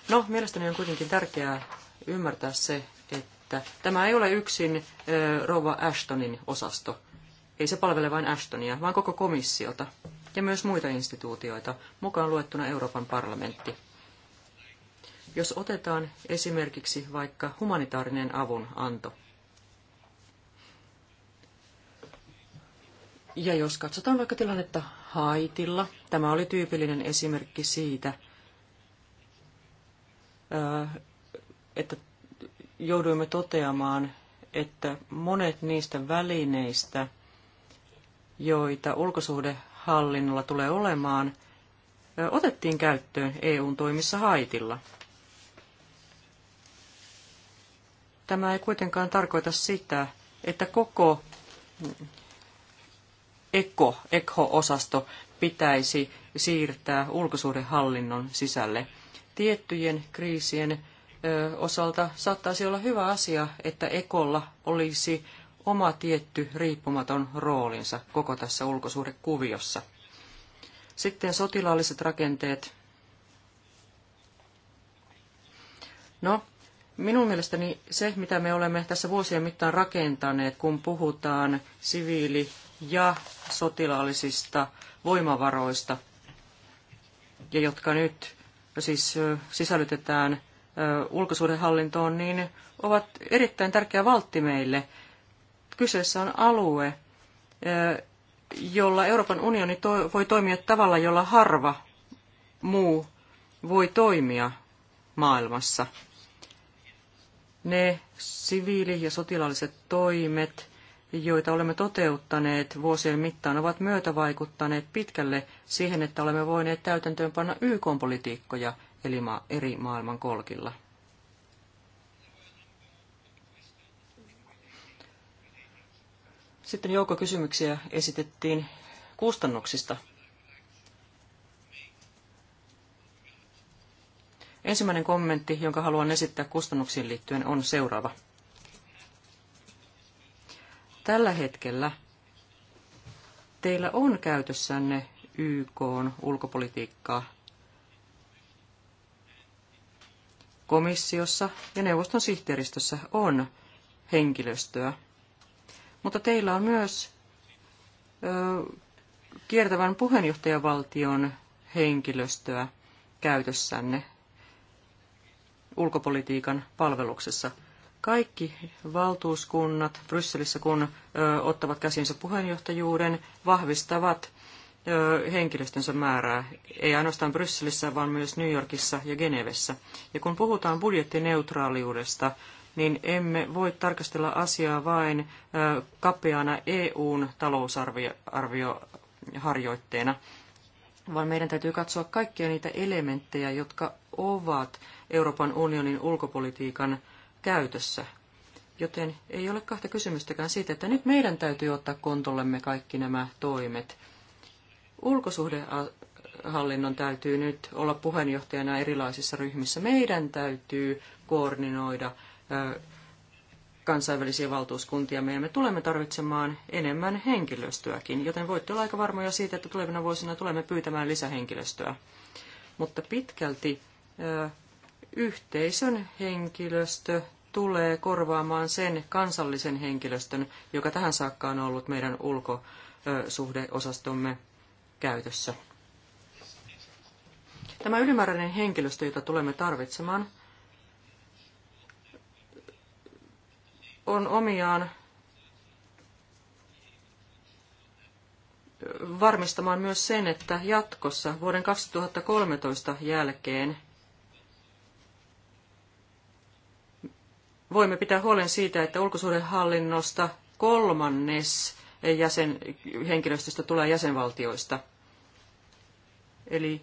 No, mielestäni on kuitenkin tärkeää ymmärtää se, että tämä ei ole yksin Rova Ashtonin osasto. Ei se palvele vain Ashtonia, vaan koko komissiota ja myös muita instituutioita, mukaan luettuna Euroopan parlamentti. Jos otetaan esimerkiksi vaikka humanitaarinen avun anto, ja jos katsotaan vaikka tilannetta Haitilla, tämä oli tyypillinen esimerkki siitä, että jouduimme toteamaan, että monet niistä välineistä, joita ulkosuhdehallinnolla tulee olemaan, otettiin käyttöön EUn toimissa Haitilla – Tämä ei kuitenkaan tarkoita sitä, että koko eko ECHO-osasto pitäisi siirtää ulkosuhdehallinnon sisälle. Tiettyjen kriisien osalta saattaisi olla hyvä asia, että EKOlla olisi oma tietty riippumaton roolinsa koko tässä ulkosuhdekuviossa. Sitten sotilaalliset rakenteet. No, Minun mielestäni se, mitä me olemme tässä vuosien mittaan rakentaneet, kun puhutaan siviili- ja sotilaallisista voimavaroista, ja jotka nyt siis sisällytetään ulkosuhdehallintoon, niin ovat erittäin tärkeä valtti meille. Kyseessä on alue, jolla Euroopan unioni voi toimia tavalla, jolla harva muu voi toimia maailmassa. Ne siviili- ja sotilaalliset toimet, joita olemme toteuttaneet vuosien mittaan, ovat myötävaikuttaneet pitkälle siihen, että olemme voineet täytäntöönpanna YK-politiikkoja eri maailman kolkilla. Sitten joukko kysymyksiä esitettiin kustannuksista. Ensimmäinen kommentti, jonka haluan esittää kustannuksiin liittyen, on seuraava. Tällä hetkellä teillä on käytössänne YK ulkopolitiikkaa komissiossa ja neuvoston sihteeristössä on henkilöstöä. Mutta teillä on myös ö, kiertävän puheenjohtajavaltion henkilöstöä käytössänne ulkopolitiikan palveluksessa. Kaikki valtuuskunnat Brysselissä, kun ö, ottavat käsinsä puheenjohtajuuden, vahvistavat ö, henkilöstönsä määrää, ei ainoastaan Brysselissä, vaan myös New Yorkissa ja Genevessä. Ja kun puhutaan budjettineutraaliudesta, niin emme voi tarkastella asiaa vain ö, kapeana EUn talousarvioharjoitteena vaan meidän täytyy katsoa kaikkia niitä elementtejä, jotka ovat Euroopan unionin ulkopolitiikan käytössä. Joten ei ole kahta kysymystäkään siitä, että nyt meidän täytyy ottaa kontollemme kaikki nämä toimet. Ulkosuhdehallinnon täytyy nyt olla puheenjohtajana erilaisissa ryhmissä. Meidän täytyy koordinoida kansainvälisiä valtuuskuntia. Me tulemme tarvitsemaan enemmän henkilöstöäkin, joten voitte olla aika varmoja siitä, että tulevina vuosina tulemme pyytämään lisähenkilöstöä. Mutta pitkälti ö, yhteisön henkilöstö tulee korvaamaan sen kansallisen henkilöstön, joka tähän saakka on ollut meidän ulkosuhdeosastomme käytössä. Tämä ylimääräinen henkilöstö, jota tulemme tarvitsemaan, on omiaan varmistamaan myös sen, että jatkossa vuoden 2013 jälkeen voimme pitää huolen siitä, että ulkosuhdehallinnosta kolmannes jäsen, henkilöstöstä tulee jäsenvaltioista. Eli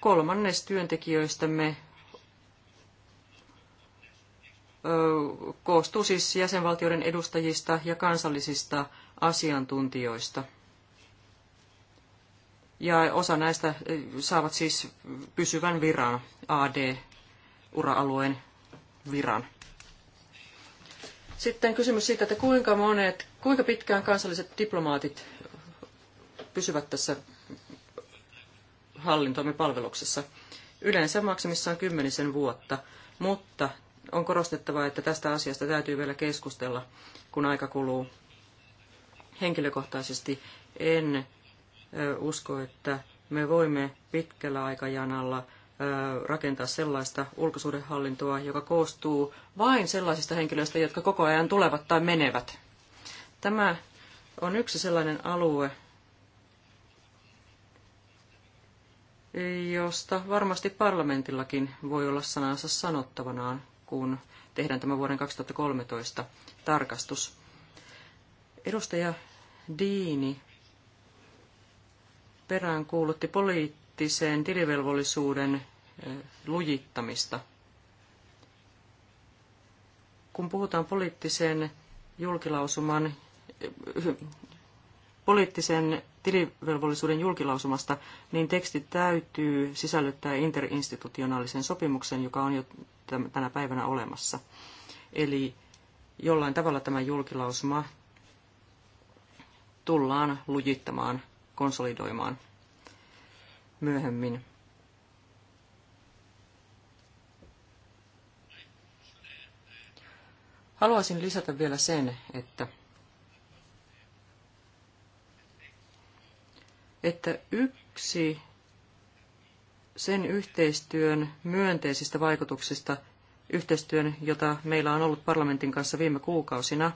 kolmannes työntekijöistämme koostuu siis jäsenvaltioiden edustajista ja kansallisista asiantuntijoista. Ja osa näistä saavat siis pysyvän viran, AD-ura-alueen viran. Sitten kysymys siitä, että kuinka monet, kuinka pitkään kansalliset diplomaatit pysyvät tässä hallintomme palveluksessa. Yleensä maksimissaan kymmenisen vuotta, mutta on korostettava, että tästä asiasta täytyy vielä keskustella, kun aika kuluu. Henkilökohtaisesti en usko, että me voimme pitkällä aikajanalla rakentaa sellaista ulkosuhdehallintoa, joka koostuu vain sellaisista henkilöistä, jotka koko ajan tulevat tai menevät. Tämä on yksi sellainen alue, josta varmasti parlamentillakin voi olla sanansa sanottavanaan kun tehdään tämä vuoden 2013 tarkastus. Edustaja Diini perään kuulutti poliittiseen tilivelvollisuuden eh, lujittamista. Kun puhutaan poliittisen julkilausuman, eh, poliittisen tilivelvollisuuden julkilausumasta, niin teksti täytyy sisällyttää interinstitutionaalisen sopimuksen, joka on jo tänä päivänä olemassa. Eli jollain tavalla tämä julkilausuma tullaan lujittamaan, konsolidoimaan myöhemmin. Haluaisin lisätä vielä sen, että että yksi sen yhteistyön myönteisistä vaikutuksista, yhteistyön, jota meillä on ollut parlamentin kanssa viime kuukausina,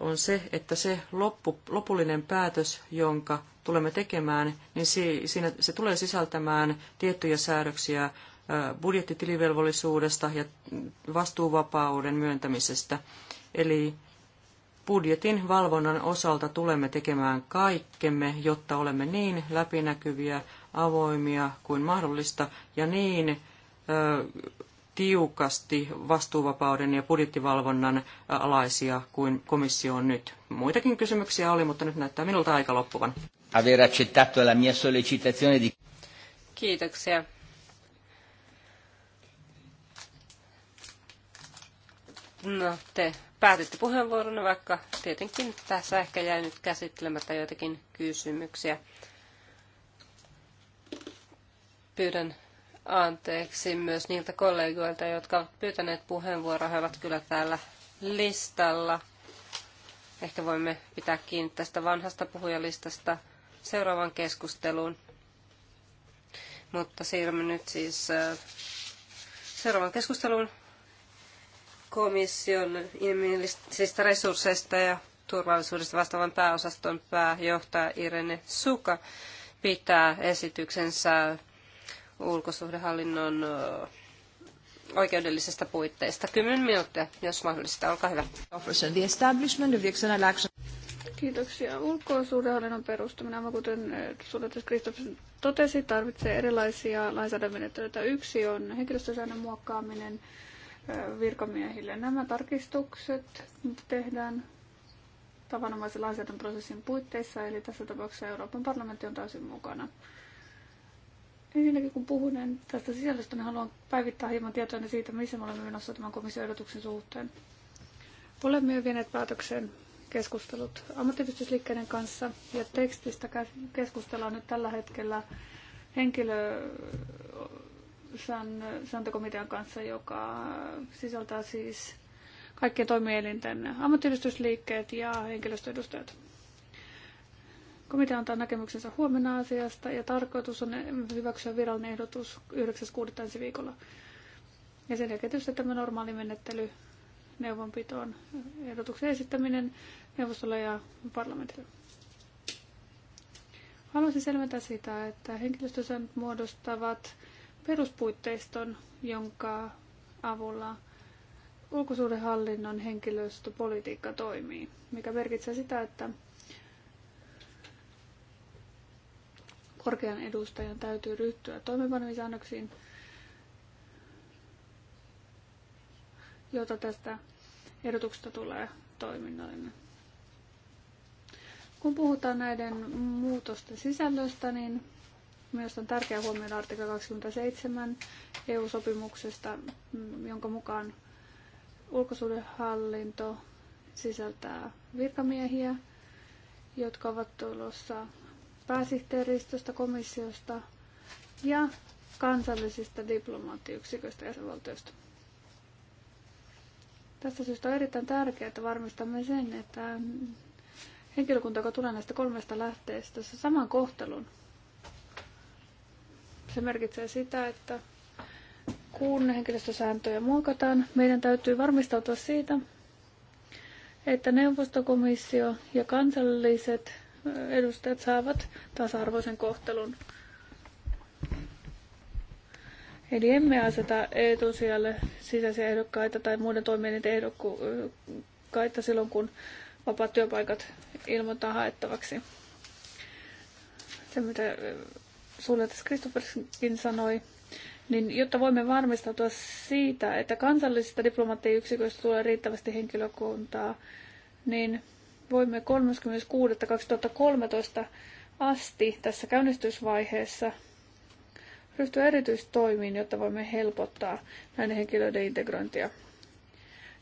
on se, että se loppu, lopullinen päätös, jonka tulemme tekemään, niin siinä, se tulee sisältämään tiettyjä säädöksiä budjettitilivelvollisuudesta ja vastuuvapauden myöntämisestä. Eli budjetin valvonnan osalta tulemme tekemään kaikkemme, jotta olemme niin läpinäkyviä, avoimia kuin mahdollista ja niin ö, tiukasti vastuuvapauden ja budjettivalvonnan alaisia kuin komissio on nyt. Muitakin kysymyksiä oli, mutta nyt näyttää minulta aika loppuvan. Aver accettato la mia sollecitazione di... Kiitoksia No, te päätitte puheenvuoronne, vaikka tietenkin tässä ehkä jäi nyt käsittelemättä joitakin kysymyksiä. Pyydän anteeksi myös niiltä kollegoilta, jotka ovat pyytäneet puheenvuoroa. He ovat kyllä täällä listalla. Ehkä voimme pitää kiinni tästä vanhasta puhujalistasta seuraavan keskusteluun. Mutta siirrymme nyt siis äh, seuraavan keskusteluun komission inhimillisistä resursseista ja turvallisuudesta vastaavan pääosaston pääjohtaja Irene Suka pitää esityksensä ulkosuhdehallinnon oikeudellisesta puitteista. Kymmenen minuuttia, jos mahdollista. Olkaa hyvä. Kiitoksia. Ulkosuhdehallinnon perustaminen, aivan kuten suunnitelmassa Kristoffersen totesi, tarvitsee erilaisia lainsäädäntömenettelyitä. Yksi on henkilöstösäännön muokkaaminen, virkamiehille. Nämä tarkistukset tehdään tavanomaisen lainsäädäntöprosessin puitteissa, eli tässä tapauksessa Euroopan parlamentti on täysin mukana. Ensinnäkin kun puhun tästä sisällöstä, niin haluan päivittää hieman tietoa siitä, missä me olemme menossa tämän komission ehdotuksen suhteen. Olemme jo vieneet päätökseen keskustelut ammattiyhdistysliikkeiden kanssa ja tekstistä keskustellaan nyt tällä hetkellä henkilö sääntökomitean kanssa, joka sisältää siis kaikkien toimielinten ammattiyhdistysliikkeet ja henkilöstöedustajat. Komitea antaa näkemyksensä huomenna asiasta ja tarkoitus on hyväksyä virallinen ehdotus 9.6. ensi viikolla. Ja sen jälkeen tietysti tämä normaali menettely neuvonpitoon, ehdotuksen esittäminen neuvostolle ja parlamentille. Haluaisin selventää sitä, että henkilöstösäännöt muodostavat peruspuitteiston, jonka avulla ulkosuudenhallinnon henkilöstöpolitiikka toimii, mikä merkitsee sitä, että korkean edustajan täytyy ryhtyä toimenpanemisäännöksiin, jota tästä ehdotuksesta tulee toiminnoille. Kun puhutaan näiden muutosten sisällöstä, niin myös on tärkeää huomioida artikla 27 EU-sopimuksesta, mm, jonka mukaan ulkosuhdehallinto sisältää virkamiehiä, jotka ovat tulossa pääsihteeristöstä, komissiosta ja kansallisista diplomaattiyksiköistä jäsenvaltioista. Tästä syystä on erittäin tärkeää, että varmistamme sen, että henkilökunta, joka tulee näistä kolmesta lähteestä, saa saman kohtelun se merkitsee sitä, että kun henkilöstösääntöjä muokataan, meidän täytyy varmistautua siitä, että neuvostokomissio ja kansalliset edustajat saavat tasa-arvoisen kohtelun. Eli emme aseta etusijalle sisäisiä ehdokkaita tai muiden toimijoiden ehdokkaita silloin, kun vapaat työpaikat ilmoittaa haettavaksi. Se, mitä Suljetas Kristofferskin sanoi, niin jotta voimme varmistautua siitä, että kansallisista diplomaattiyksiköistä tulee riittävästi henkilökuntaa, niin voimme 36.2013 asti tässä käynnistysvaiheessa ryhtyä erityistoimiin, jotta voimme helpottaa näiden henkilöiden integrointia.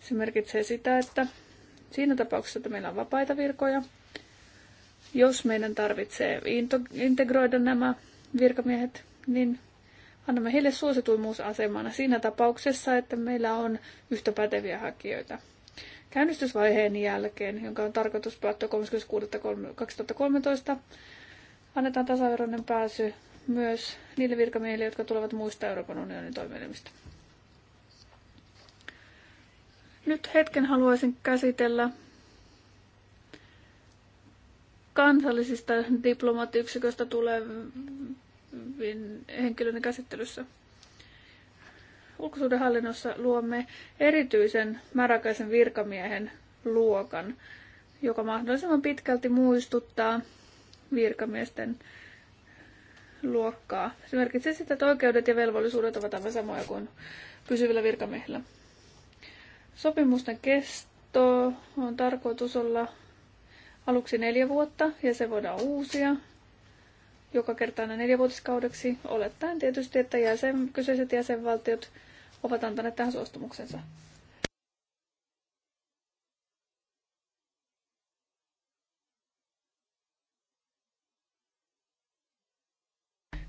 Se merkitsee sitä, että siinä tapauksessa, että meillä on vapaita virkoja, jos meidän tarvitsee integroida nämä virkamiehet, niin annamme heille suosituimuusasemana siinä tapauksessa, että meillä on yhtä päteviä hakijoita. Käynnistysvaiheen jälkeen, jonka on tarkoitus päättyä 36.2013, annetaan tasaveroinen pääsy myös niille virkamiehille, jotka tulevat muista Euroopan unionin toimielimistä. Nyt hetken haluaisin käsitellä kansallisista diplomaattiyksiköistä tulee henkilön käsittelyssä. Ulkosuudenhallinnossa luomme erityisen märäkäisen virkamiehen luokan, joka mahdollisimman pitkälti muistuttaa virkamiesten luokkaa. Se merkitsee sitä, että oikeudet ja velvollisuudet ovat aivan samoja kuin pysyvillä virkamiehillä. Sopimusten kesto on tarkoitus olla aluksi neljä vuotta ja se voidaan uusia joka aina neljävuotiskaudeksi, olettaen tietysti, että jäsen, kyseiset jäsenvaltiot ovat antaneet tähän suostumuksensa.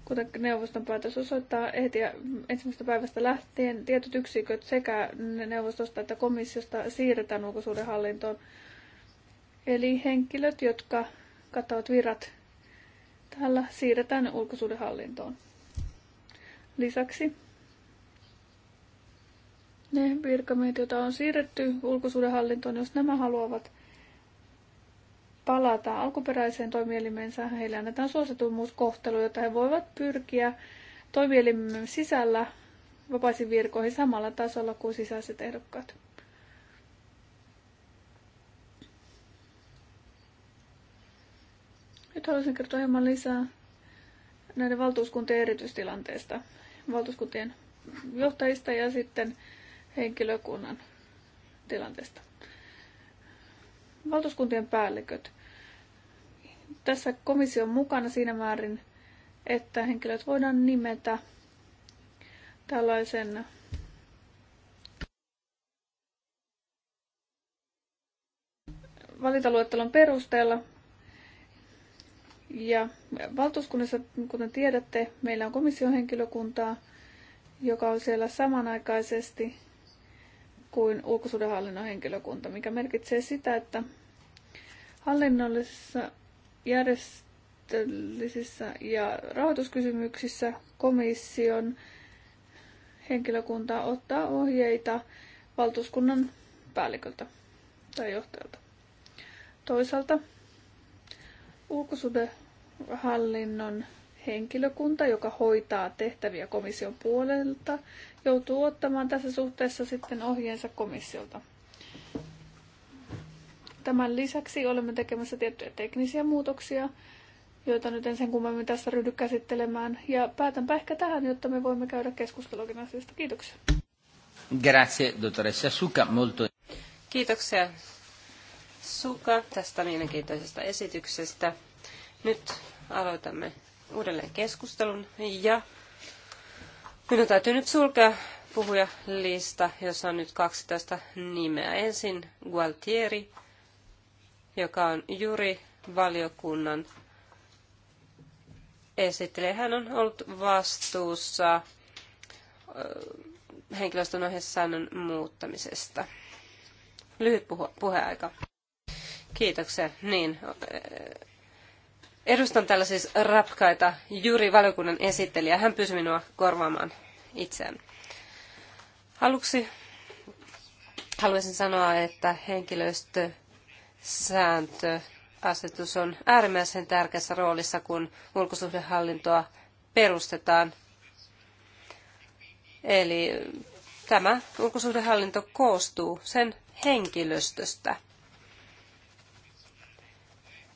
Kuten neuvoston päätös osoittaa, heti ensimmäisestä päivästä lähtien tietyt yksiköt sekä neuvostosta että komissiosta siirretään hallintoon, Eli henkilöt, jotka kattavat virat Täällä siirretään ne hallintoon. Lisäksi ne virkamiehet, joita on siirretty ulkosuudenhallintoon, jos nämä haluavat palata alkuperäiseen toimielimensä, heille annetaan suositumuskohtelu, jota he voivat pyrkiä toimielimen sisällä vapaisiin virkoihin samalla tasolla kuin sisäiset ehdokkaat. Nyt haluaisin kertoa hieman lisää näiden valtuuskuntien erityistilanteesta, valtuuskuntien johtajista ja sitten henkilökunnan tilanteesta. Valtuuskuntien päälliköt. Tässä komission mukana siinä määrin, että henkilöt voidaan nimetä tällaisen valintaluettelon perusteella ja valtuuskunnassa, kuten tiedätte, meillä on komission henkilökuntaa, joka on siellä samanaikaisesti kuin ulkosuudenhallinnon henkilökunta, mikä merkitsee sitä, että hallinnollisissa järjestöllisissä ja rahoituskysymyksissä komission henkilökunta ottaa ohjeita valtuuskunnan päälliköltä tai johtajalta. Toisaalta ulkosuhde hallinnon henkilökunta, joka hoitaa tehtäviä komission puolelta, joutuu ottamaan tässä suhteessa sitten ohjeensa komissiolta. Tämän lisäksi olemme tekemässä tiettyjä teknisiä muutoksia, joita nyt en sen kummemmin tässä ryhdy käsittelemään. Ja päätänpä ehkä tähän, jotta me voimme käydä keskustelukin asiasta. Kiitoksia. Grazie, dottoressa Suka. Molto... Kiitoksia, Suka, tästä mielenkiintoisesta esityksestä. Nyt aloitamme uudelleen keskustelun ja minun täytyy nyt sulkea puhujalista, jossa on nyt 12 nimeä. Ensin Gualtieri, joka on juuri valiokunnan esittelijä. Hän on ollut vastuussa henkilöstön ohjesäännön muuttamisesta. Lyhyt puhe- puheaika. Kiitoksia. Niin, Edustan täällä siis rapkaita Juri valiokunnan esittelijä. Hän pyysi minua korvaamaan itseään. Aluksi haluaisin sanoa, että henkilöstösääntöasetus asetus on äärimmäisen tärkeässä roolissa, kun ulkosuhdehallintoa perustetaan. Eli tämä ulkosuhdehallinto koostuu sen henkilöstöstä,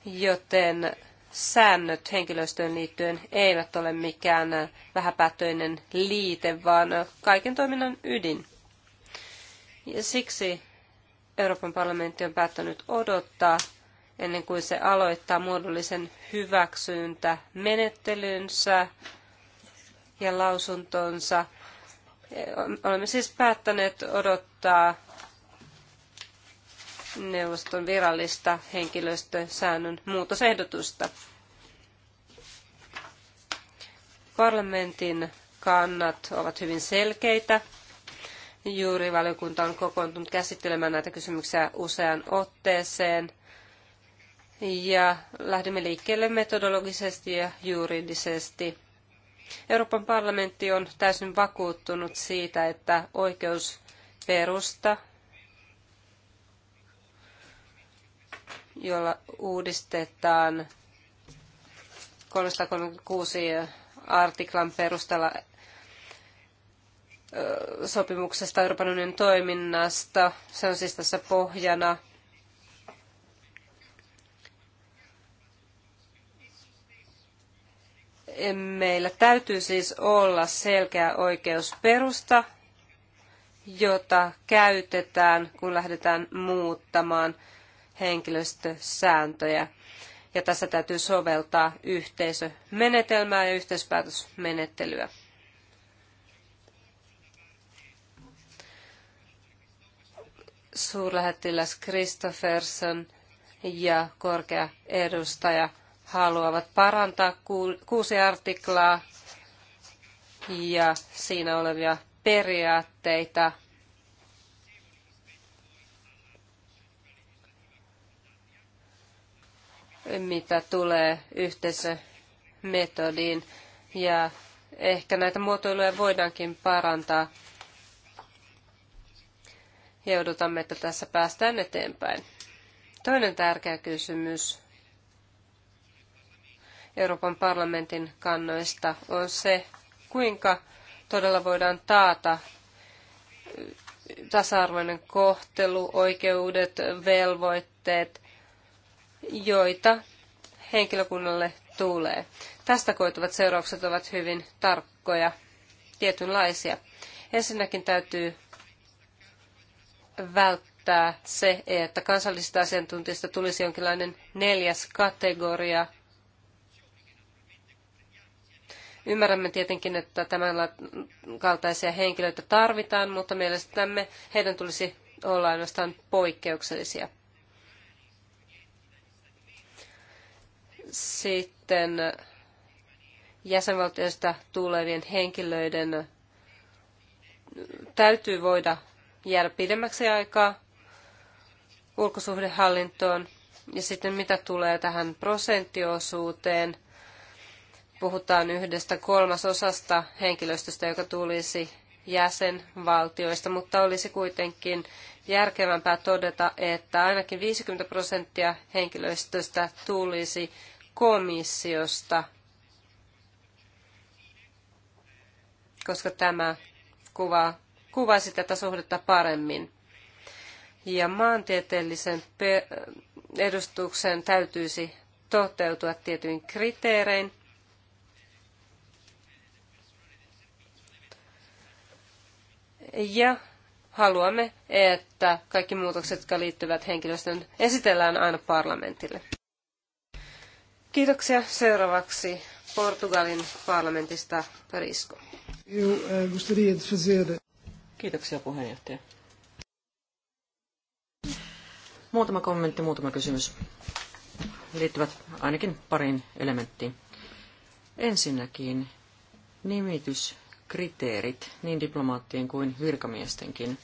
joten säännöt henkilöstöön liittyen eivät ole mikään vähäpätöinen liite, vaan kaiken toiminnan ydin. Ja siksi Euroopan parlamentti on päättänyt odottaa ennen kuin se aloittaa muodollisen hyväksyntä menettelynsä ja lausuntonsa. Olemme siis päättäneet odottaa neuvoston virallista henkilöstösäännön muutosehdotusta. Parlamentin kannat ovat hyvin selkeitä. Juuri valiokunta on kokoontunut käsittelemään näitä kysymyksiä useaan otteeseen. Ja lähdemme liikkeelle metodologisesti ja juridisesti. Euroopan parlamentti on täysin vakuuttunut siitä, että oikeusperusta jolla uudistetaan 336 artiklan perusteella sopimuksesta Euroopan unionin toiminnasta. Se on siis tässä pohjana. Meillä täytyy siis olla selkeä oikeusperusta, jota käytetään, kun lähdetään muuttamaan – henkilöstösääntöjä. Ja tässä täytyy soveltaa yhteisömenetelmää ja yhteispäätösmenettelyä. Suurlähettiläs Christopherson ja korkea edustaja haluavat parantaa kuusi artiklaa ja siinä olevia periaatteita – mitä tulee yhteisömetodiin. Ja ehkä näitä muotoiluja voidaankin parantaa. Ja odotamme, että tässä päästään eteenpäin. Toinen tärkeä kysymys Euroopan parlamentin kannoista on se, kuinka todella voidaan taata tasa-arvoinen kohtelu, oikeudet, velvoitteet joita henkilökunnalle tulee. Tästä koituvat seuraukset ovat hyvin tarkkoja, tietynlaisia. Ensinnäkin täytyy välttää se, että kansallisista asiantuntijoista tulisi jonkinlainen neljäs kategoria. Ymmärrämme tietenkin, että tämän kaltaisia henkilöitä tarvitaan, mutta mielestämme heidän tulisi olla ainoastaan poikkeuksellisia. Sitten jäsenvaltioista tulevien henkilöiden täytyy voida jäädä pidemmäksi aikaa ulkosuhdehallintoon. Ja sitten mitä tulee tähän prosenttiosuuteen, puhutaan yhdestä kolmasosasta henkilöstöstä, joka tulisi jäsenvaltioista, mutta olisi kuitenkin järkevämpää todeta, että ainakin 50 prosenttia henkilöstöstä tulisi komissiosta, koska tämä kuva, kuvasi tätä suhdetta paremmin. Ja maantieteellisen edustuksen täytyisi toteutua tietyin kriteerein. Ja haluamme, että kaikki muutokset, jotka liittyvät henkilöstön, esitellään aina parlamentille. Kiitoksia. Seuraavaksi Portugalin parlamentista Parisko. Eh, Kiitoksia puheenjohtaja. Muutama kommentti, muutama kysymys liittyvät ainakin pariin elementtiin. Ensinnäkin nimityskriteerit niin diplomaattien kuin virkamiestenkin.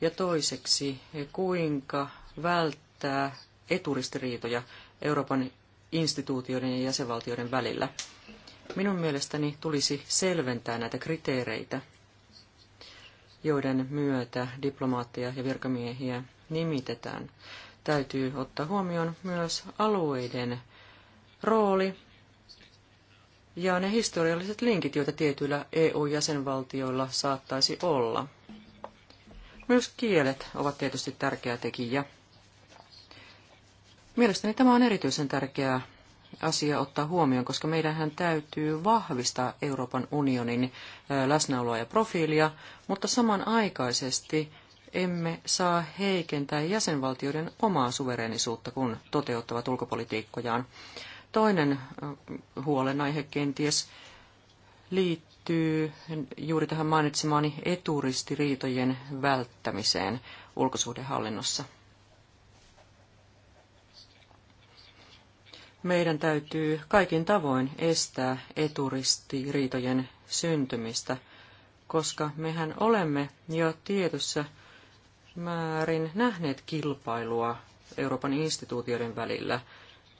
Ja toiseksi, kuinka välttää eturistiriitoja Euroopan instituutioiden ja jäsenvaltioiden välillä. Minun mielestäni tulisi selventää näitä kriteereitä, joiden myötä diplomaatteja ja virkamiehiä nimitetään. Täytyy ottaa huomioon myös alueiden rooli ja ne historialliset linkit, joita tietyillä EU-jäsenvaltioilla saattaisi olla. Myös kielet ovat tietysti tärkeä tekijä. Mielestäni tämä on erityisen tärkeä asia ottaa huomioon, koska meidän täytyy vahvistaa Euroopan unionin läsnäoloa ja profiilia, mutta samanaikaisesti emme saa heikentää jäsenvaltioiden omaa suvereenisuutta, kun toteuttavat ulkopolitiikkojaan. Toinen huolenaihe kenties liittyy juuri tähän mainitsemaani eturistiriitojen välttämiseen ulkosuhdehallinnossa. meidän täytyy kaikin tavoin estää eturistiriitojen syntymistä, koska mehän olemme jo tietyssä määrin nähneet kilpailua Euroopan instituutioiden välillä,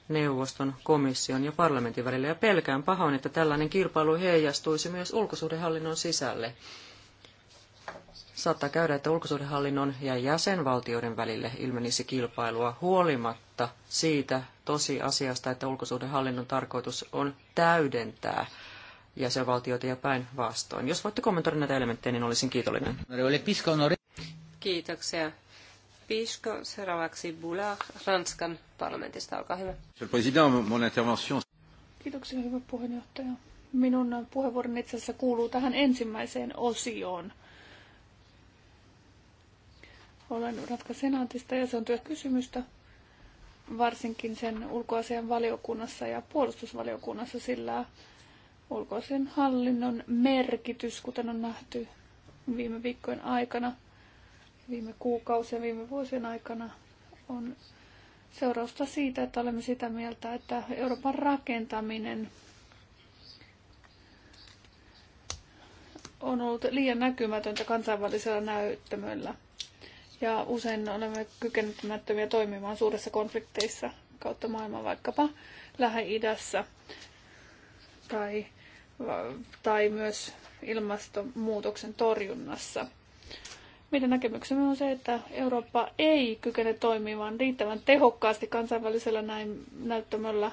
neuvoston, komission ja parlamentin välillä, ja pelkään pahoin, että tällainen kilpailu heijastuisi myös ulkosuhdehallinnon sisälle. Saattaa käydä, että ulkosuhdehallinnon ja jäsenvaltioiden välille ilmenisi kilpailua huolimatta siitä tosiasiasta, että ulkosuhdehallinnon tarkoitus on täydentää jäsenvaltioita ja päinvastoin. Jos voitte kommentoida näitä elementtejä, niin olisin kiitollinen. Kiitoksia. Pisko, seuraavaksi Boulard, Ranskan parlamentista, olkaa hyvä. Kiitoksia, hyvä puheenjohtaja. Minun puheenvuoroni itse asiassa kuuluu tähän ensimmäiseen osioon olen Ratka Senaatista ja se on työkysymystä varsinkin sen ulkoasian valiokunnassa ja puolustusvaliokunnassa, sillä ulkoisen hallinnon merkitys, kuten on nähty viime viikkojen aikana, viime kuukausien, viime vuosien aikana, on seurausta siitä, että olemme sitä mieltä, että Euroopan rakentaminen on ollut liian näkymätöntä kansainvälisellä näyttämöllä – ja usein olemme kykenemättömiä toimimaan suurissa konflikteissa kautta maailman, vaikkapa Lähi-idässä tai, tai myös ilmastonmuutoksen torjunnassa. Meidän näkemyksemme on se, että Eurooppa ei kykene toimimaan riittävän tehokkaasti kansainvälisellä näin näyttämöllä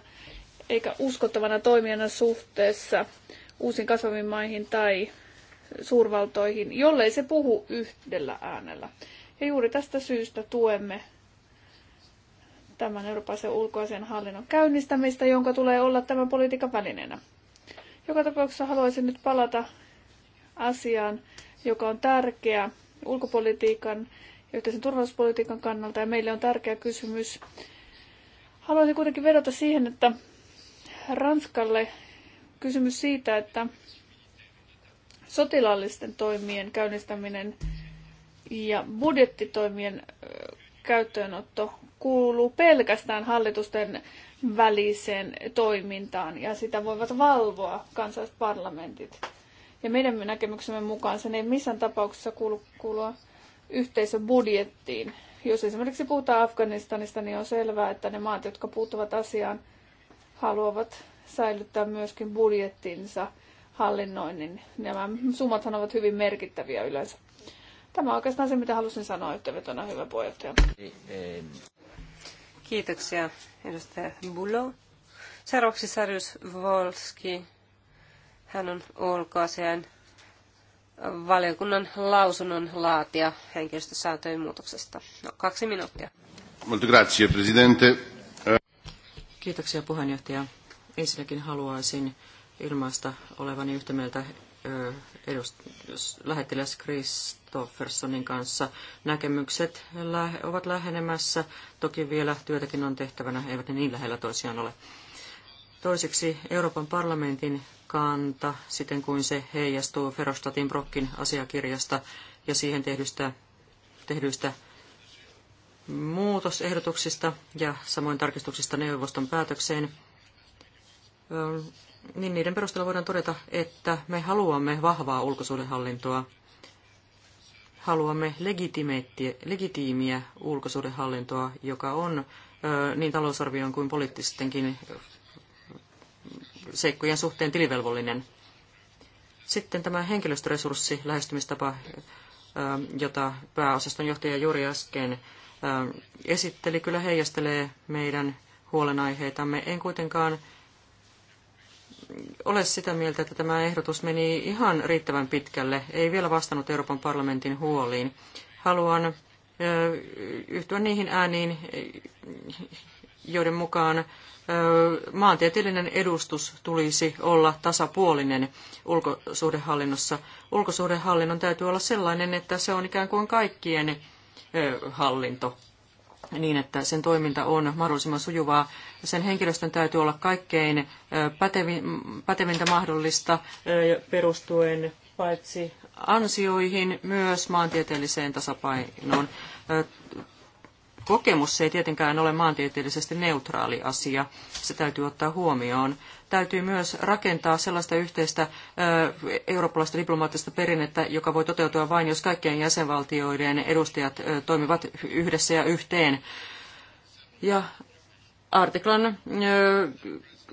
eikä uskottavana toimijana suhteessa uusiin kasvaviin maihin tai suurvaltoihin, jollei se puhu yhdellä äänellä. Ja juuri tästä syystä tuemme tämän Euroopan ulkoisen hallinnon käynnistämistä, jonka tulee olla tämän politiikan välineenä. Joka tapauksessa haluaisin nyt palata asiaan, joka on tärkeä ulkopolitiikan ja yhteisen turvallisuuspolitiikan kannalta, ja meille on tärkeä kysymys. Haluaisin kuitenkin vedota siihen, että Ranskalle kysymys siitä, että sotilaallisten toimien käynnistäminen ja budjettitoimien käyttöönotto kuuluu pelkästään hallitusten väliseen toimintaan ja sitä voivat valvoa kansalliset parlamentit. Ja meidän näkemyksemme mukaan sen ei missään tapauksessa kuulu kuulua yhteisöbudjettiin. Jos esimerkiksi puhutaan Afganistanista, niin on selvää, että ne maat, jotka puuttuvat asiaan, haluavat säilyttää myöskin budjettinsa hallinnoinnin. Nämä summathan ovat hyvin merkittäviä yleensä. Tämä on oikeastaan se, mitä halusin sanoa yhteenvetona, hyvä puheenjohtaja. Eh, Kiitoksia, edustaja Bulo. Seuraavaksi Sarjus Volski. Hän on ulkoasian valiokunnan lausunnon laatia henkilöstösääntöjen muutoksesta. No, kaksi minuuttia. Molto grazie, presidente. Kiitoksia puheenjohtaja. Ensinnäkin haluaisin ilmaista olevani yhtä mieltä edust- lähettiläs Kristoffersonin kanssa. Näkemykset ovat lähenemässä. Toki vielä työtäkin on tehtävänä, eivät ne niin lähellä toisiaan ole. Toiseksi Euroopan parlamentin kanta, siten kuin se heijastuu Ferostatin Brokkin asiakirjasta ja siihen tehdystä, tehdyistä muutosehdotuksista ja samoin tarkistuksista neuvoston päätökseen niin niiden perusteella voidaan todeta, että me haluamme vahvaa ulkosuudenhallintoa. Haluamme legitiimiä ulkosuudenhallintoa, joka on niin talousarvion kuin poliittistenkin seikkojen suhteen tilivelvollinen. Sitten tämä henkilöstöresurssi lähestymistapa, jota pääosaston johtaja juuri äsken esitteli, kyllä heijastelee meidän huolenaiheitamme. En kuitenkaan ole sitä mieltä, että tämä ehdotus meni ihan riittävän pitkälle, ei vielä vastannut Euroopan parlamentin huoliin. Haluan yhtyä niihin ääniin, joiden mukaan maantieteellinen edustus tulisi olla tasapuolinen ulkosuhdehallinnossa. Ulkosuhdehallinnon täytyy olla sellainen, että se on ikään kuin kaikkien hallinto niin, että sen toiminta on mahdollisimman sujuvaa. Sen henkilöstön täytyy olla kaikkein pätevintä mahdollista perustuen paitsi ansioihin, myös maantieteelliseen tasapainoon. Kokemus ei tietenkään ole maantieteellisesti neutraali asia. Se täytyy ottaa huomioon täytyy myös rakentaa sellaista yhteistä eurooppalaista diplomaattista perinnettä, joka voi toteutua vain, jos kaikkien jäsenvaltioiden edustajat toimivat yhdessä ja yhteen. Ja artiklan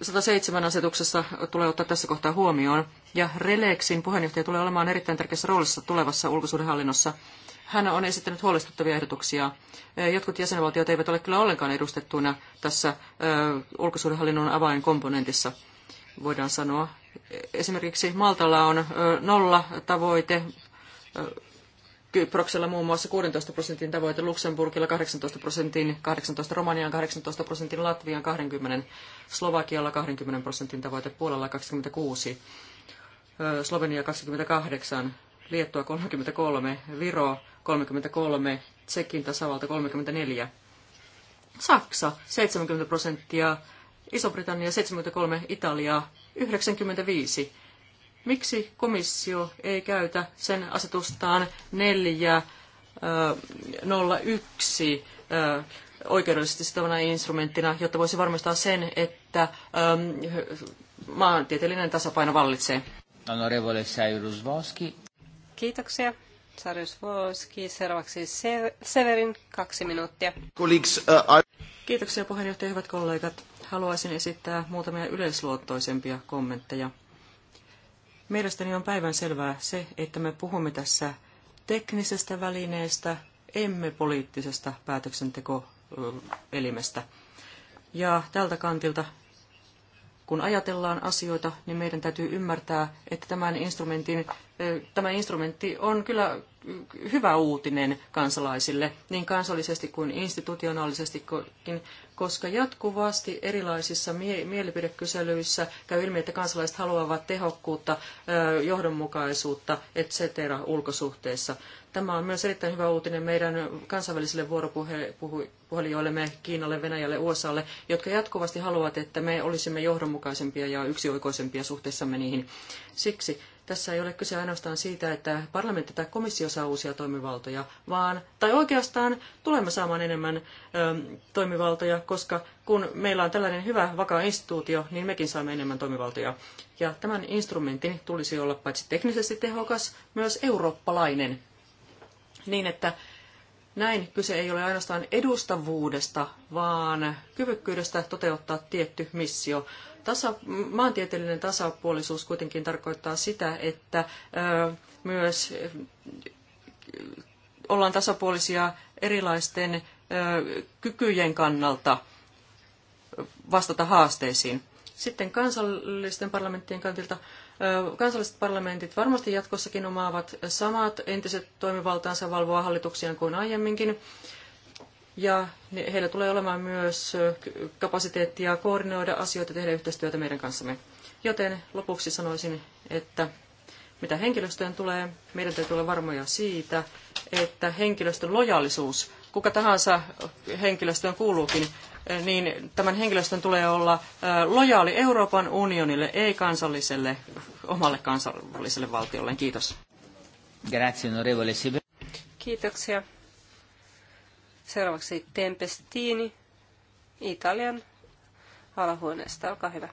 107 asetuksessa tulee ottaa tässä kohtaa huomioon. Ja Relexin puheenjohtaja tulee olemaan erittäin tärkeässä roolissa tulevassa ulkosuudenhallinnossa. Hän on esittänyt huolestuttavia ehdotuksia. Jotkut jäsenvaltiot eivät ole kyllä ollenkaan edustettuina tässä ulkosuudenhallinnon avainkomponentissa, voidaan sanoa. Esimerkiksi Maltalla on nolla tavoite, Kyproksella muun muassa 16 prosentin tavoite, Luxemburgilla 18 prosentin, 18 Romanian 18 prosentin, Latvian 20, Slovakialla 20 prosentin tavoite, Puolalla 26, Slovenia 28, Liettua 33, Viro 33, Tsekin tasavalta 34, Saksa 70 prosenttia, Iso-Britannia 73, Italia 95. Miksi komissio ei käytä sen asetustaan 401 oikeudellisesti sitovana instrumenttina, jotta voisi varmistaa sen, että maantieteellinen tasapaino vallitsee? Onorevole Cyrus Voski. Kiitoksia. Sarjus Voski, seuraavaksi Severin, kaksi minuuttia. Uh, Kiitoksia puheenjohtaja, hyvät kollegat. Haluaisin esittää muutamia yleisluottoisempia kommentteja. Mielestäni on päivän selvää se, että me puhumme tässä teknisestä välineestä, emme poliittisesta päätöksentekoelimestä. Ja tältä kantilta, kun ajatellaan asioita, niin meidän täytyy ymmärtää, että tämän instrumentin tämä instrumentti on kyllä hyvä uutinen kansalaisille, niin kansallisesti kuin institutionaalisestikin, koska jatkuvasti erilaisissa mie- mielipidekyselyissä käy ilmi, että kansalaiset haluavat tehokkuutta, johdonmukaisuutta, etc. ulkosuhteissa. Tämä on myös erittäin hyvä uutinen meidän kansainvälisille vuoropuhelijoillemme Kiinalle, Venäjälle, USAlle, jotka jatkuvasti haluavat, että me olisimme johdonmukaisempia ja yksioikoisempia suhteessamme niihin. Siksi tässä ei ole kyse ainoastaan siitä, että parlamentti tai komissio saa uusia toimivaltoja, vaan, tai oikeastaan tulemme saamaan enemmän ö, toimivaltoja, koska kun meillä on tällainen hyvä, vakaa instituutio, niin mekin saamme enemmän toimivaltoja. Ja tämän instrumentin tulisi olla paitsi teknisesti tehokas, myös eurooppalainen, niin että näin kyse ei ole ainoastaan edustavuudesta, vaan kyvykkyydestä toteuttaa tietty missio. Tasa, maantieteellinen tasapuolisuus kuitenkin tarkoittaa sitä, että myös ollaan tasapuolisia erilaisten kykyjen kannalta vastata haasteisiin. Sitten kansallisten parlamenttien kantilta. Kansalliset parlamentit varmasti jatkossakin omaavat samat entiset toimivaltaansa valvoa hallituksiaan kuin aiemminkin ja heillä tulee olemaan myös kapasiteettia koordinoida asioita, tehdä yhteistyötä meidän kanssamme. Joten lopuksi sanoisin, että mitä henkilöstöön tulee, meidän täytyy olla varmoja siitä, että henkilöstön lojaalisuus, kuka tahansa henkilöstöön kuuluukin, niin tämän henkilöstön tulee olla lojaali Euroopan unionille, ei kansalliselle, omalle kansalliselle valtiolleen. Kiitos. Grazie, Kiitoksia, Seuraavaksi Tempestini Italian alahuoneesta. Olkaa hyvä.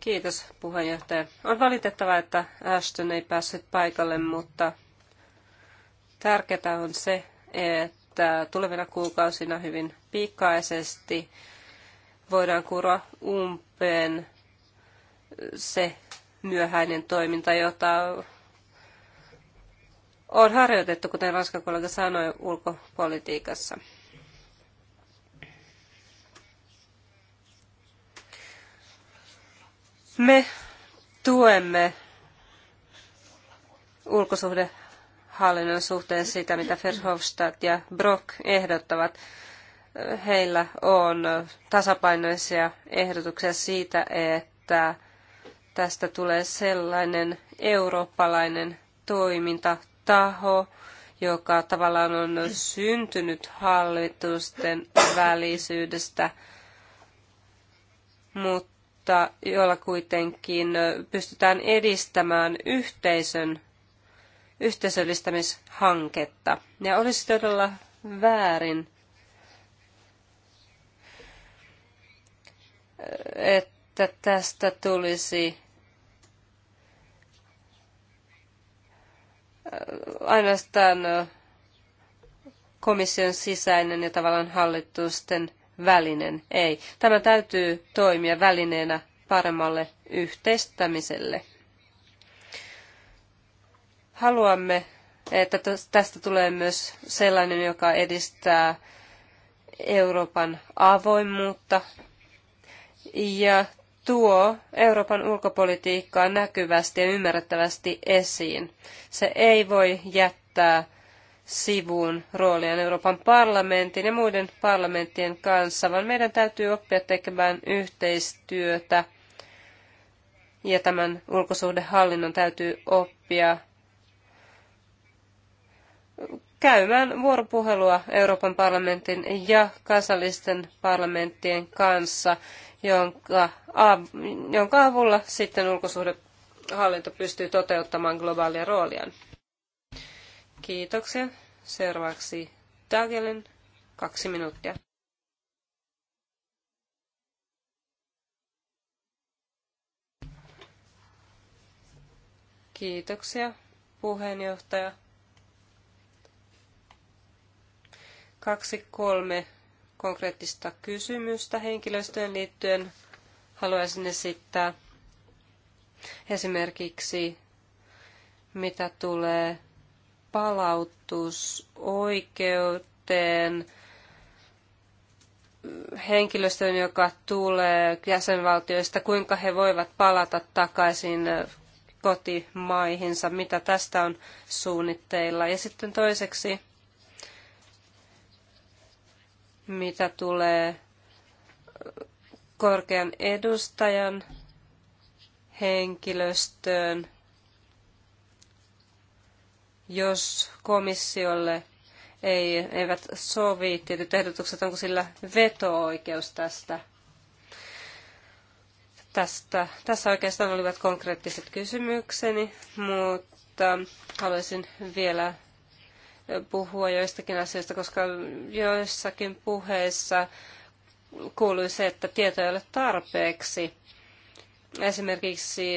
Kiitos puheenjohtaja. On valitettavaa, että Ashton ei päässyt paikalle, mutta tärkeää on se, että tulevina kuukausina hyvin pikaisesti voidaan kuroa umpeen se myöhäinen toiminta, jota on harjoitettu, kuten Ranskan kollega sanoi, ulkopolitiikassa. Me tuemme ulkosuhdehallinnon suhteen sitä, mitä Verhofstadt ja Brock ehdottavat. Heillä on tasapainoisia ehdotuksia siitä, että tästä tulee sellainen eurooppalainen toiminta taho, joka tavallaan on syntynyt hallitusten välisyydestä, mutta jolla kuitenkin pystytään edistämään yhteisön yhteisöllistämishanketta. Ja olisi todella väärin, että tästä tulisi ainoastaan komission sisäinen ja tavallaan hallitusten välinen. Ei. Tämä täytyy toimia välineenä paremmalle yhteistämiselle. Haluamme, että tästä tulee myös sellainen, joka edistää Euroopan avoimuutta ja tuo Euroopan ulkopolitiikkaa näkyvästi ja ymmärrettävästi esiin. Se ei voi jättää sivuun rooliaan Euroopan parlamentin ja muiden parlamenttien kanssa, vaan meidän täytyy oppia tekemään yhteistyötä ja tämän ulkosuhdehallinnon täytyy oppia käymään vuoropuhelua Euroopan parlamentin ja kansallisten parlamenttien kanssa jonka, jonka avulla sitten ulkosuhdehallinto pystyy toteuttamaan globaalia rooliaan. Kiitoksia. Seuraavaksi Dagelin kaksi minuuttia. Kiitoksia, puheenjohtaja. Kaksi kolme konkreettista kysymystä henkilöstöön liittyen haluaisin esittää. Esimerkiksi mitä tulee palautusoikeuteen henkilöstöön, joka tulee jäsenvaltioista, kuinka he voivat palata takaisin kotimaihinsa, mitä tästä on suunnitteilla. Ja sitten toiseksi mitä tulee korkean edustajan henkilöstöön, jos komissiolle ei, eivät sovi tietyt ehdotukset, onko sillä veto-oikeus tästä? tästä. Tässä oikeastaan olivat konkreettiset kysymykseni, mutta haluaisin vielä puhua joistakin asioista, koska joissakin puheissa kuului se, että tieto ei ole tarpeeksi. Esimerkiksi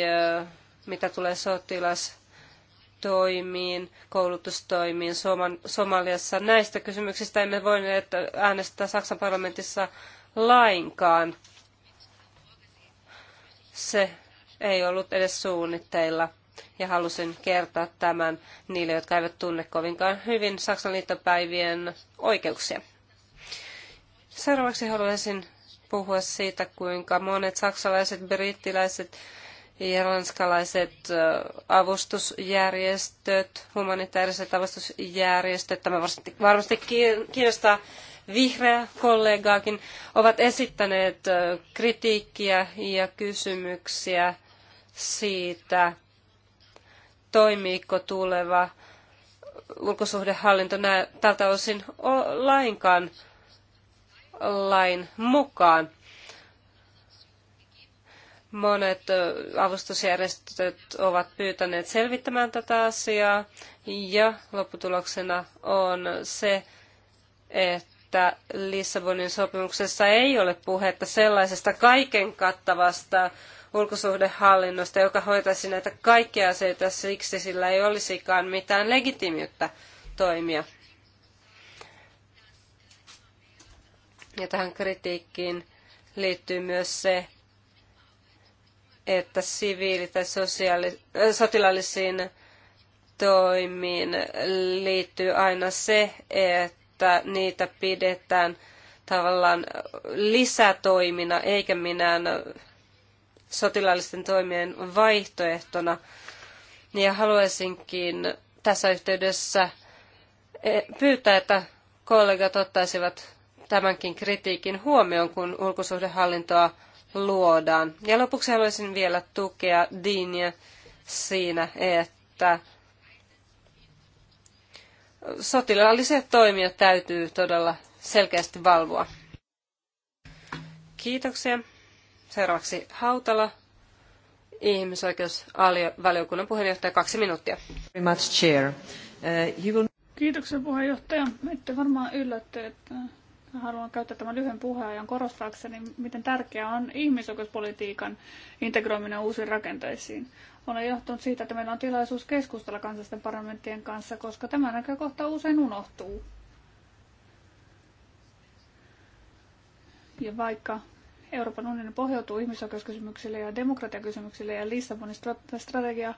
mitä tulee sotilastoimiin, koulutustoimiin Somaliassa. Näistä kysymyksistä emme voineet äänestää Saksan parlamentissa lainkaan. Se ei ollut edes suunnitteilla ja halusin kertoa tämän niille, jotka eivät tunne kovinkaan hyvin Saksan liittopäivien oikeuksia. Seuraavaksi haluaisin puhua siitä, kuinka monet saksalaiset, brittiläiset ja ranskalaiset avustusjärjestöt, humanitaariset avustusjärjestöt, tämä varmasti kiinnostaa vihreä kollegaakin, ovat esittäneet kritiikkiä ja kysymyksiä siitä, toimiiko tuleva ulkosuhdehallinto tältä osin lainkaan lain mukaan. Monet avustusjärjestöt ovat pyytäneet selvittämään tätä asiaa ja lopputuloksena on se, että Lissabonin sopimuksessa ei ole puhetta sellaisesta kaiken kattavasta ulkosuhdehallinnosta, joka hoitaisi näitä kaikkia asioita, siksi sillä ei olisikaan mitään legitiimiyttä toimia. Ja tähän kritiikkiin liittyy myös se, että siviili- tai sosiaali- sotilaallisiin toimiin liittyy aina se, että niitä pidetään tavallaan lisätoimina eikä minään sotilaallisten toimien vaihtoehtona. Ja haluaisinkin tässä yhteydessä e, pyytää, että kollegat ottaisivat tämänkin kritiikin huomioon, kun ulkosuhdehallintoa luodaan. Ja lopuksi haluaisin vielä tukea Deania siinä, että sotilaalliset toimijat täytyy todella selkeästi valvoa. Kiitoksia. Seuraavaksi Hautala, ihmisoikeusvaliokunnan puheenjohtaja, kaksi minuuttia. Uh, Kiitoksia puheenjohtaja. Ette varmaan yllätte, että haluan käyttää tämän lyhyen puheajan korostaakseni, miten tärkeää on ihmisoikeuspolitiikan integroiminen uusiin rakenteisiin. Olen johtunut siitä, että meillä on tilaisuus keskustella kansallisten parlamenttien kanssa, koska tämä näkökohta usein unohtuu. Ja vaikka Euroopan unioni pohjautuu ihmisoikeuskysymyksille ja demokratiakysymyksille ja Lissabonin, strategia,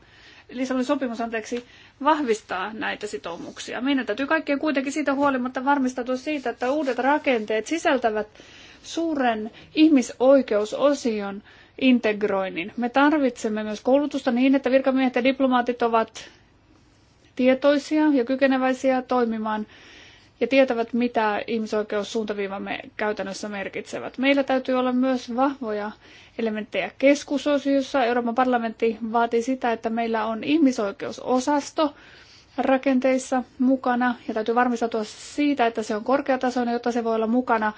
Lissabonin sopimus anteeksi, vahvistaa näitä sitoumuksia. Meidän täytyy kaikkien kuitenkin siitä huolimatta varmistautua siitä, että uudet rakenteet sisältävät suuren ihmisoikeusosion integroinnin. Me tarvitsemme myös koulutusta niin, että virkamiehet ja diplomaatit ovat tietoisia ja kykeneväisiä toimimaan ja tietävät, mitä ihmisoikeussuuntaviivamme käytännössä merkitsevät. Meillä täytyy olla myös vahvoja elementtejä keskusosiossa. Euroopan parlamentti vaatii sitä, että meillä on ihmisoikeusosasto rakenteissa mukana ja täytyy varmistautua siitä, että se on korkeatasoinen, jotta se voi olla mukana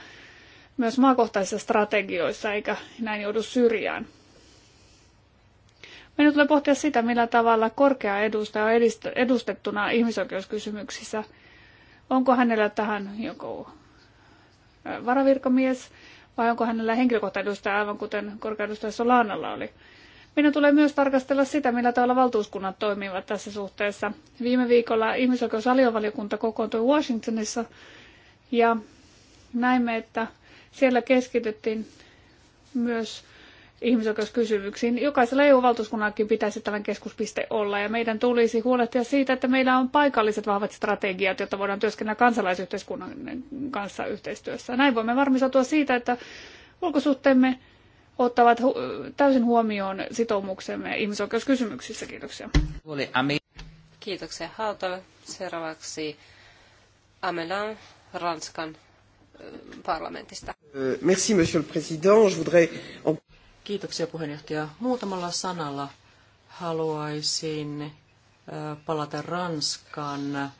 myös maakohtaisissa strategioissa eikä näin joudu syrjään. Meidän tulee pohtia sitä, millä tavalla korkea edustaja on edustettuna ihmisoikeuskysymyksissä – Onko hänellä tähän joku varavirkamies vai onko hänellä henkilökohtainen edustaja, aivan kuten korkeudustaja Solanalla oli. Meidän tulee myös tarkastella sitä, millä tavalla valtuuskunnat toimivat tässä suhteessa. Viime viikolla ihmisoikeusvaliokunta kokoontui Washingtonissa ja näimme, että siellä keskityttiin myös ihmisoikeuskysymyksiin. Jokaisella EU-valtuuskunnallakin pitäisi tällainen keskuspiste olla ja meidän tulisi huolehtia siitä, että meillä on paikalliset vahvat strategiat, jotta voidaan työskennellä kansalaisyhteiskunnan kanssa yhteistyössä. Näin voimme varmistautua siitä, että ulkosuhteemme ottavat täysin huomioon sitoumuksemme ihmisoikeuskysymyksissä. Kiitoksia. Kiitoksia Hautala. Seuraavaksi Amelan Ranskan äh, parlamentista. Euh, merci, monsieur le président. Je voudrais... Kiitoksia puheenjohtaja. Muutamalla sanalla haluaisin palata Ranskan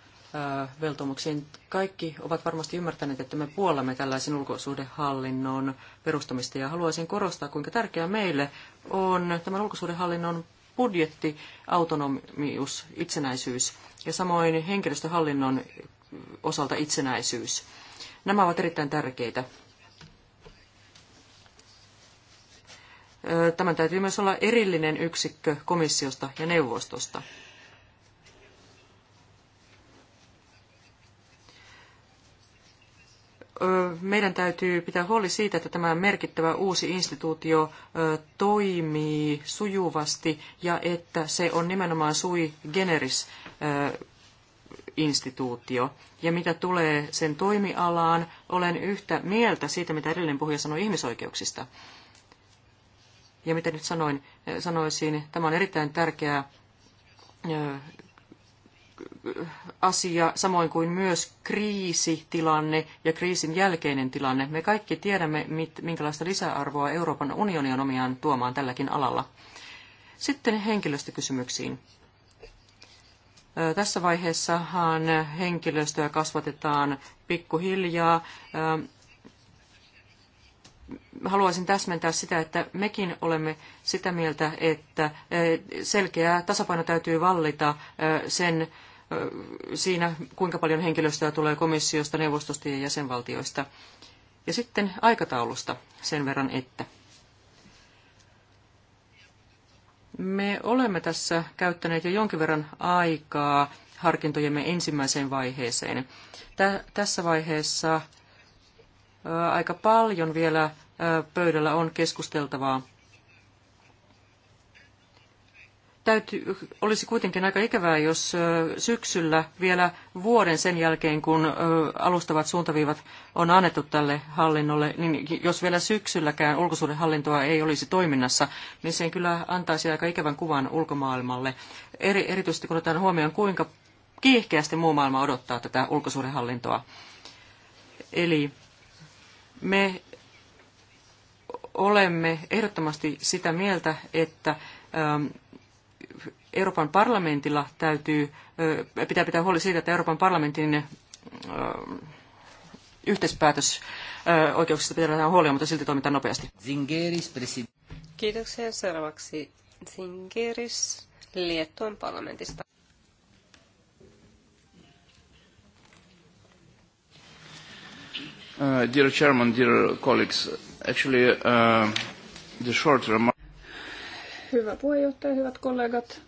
veltomuksiin. Kaikki ovat varmasti ymmärtäneet, että me puolamme tällaisen ulkosuhdehallinnon perustamista ja haluaisin korostaa, kuinka tärkeää meille on tämän ulkosuhdehallinnon budjetti, autonomius, itsenäisyys ja samoin henkilöstöhallinnon osalta itsenäisyys. Nämä ovat erittäin tärkeitä Tämän täytyy myös olla erillinen yksikkö komissiosta ja neuvostosta. Meidän täytyy pitää huoli siitä, että tämä merkittävä uusi instituutio toimii sujuvasti ja että se on nimenomaan sui generis instituutio. Ja mitä tulee sen toimialaan, olen yhtä mieltä siitä, mitä edellinen puhuja sanoi ihmisoikeuksista. Ja mitä nyt sanoin, sanoisin, tämä on erittäin tärkeä asia, samoin kuin myös kriisitilanne ja kriisin jälkeinen tilanne. Me kaikki tiedämme, minkälaista lisäarvoa Euroopan unioni on omiaan tuomaan tälläkin alalla. Sitten henkilöstökysymyksiin. Tässä vaiheessahan henkilöstöä kasvatetaan pikkuhiljaa haluaisin täsmentää sitä, että mekin olemme sitä mieltä, että eh, selkeä tasapaino täytyy vallita eh, sen eh, siinä, kuinka paljon henkilöstöä tulee komissiosta, neuvostosta ja jäsenvaltioista. Ja sitten aikataulusta sen verran, että me olemme tässä käyttäneet jo jonkin verran aikaa harkintojemme ensimmäiseen vaiheeseen. Tä- tässä vaiheessa aika paljon vielä pöydällä on keskusteltavaa. Täytyy, olisi kuitenkin aika ikävää, jos syksyllä vielä vuoden sen jälkeen, kun alustavat suuntaviivat on annettu tälle hallinnolle, niin jos vielä syksylläkään ulkosuudenhallintoa ei olisi toiminnassa, niin se kyllä antaisi aika ikävän kuvan ulkomaailmalle. Eri, erityisesti kun otetaan huomioon, kuinka kiihkeästi muu maailma odottaa tätä ulkosuudenhallintoa. Eli me olemme ehdottomasti sitä mieltä, että ähm, Euroopan parlamentilla täytyy, äh, pitää pitää huoli siitä, että Euroopan parlamentin äh, yhteispäätös äh, oikeuksista pidetään huoli, mutta silti toimitaan nopeasti. Kiitoksia. Seuraavaksi Zingeris Liettuan parlamentista. Uh, dear Chairman, dear colleagues, actually uh, the short remark... Hyvä puheenjohtaja, hyvät kollegat.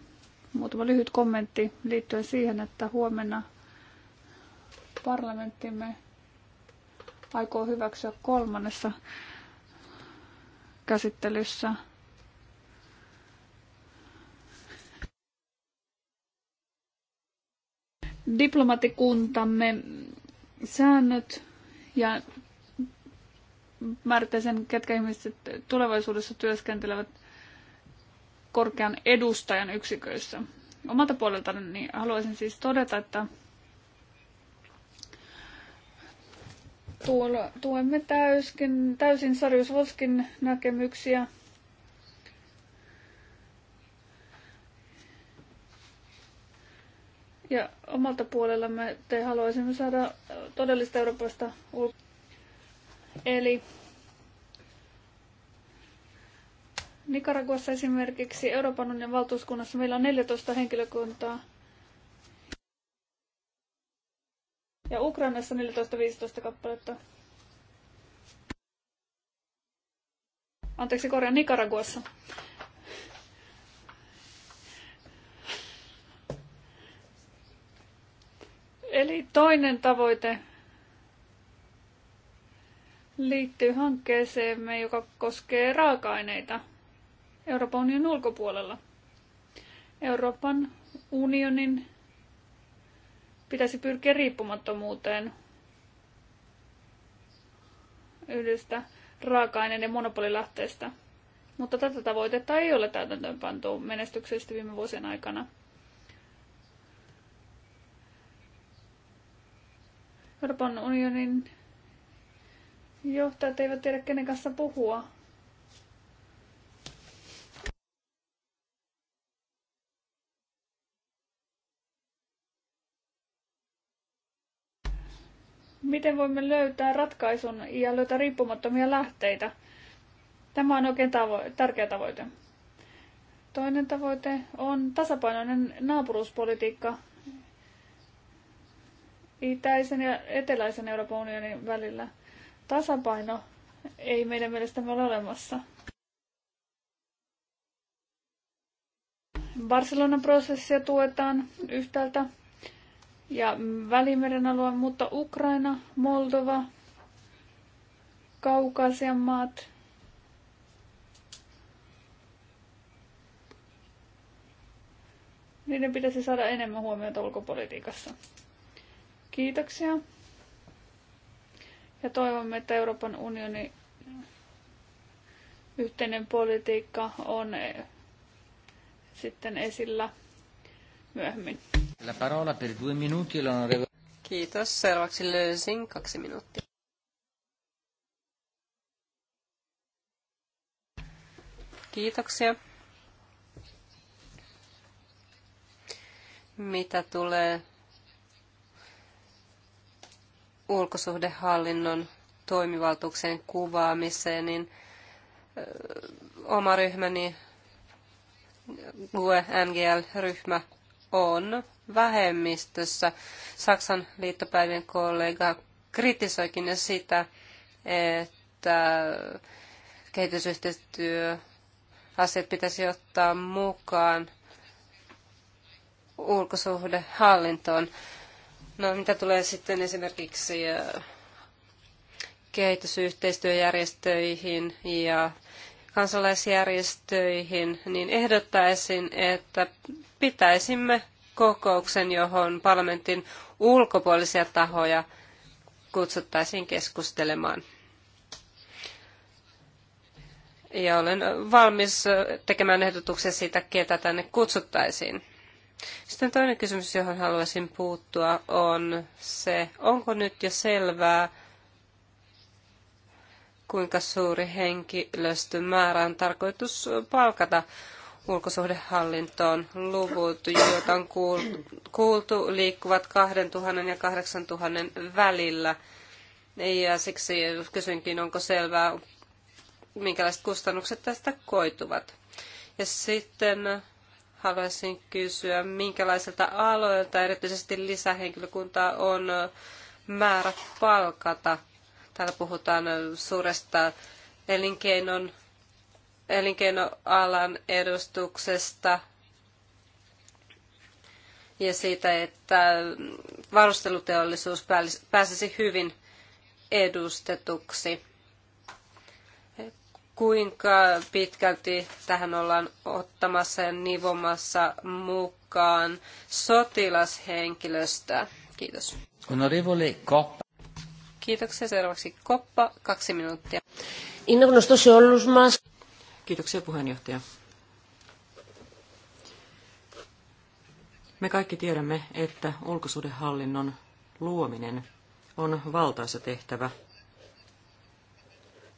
Muutama lyhyt kommentti liittyen siihen, että huomenna parlamenttimme aikoo hyväksyä kolmannessa käsittelyssä diplomatikuntamme säännöt ja määrittää sen, ketkä ihmiset tulevaisuudessa työskentelevät korkean edustajan yksiköissä. Omalta puoleltani niin haluaisin siis todeta, että tuemme täysin täysin Sarjus Voskin näkemyksiä Ja omalta puolellamme te haluaisimme saada äh, todellista Euroopasta ulkoa. Eli Nicaraguassa esimerkiksi Euroopan unionin valtuuskunnassa meillä on 14 henkilökuntaa. Ja Ukrainassa 14-15 kappaletta. Anteeksi, korjaan Nicaraguassa. Eli toinen tavoite liittyy hankkeeseemme, joka koskee raaka-aineita Euroopan unionin ulkopuolella. Euroopan unionin pitäisi pyrkiä riippumattomuuteen yhdestä raaka-aineiden monopolilähteestä. Mutta tätä tavoitetta ei ole täytäntöönpantu menestyksellisesti viime vuosien aikana. Euroopan unionin johtajat eivät tiedä kenen kanssa puhua. Miten voimme löytää ratkaisun ja löytää riippumattomia lähteitä? Tämä on oikein tavo- tärkeä tavoite. Toinen tavoite on tasapainoinen naapuruuspolitiikka itäisen ja eteläisen Euroopan unionin välillä. Tasapaino ei meidän mielestämme ole olemassa. Barcelonan prosessia tuetaan yhtäältä ja Välimeren alue, mutta Ukraina, Moldova, Kaukasian maat, niiden pitäisi saada enemmän huomiota ulkopolitiikassa. Kiitoksia. Ja toivomme, että Euroopan unioni yhteinen politiikka on eh, sitten esillä myöhemmin. La parola per due minuti, Kiitos. Seuraavaksi löysin kaksi minuuttia. Kiitoksia. Mitä tulee ulkosuhdehallinnon toimivaltuuksien kuvaamiseen, niin oma ryhmäni, GUE-NGL-ryhmä, on vähemmistössä. Saksan liittopäivien kollega kritisoikin jo sitä, että kehitysyhteistyö asiat pitäisi ottaa mukaan ulkosuhdehallintoon. No mitä tulee sitten esimerkiksi äh, kehitysyhteistyöjärjestöihin ja kansalaisjärjestöihin, niin ehdottaisin, että pitäisimme kokouksen, johon parlamentin ulkopuolisia tahoja kutsuttaisiin keskustelemaan. Ja olen valmis tekemään ehdotuksia siitä, ketä tänne kutsuttaisiin. Sitten toinen kysymys, johon haluaisin puuttua, on se, onko nyt jo selvää, kuinka suuri henkilöstön määrä on tarkoitus palkata ulkosuhdehallintoon. Luvut, joita on kuultu, liikkuvat 2000 ja 8000 välillä. Ja siksi kysynkin, onko selvää, minkälaiset kustannukset tästä koituvat. Ja sitten haluaisin kysyä, minkälaiselta aloilta erityisesti lisähenkilökuntaa on määrä palkata. Täällä puhutaan suuresta elinkeinon, elinkeinoalan edustuksesta ja siitä, että varusteluteollisuus pääsisi hyvin edustetuksi kuinka pitkälti tähän ollaan ottamassa ja nivomassa mukaan sotilashenkilöstöä. Kiitos. Onorevole Koppa. Kiitoksia. Seuraavaksi Koppa, kaksi minuuttia. Kiitoksia puheenjohtaja. Me kaikki tiedämme, että ulkosuhdehallinnon luominen on valtaisa tehtävä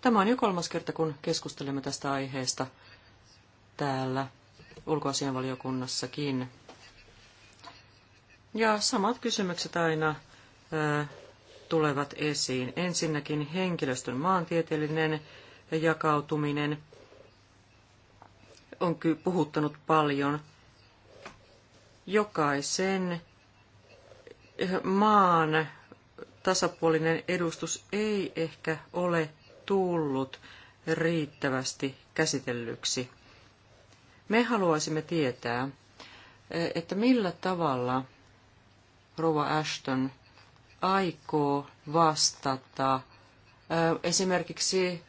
Tämä on jo kolmas kerta, kun keskustelemme tästä aiheesta täällä ulkoasianvaliokunnassakin. Ja samat kysymykset aina ää, tulevat esiin. Ensinnäkin henkilöstön maantieteellinen jakautuminen on puhuttanut paljon. Jokaisen maan tasapuolinen edustus ei ehkä ole tullut riittävästi käsitellyksi. Me haluaisimme tietää, e, että millä tavalla Rova Ashton aikoo vastata e, esimerkiksi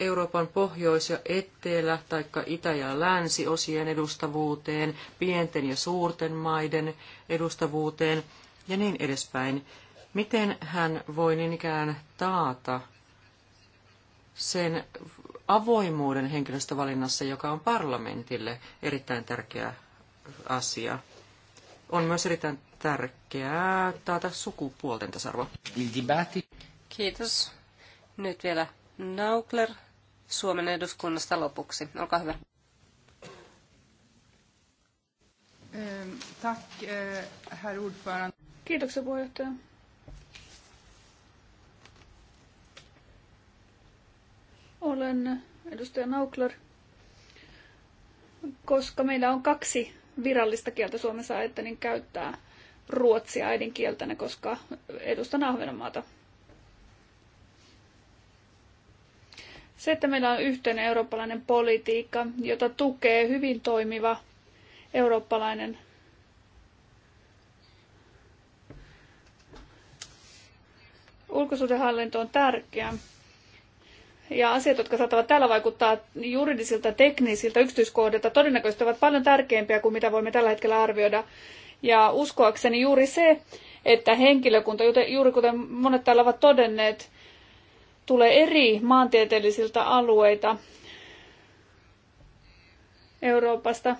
Euroopan pohjois- ja etelä- tai itä- ja länsiosien edustavuuteen, pienten ja suurten maiden edustavuuteen ja niin edespäin. Miten hän voi niin ikään taata sen avoimuuden henkilöstövalinnassa, joka on parlamentille erittäin tärkeä asia. On myös erittäin tärkeää taata sukupuolten tasa-arvo. Kiitos. Nyt vielä Naukler Suomen eduskunnasta lopuksi. Olkaa hyvä. Ehm, eh, Kiitoksia puheenjohtaja. Olen edustaja Naukler. Koska meillä on kaksi virallista kieltä Suomessa, että niin käyttää ruotsia äidinkieltänä, koska edustan Ahvenanmaata. Se, että meillä on yhteinen eurooppalainen politiikka, jota tukee hyvin toimiva eurooppalainen ulkosuhdehallinto on tärkeä ja asiat, jotka saattavat täällä vaikuttaa juridisilta, teknisiltä yksityiskohdilta, todennäköisesti ovat paljon tärkeämpiä kuin mitä voimme tällä hetkellä arvioida. Ja uskoakseni juuri se, että henkilökunta, juuri kuten monet täällä ovat todenneet, tulee eri maantieteellisiltä alueita Euroopasta,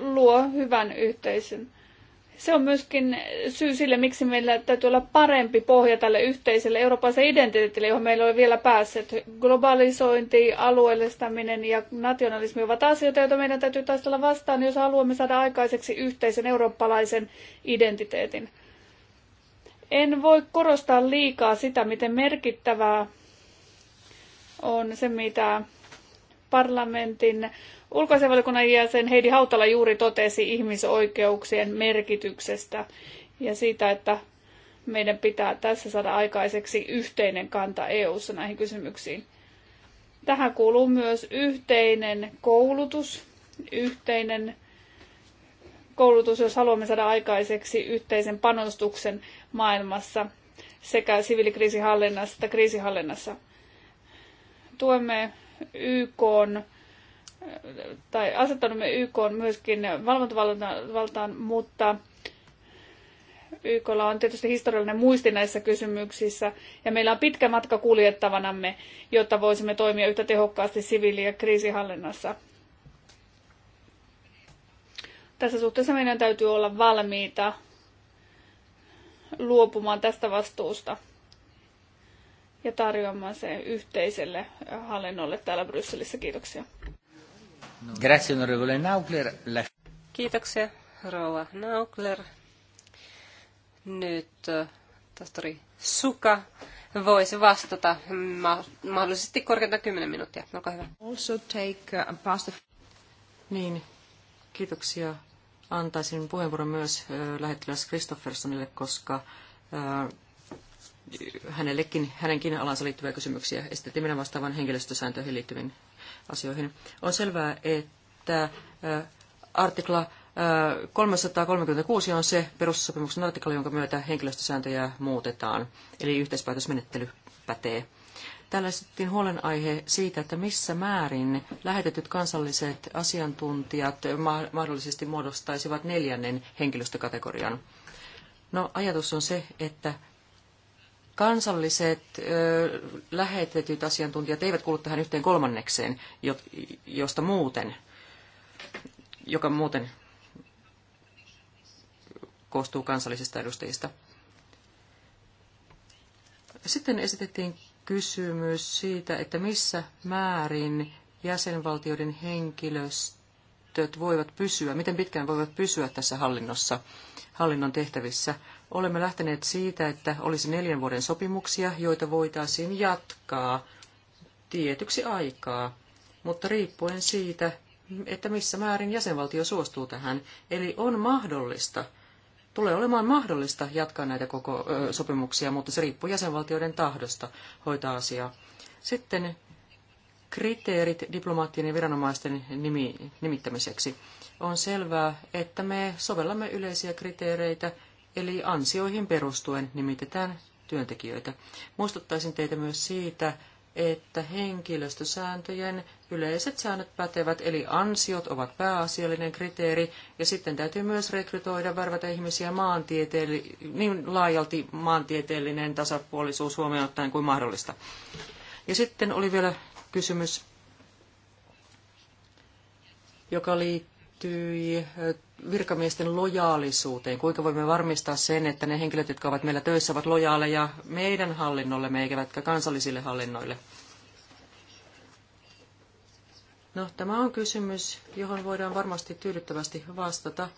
luo hyvän yhteisön se on myöskin syy sille, miksi meillä täytyy olla parempi pohja tälle yhteiselle eurooppalaiselle identiteetille, johon meillä ei vielä päässyt. Globalisointi, alueellistaminen ja nationalismi ovat asioita, joita meidän täytyy taistella vastaan, jos haluamme saada aikaiseksi yhteisen eurooppalaisen identiteetin. En voi korostaa liikaa sitä, miten merkittävää on se, mitä parlamentin Ulkoasevaliokunnan jäsen Heidi Hautala juuri totesi ihmisoikeuksien merkityksestä ja siitä, että meidän pitää tässä saada aikaiseksi yhteinen kanta EU-ssa näihin kysymyksiin. Tähän kuuluu myös yhteinen koulutus, yhteinen koulutus, jos haluamme saada aikaiseksi yhteisen panostuksen maailmassa sekä siviilikriisihallinnassa että kriisihallinnassa. Tuemme YKn tai me YK on myöskin valvontavaltaan, mutta YKlla on tietysti historiallinen muisti näissä kysymyksissä ja meillä on pitkä matka kuljettavanamme, jotta voisimme toimia yhtä tehokkaasti siviili- ja kriisihallinnassa. Tässä suhteessa meidän täytyy olla valmiita luopumaan tästä vastuusta ja tarjoamaan se yhteiselle hallinnolle täällä Brysselissä. Kiitoksia. Kiitoksia, rouva Naukler. Nyt tohtori Suka voisi vastata mahdollisesti korkeintaan 10 minuuttia. Olkaa hyvä. Also take Niin, kiitoksia. Antaisin puheenvuoron myös lähettiläs Kristoffersonille, koska hänellekin, hänenkin alansa liittyviä kysymyksiä esitettiin minä vastaavan henkilöstösääntöihin liittyviin asioihin. On selvää, että äh, artikla 336 äh, on se perussopimuksen artikla, jonka myötä henkilöstösääntöjä muutetaan, eli yhteispäätösmenettely pätee. Täällä esitettiin huolenaihe siitä, että missä määrin lähetetyt kansalliset asiantuntijat mahdollisesti muodostaisivat neljännen henkilöstökategorian. No, ajatus on se, että Kansalliset ö, lähetetyt asiantuntijat eivät kuulu tähän yhteen kolmannekseen, josta muuten, joka muuten koostuu kansallisista edustajista. Sitten esitettiin kysymys siitä, että missä määrin jäsenvaltioiden henkilöstöt voivat pysyä, miten pitkään voivat pysyä tässä hallinnossa, hallinnon tehtävissä. Olemme lähteneet siitä, että olisi neljän vuoden sopimuksia, joita voitaisiin jatkaa tietyksi aikaa, mutta riippuen siitä, että missä määrin jäsenvaltio suostuu tähän. Eli on mahdollista, tulee olemaan mahdollista jatkaa näitä koko ö, sopimuksia, mutta se riippuu jäsenvaltioiden tahdosta hoitaa asiaa. Sitten kriteerit diplomaattien ja viranomaisten nimi, nimittämiseksi. On selvää, että me sovellamme yleisiä kriteereitä eli ansioihin perustuen nimitetään työntekijöitä. Muistuttaisin teitä myös siitä, että henkilöstösääntöjen yleiset säännöt pätevät, eli ansiot ovat pääasiallinen kriteeri, ja sitten täytyy myös rekrytoida, värvätä ihmisiä maantieteelli- niin laajalti maantieteellinen tasapuolisuus huomioon ottaen kuin mahdollista. Ja sitten oli vielä kysymys, joka liittyi virkamiesten lojaalisuuteen? Kuinka voimme varmistaa sen, että ne henkilöt, jotka ovat meillä töissä, ovat lojaaleja meidän hallinnollemme eivätkä kansallisille hallinnoille? No, tämä on kysymys, johon voidaan varmasti tyydyttävästi vastata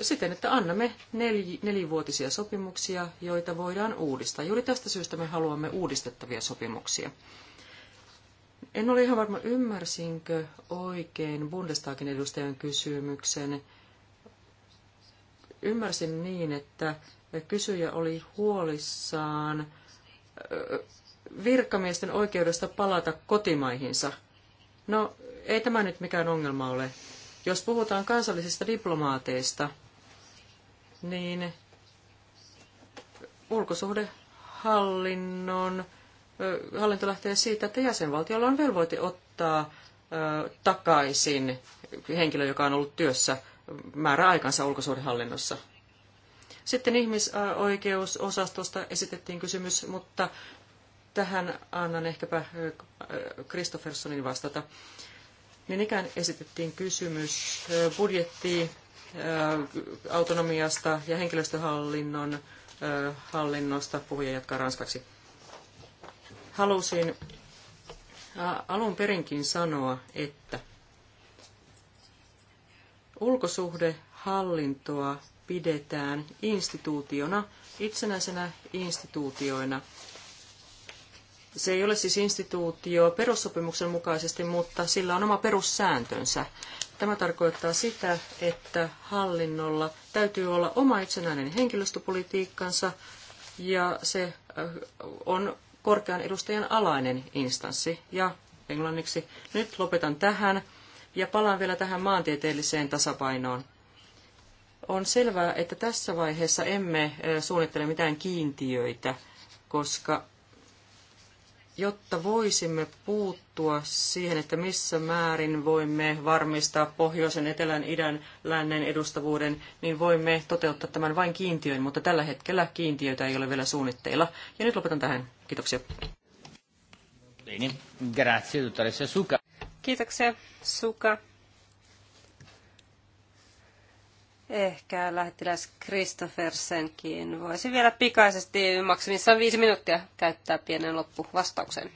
siten, että annamme neli nelivuotisia sopimuksia, joita voidaan uudistaa. Juuri tästä syystä me haluamme uudistettavia sopimuksia. En ole ihan varma, ymmärsinkö oikein Bundestagin edustajan kysymyksen. Ymmärsin niin, että kysyjä oli huolissaan virkamiesten oikeudesta palata kotimaihinsa. No, ei tämä nyt mikään ongelma ole. Jos puhutaan kansallisista diplomaateista, niin ulkosuhdehallinnon hallinto lähtee siitä, että jäsenvaltiolla on velvoite ottaa takaisin henkilö, joka on ollut työssä määräaikansa ulkosuurihallinnossa. Sitten ihmisoikeusosastosta esitettiin kysymys, mutta tähän annan ehkäpä Kristoffersonin vastata. Niin ikään esitettiin kysymys budjetti autonomiasta ja henkilöstöhallinnon hallinnosta. Puhuja jatkaa ranskaksi. Halusin alun perinkin sanoa, että ulkosuhdehallintoa pidetään instituutiona, itsenäisenä instituutioina. Se ei ole siis instituutio perussopimuksen mukaisesti, mutta sillä on oma perussääntönsä. Tämä tarkoittaa sitä, että hallinnolla täytyy olla oma itsenäinen henkilöstöpolitiikkansa ja se on korkean edustajan alainen instanssi ja englanniksi. Nyt lopetan tähän ja palaan vielä tähän maantieteelliseen tasapainoon. On selvää, että tässä vaiheessa emme eh, suunnittele mitään kiintiöitä, koska jotta voisimme puuttua siihen, että missä määrin voimme varmistaa pohjoisen, etelän, idän, lännen edustavuuden, niin voimme toteuttaa tämän vain kiintiöin, mutta tällä hetkellä kiintiöitä ei ole vielä suunnitteilla. Ja nyt lopetan tähän. Kiitoksia. Grazie, Kiitoksia, Suka. Ehkä lähettiläs Kristoffersenkin voisi vielä pikaisesti maksimissaan viisi minuuttia käyttää pienen loppuvastauksen.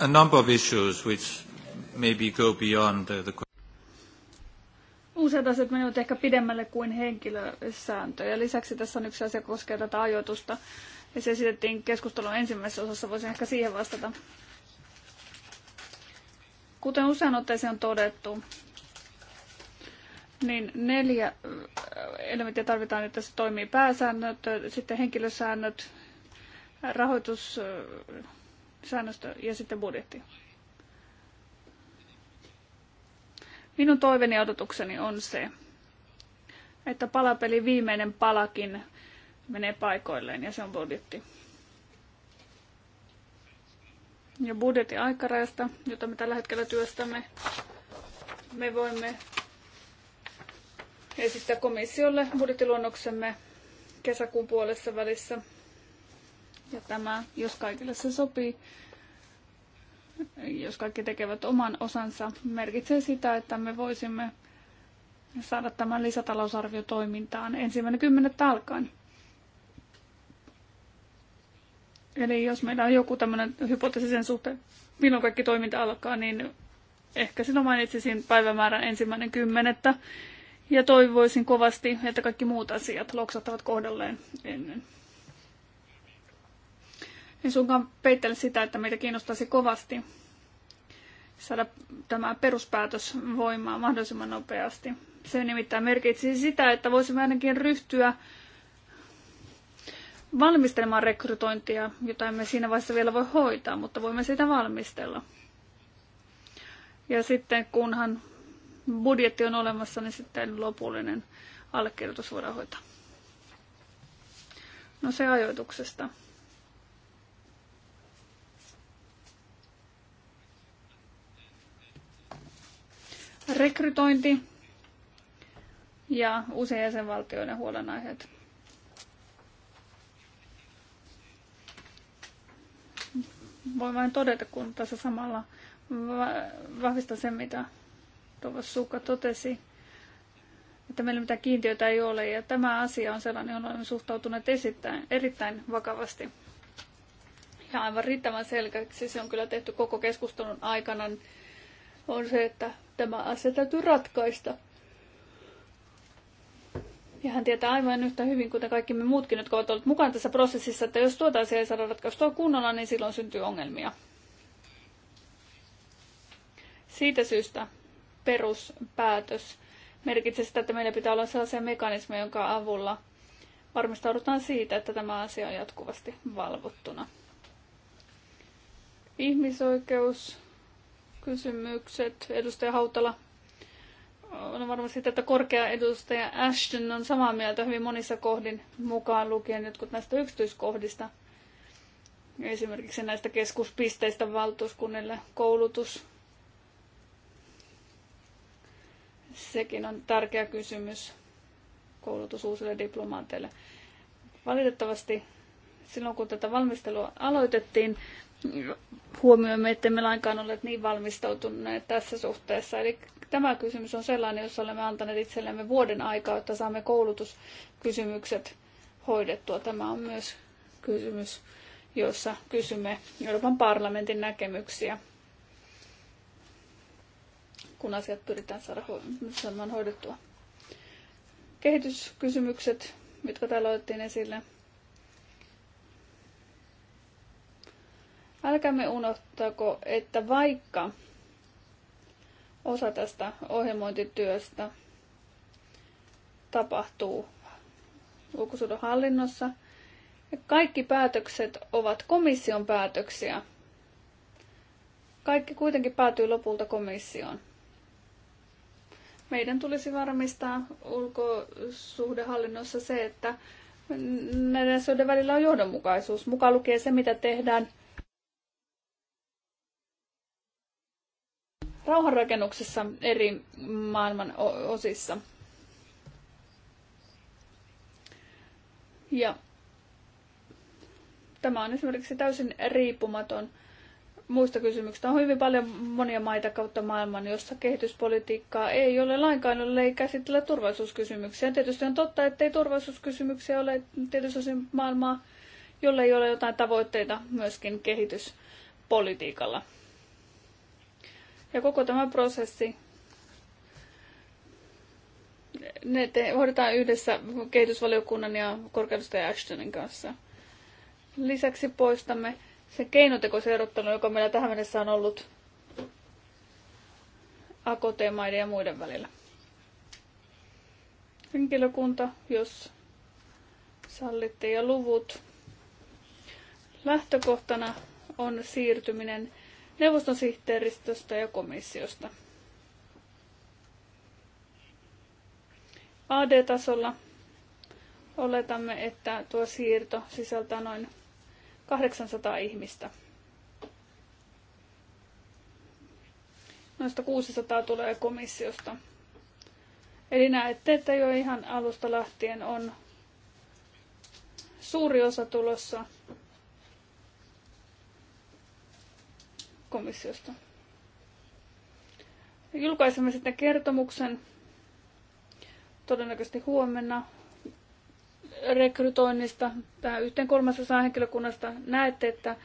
A number of issues which maybe go beyond the, the useat asiat menevät ehkä pidemmälle kuin henkilösääntö. Ja lisäksi tässä on yksi asia, koskee tätä ajoitusta. Ja se esitettiin keskustelun ensimmäisessä osassa, voisin ehkä siihen vastata. Kuten usein otteeseen on todettu, niin neljä äh, elementtiä tarvitaan, että se toimii pääsäännöt, sitten henkilösäännöt, rahoitussäännöstö äh, ja sitten budjetti. Minun toiveeni ja odotukseni on se, että palapeli viimeinen palakin menee paikoilleen ja se on budjetti. Ja budjetin aikarajasta, jota me tällä hetkellä työstämme, me voimme esittää komissiolle budjettiluonnoksemme kesäkuun puolessa välissä. Ja tämä, jos kaikille se sopii, jos kaikki tekevät oman osansa, merkitsee sitä, että me voisimme saada tämän lisätalousarviotoimintaan ensimmäinen kymmenettä alkaen. Eli jos meillä on joku tämmöinen hypoteesisen suhteen, milloin kaikki toiminta alkaa, niin ehkä silloin mainitsisin päivämäärän ensimmäinen kymmenettä, ja toivoisin kovasti, että kaikki muut asiat loksattavat kohdalleen ennen. En suinkaan peittele sitä, että meitä kiinnostaisi kovasti saada tämä peruspäätös voimaan mahdollisimman nopeasti. Se nimittäin merkitsisi sitä, että voisimme ainakin ryhtyä valmistelemaan rekrytointia, jota emme siinä vaiheessa vielä voi hoitaa, mutta voimme sitä valmistella. Ja sitten kunhan budjetti on olemassa, niin sitten lopullinen allekirjoitus voidaan hoitaa. No se ajoituksesta. Rekrytointi ja usein jäsenvaltioiden huolenaiheet. Voin vain todeta, kun tässä samalla vahvistan sen, mitä Tovas Suukka totesi, että meillä mitään kiintiöitä ei ole. Ja tämä asia on sellainen, johon olemme suhtautuneet esittäin, erittäin vakavasti. Ja aivan riittävän selkeäksi se on kyllä tehty koko keskustelun aikana, niin on se, että tämä asia täytyy ratkaista. Ja hän tietää aivan yhtä hyvin, kuten kaikki me muutkin, jotka ovat olleet mukana tässä prosessissa, että jos tuota asiaa ei saada ratkaistua kunnolla, niin silloin syntyy ongelmia. Siitä syystä peruspäätös merkitsee sitä, että meillä pitää olla sellaisia mekanismeja, jonka avulla varmistaudutaan siitä, että tämä asia on jatkuvasti valvottuna. Ihmisoikeuskysymykset, edustaja Hautala. On varma siitä, että korkea edustaja Ashton on samaa mieltä hyvin monissa kohdin mukaan lukien jotkut näistä yksityiskohdista. Esimerkiksi näistä keskuspisteistä valtuuskunnille koulutus Sekin on tärkeä kysymys koulutus uusille diplomaateille. Valitettavasti silloin, kun tätä valmistelua aloitettiin, huomioimme, että me lainkaan ole niin valmistautuneet tässä suhteessa. Eli tämä kysymys on sellainen, jossa olemme antaneet itsellemme vuoden aikaa, että saamme koulutuskysymykset hoidettua. Tämä on myös kysymys, jossa kysymme Euroopan parlamentin näkemyksiä kun asiat pyritään saada saamaan hoidettua. Kehityskysymykset, mitkä täällä otettiin esille. Älkäämme unohtako, että vaikka osa tästä ohjelmointityöstä tapahtuu ulkosuuden hallinnossa, kaikki päätökset ovat komission päätöksiä. Kaikki kuitenkin päätyy lopulta komissioon meidän tulisi varmistaa ulkosuhdehallinnossa se, että näiden asioiden välillä on johdonmukaisuus. Mukaan lukee se, mitä tehdään rauhanrakennuksessa eri maailman osissa. Ja tämä on esimerkiksi täysin riippumaton muista kysymyksistä. On hyvin paljon monia maita kautta maailman, jossa kehityspolitiikkaa ei ole lainkaan, ole ei käsitellä turvallisuuskysymyksiä. Tietysti on totta, että ei turvallisuuskysymyksiä ole tietysti osin maailmaa, jolle ei ole jotain tavoitteita myöskin kehityspolitiikalla. Ja koko tämä prosessi ne te- hoidetaan yhdessä kehitysvaliokunnan ja ja Ashtonin kanssa. Lisäksi poistamme se keinotekoisen erottelu, joka meillä tähän mennessä on ollut akt ja muiden välillä. Henkilökunta, jos sallitte, ja luvut. Lähtökohtana on siirtyminen neuvoston sihteeristöstä ja komissiosta. AD-tasolla oletamme, että tuo siirto sisältää noin 800 ihmistä. Noista 600 tulee komissiosta. Eli näette, että jo ihan alusta lähtien on suuri osa tulossa komissiosta. Julkaisemme sitten kertomuksen todennäköisesti huomenna rekrytoinnista tähän yhteen kolmasosaan henkilökunnasta näette, että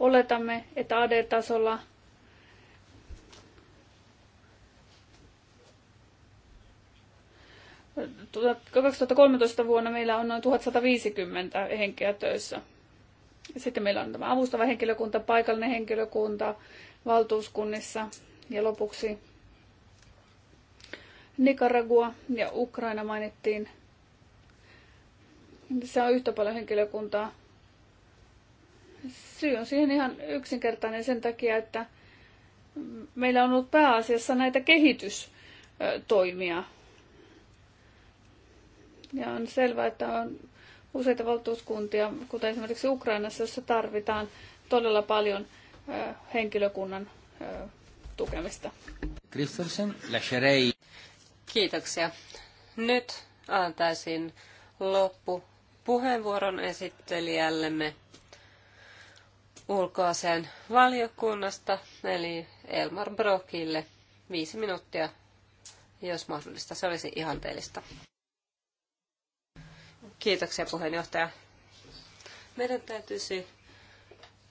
oletamme, että AD-tasolla ...2013 tuota, vuonna meillä on noin 1150 henkeä töissä. Sitten meillä on tämä avustava henkilökunta, paikallinen henkilökunta valtuuskunnissa ja lopuksi Nicaragua ja Ukraina mainittiin se on yhtä paljon henkilökuntaa. Syy on siihen ihan yksinkertainen sen takia, että meillä on ollut pääasiassa näitä kehitystoimia. Ja on selvää, että on useita valtuuskuntia, kuten esimerkiksi Ukrainassa, jossa tarvitaan todella paljon henkilökunnan tukemista. Kristensen, Kiitoksia. Nyt antaisin loppu puheenvuoron esittelijällemme ulkoaseen valiokunnasta, eli Elmar Brokille. Viisi minuuttia, jos mahdollista. Se olisi ihanteellista. Kiitoksia puheenjohtaja. Meidän täytyisi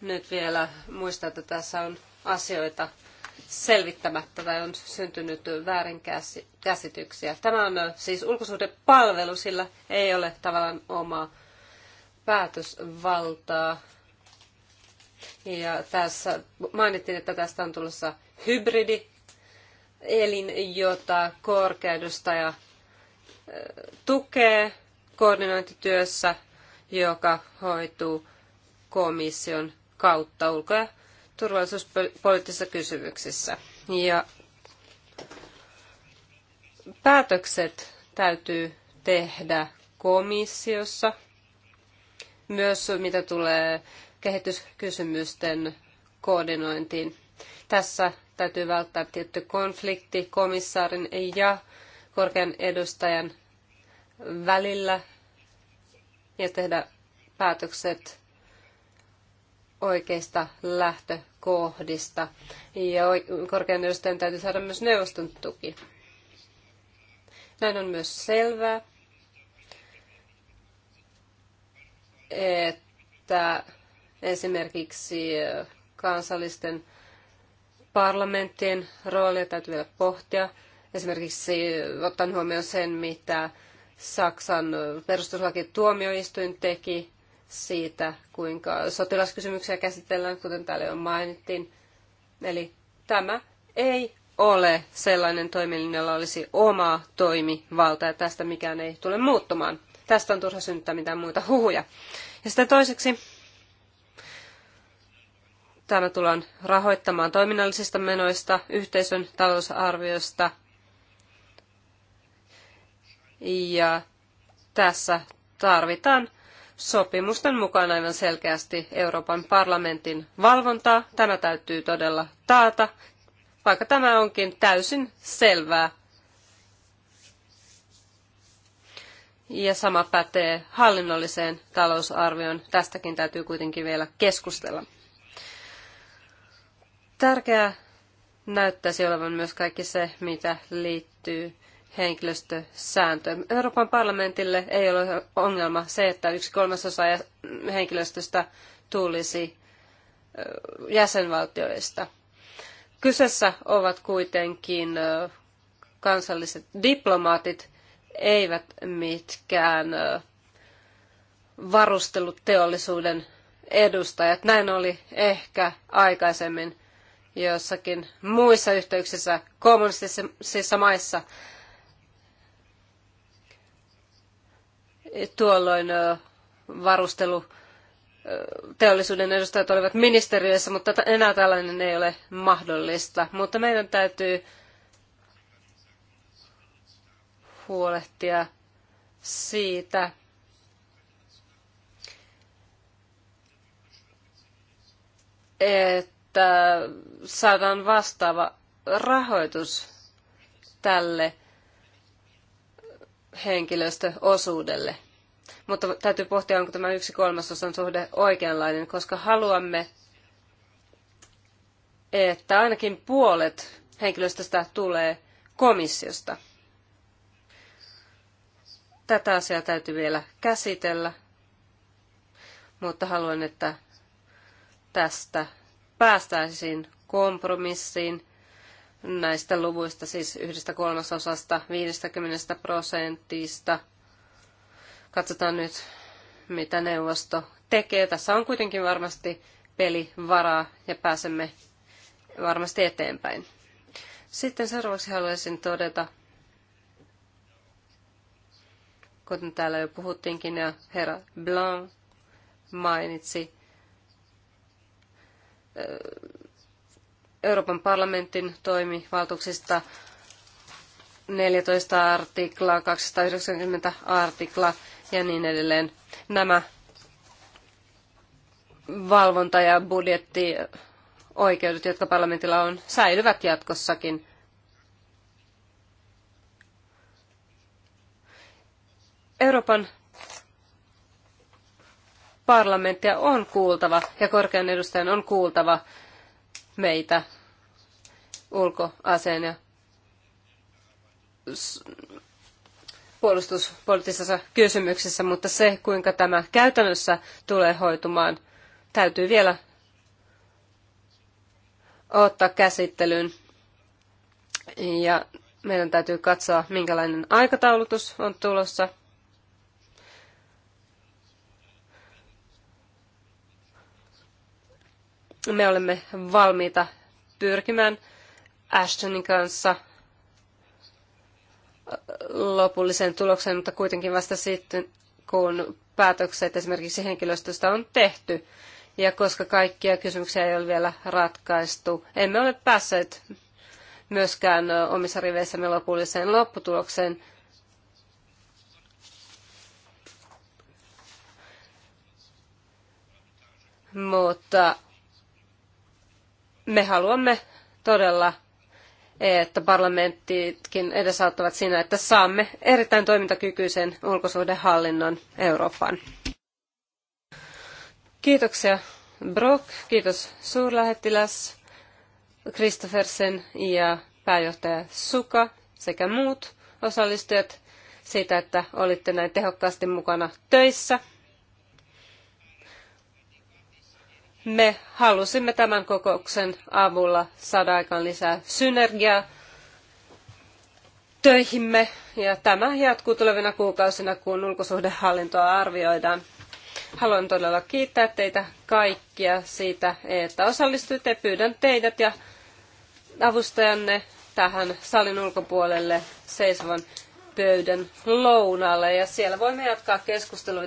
nyt vielä muistaa, että tässä on asioita, selvittämättä tai on syntynyt väärinkäsityksiä. Tämä on siis ulkosuhdepalvelu, sillä ei ole tavallaan omaa päätösvaltaa. Ja tässä mainittiin, että tästä on tulossa hybridi elin, jota korkeudustaja tukee koordinointityössä, joka hoituu komission kautta ulko- ja turvallisuuspoliittisissa kysymyksissä. Ja päätökset täytyy tehdä komissiossa, myös mitä tulee kehityskysymysten koordinointiin. Tässä täytyy välttää tietty konflikti komissaarin ja korkean edustajan välillä ja tehdä päätökset oikeista lähtökohdista. Ja korkean edustajan täytyy saada myös neuvoston tuki. Näin on myös selvää, että esimerkiksi eh, kansallisten parlamenttien roolia täytyy vielä pohtia. Esimerkiksi eh, ottaen huomioon sen, mitä Saksan eh, perustuslakituomioistuin teki siitä, kuinka sotilaskysymyksiä käsitellään, kuten täällä jo mainittiin. Eli tämä ei ole sellainen toimielin, jolla olisi oma toimivalta, ja tästä mikään ei tule muuttumaan. Tästä on turha synnyttää mitään muita huhuja. Ja sitten toiseksi, tämä tullaan rahoittamaan toiminnallisista menoista, yhteisön talousarviosta, ja tässä tarvitaan sopimusten mukaan aivan selkeästi Euroopan parlamentin valvontaa. Tämä täytyy todella taata, vaikka tämä onkin täysin selvää. Ja sama pätee hallinnolliseen talousarvioon. Tästäkin täytyy kuitenkin vielä keskustella. Tärkeää näyttäisi olevan myös kaikki se, mitä liittyy henkilöstösääntö. Euroopan parlamentille ei ole ongelma se, että yksi kolmasosa henkilöstöstä tulisi jäsenvaltioista. Kyseessä ovat kuitenkin kansalliset diplomaatit, eivät mitkään varusteluteollisuuden edustajat. Näin oli ehkä aikaisemmin jossakin muissa yhteyksissä kommunistisissa maissa Tuolloin varustelu teollisuuden edustajat olivat ministeriöissä, mutta enää tällainen ei ole mahdollista. Mutta meidän täytyy huolehtia siitä, että saadaan vastaava rahoitus tälle henkilöstöosuudelle mutta täytyy pohtia, onko tämä yksi kolmasosan suhde oikeanlainen, koska haluamme, että ainakin puolet henkilöstöstä tulee komissiosta. Tätä asiaa täytyy vielä käsitellä, mutta haluan, että tästä päästäisiin kompromissiin näistä luvuista, siis yhdestä kolmasosasta, 50 prosentista – Katsotaan nyt, mitä neuvosto tekee. Tässä on kuitenkin varmasti peli varaa ja pääsemme varmasti eteenpäin. Sitten seuraavaksi haluaisin todeta, kuten täällä jo puhuttiinkin ja herra Blanc mainitsi, Euroopan parlamentin toimivaltuuksista 14 artikla, 290 artikla ja niin edelleen. Nämä valvonta- ja budjettioikeudet, jotka parlamentilla on, säilyvät jatkossakin. Euroopan parlamenttia on kuultava ja korkean edustajan on kuultava meitä ulkoaseen ja puolustuspoliittisessa kysymyksessä, mutta se, kuinka tämä käytännössä tulee hoitumaan, täytyy vielä ottaa käsittelyyn. Ja meidän täytyy katsoa, minkälainen aikataulutus on tulossa. Me olemme valmiita pyrkimään Ashtonin kanssa lopulliseen tulokseen, mutta kuitenkin vasta sitten, kun päätökset esimerkiksi henkilöstöstä on tehty. Ja koska kaikkia kysymyksiä ei ole vielä ratkaistu, emme ole päässeet myöskään omissa riveissämme lopulliseen lopputulokseen. Mutta me haluamme todella että parlamenttitkin edesauttavat siinä, että saamme erittäin toimintakykyisen ulkosuhdehallinnon Eurooppaan. Kiitoksia Brock, kiitos suurlähettiläs Kristoffersen ja pääjohtaja Suka sekä muut osallistujat siitä, että olitte näin tehokkaasti mukana töissä. me halusimme tämän kokouksen avulla saada aikaan lisää synergiaa töihimme ja tämä jatkuu tulevina kuukausina, kun ulkosuhdehallintoa arvioidaan. Haluan todella kiittää teitä kaikkia siitä, että osallistuitte. Pyydän teidät ja avustajanne tähän salin ulkopuolelle seisovan pöydän lounaalle ja siellä voimme jatkaa keskustelua.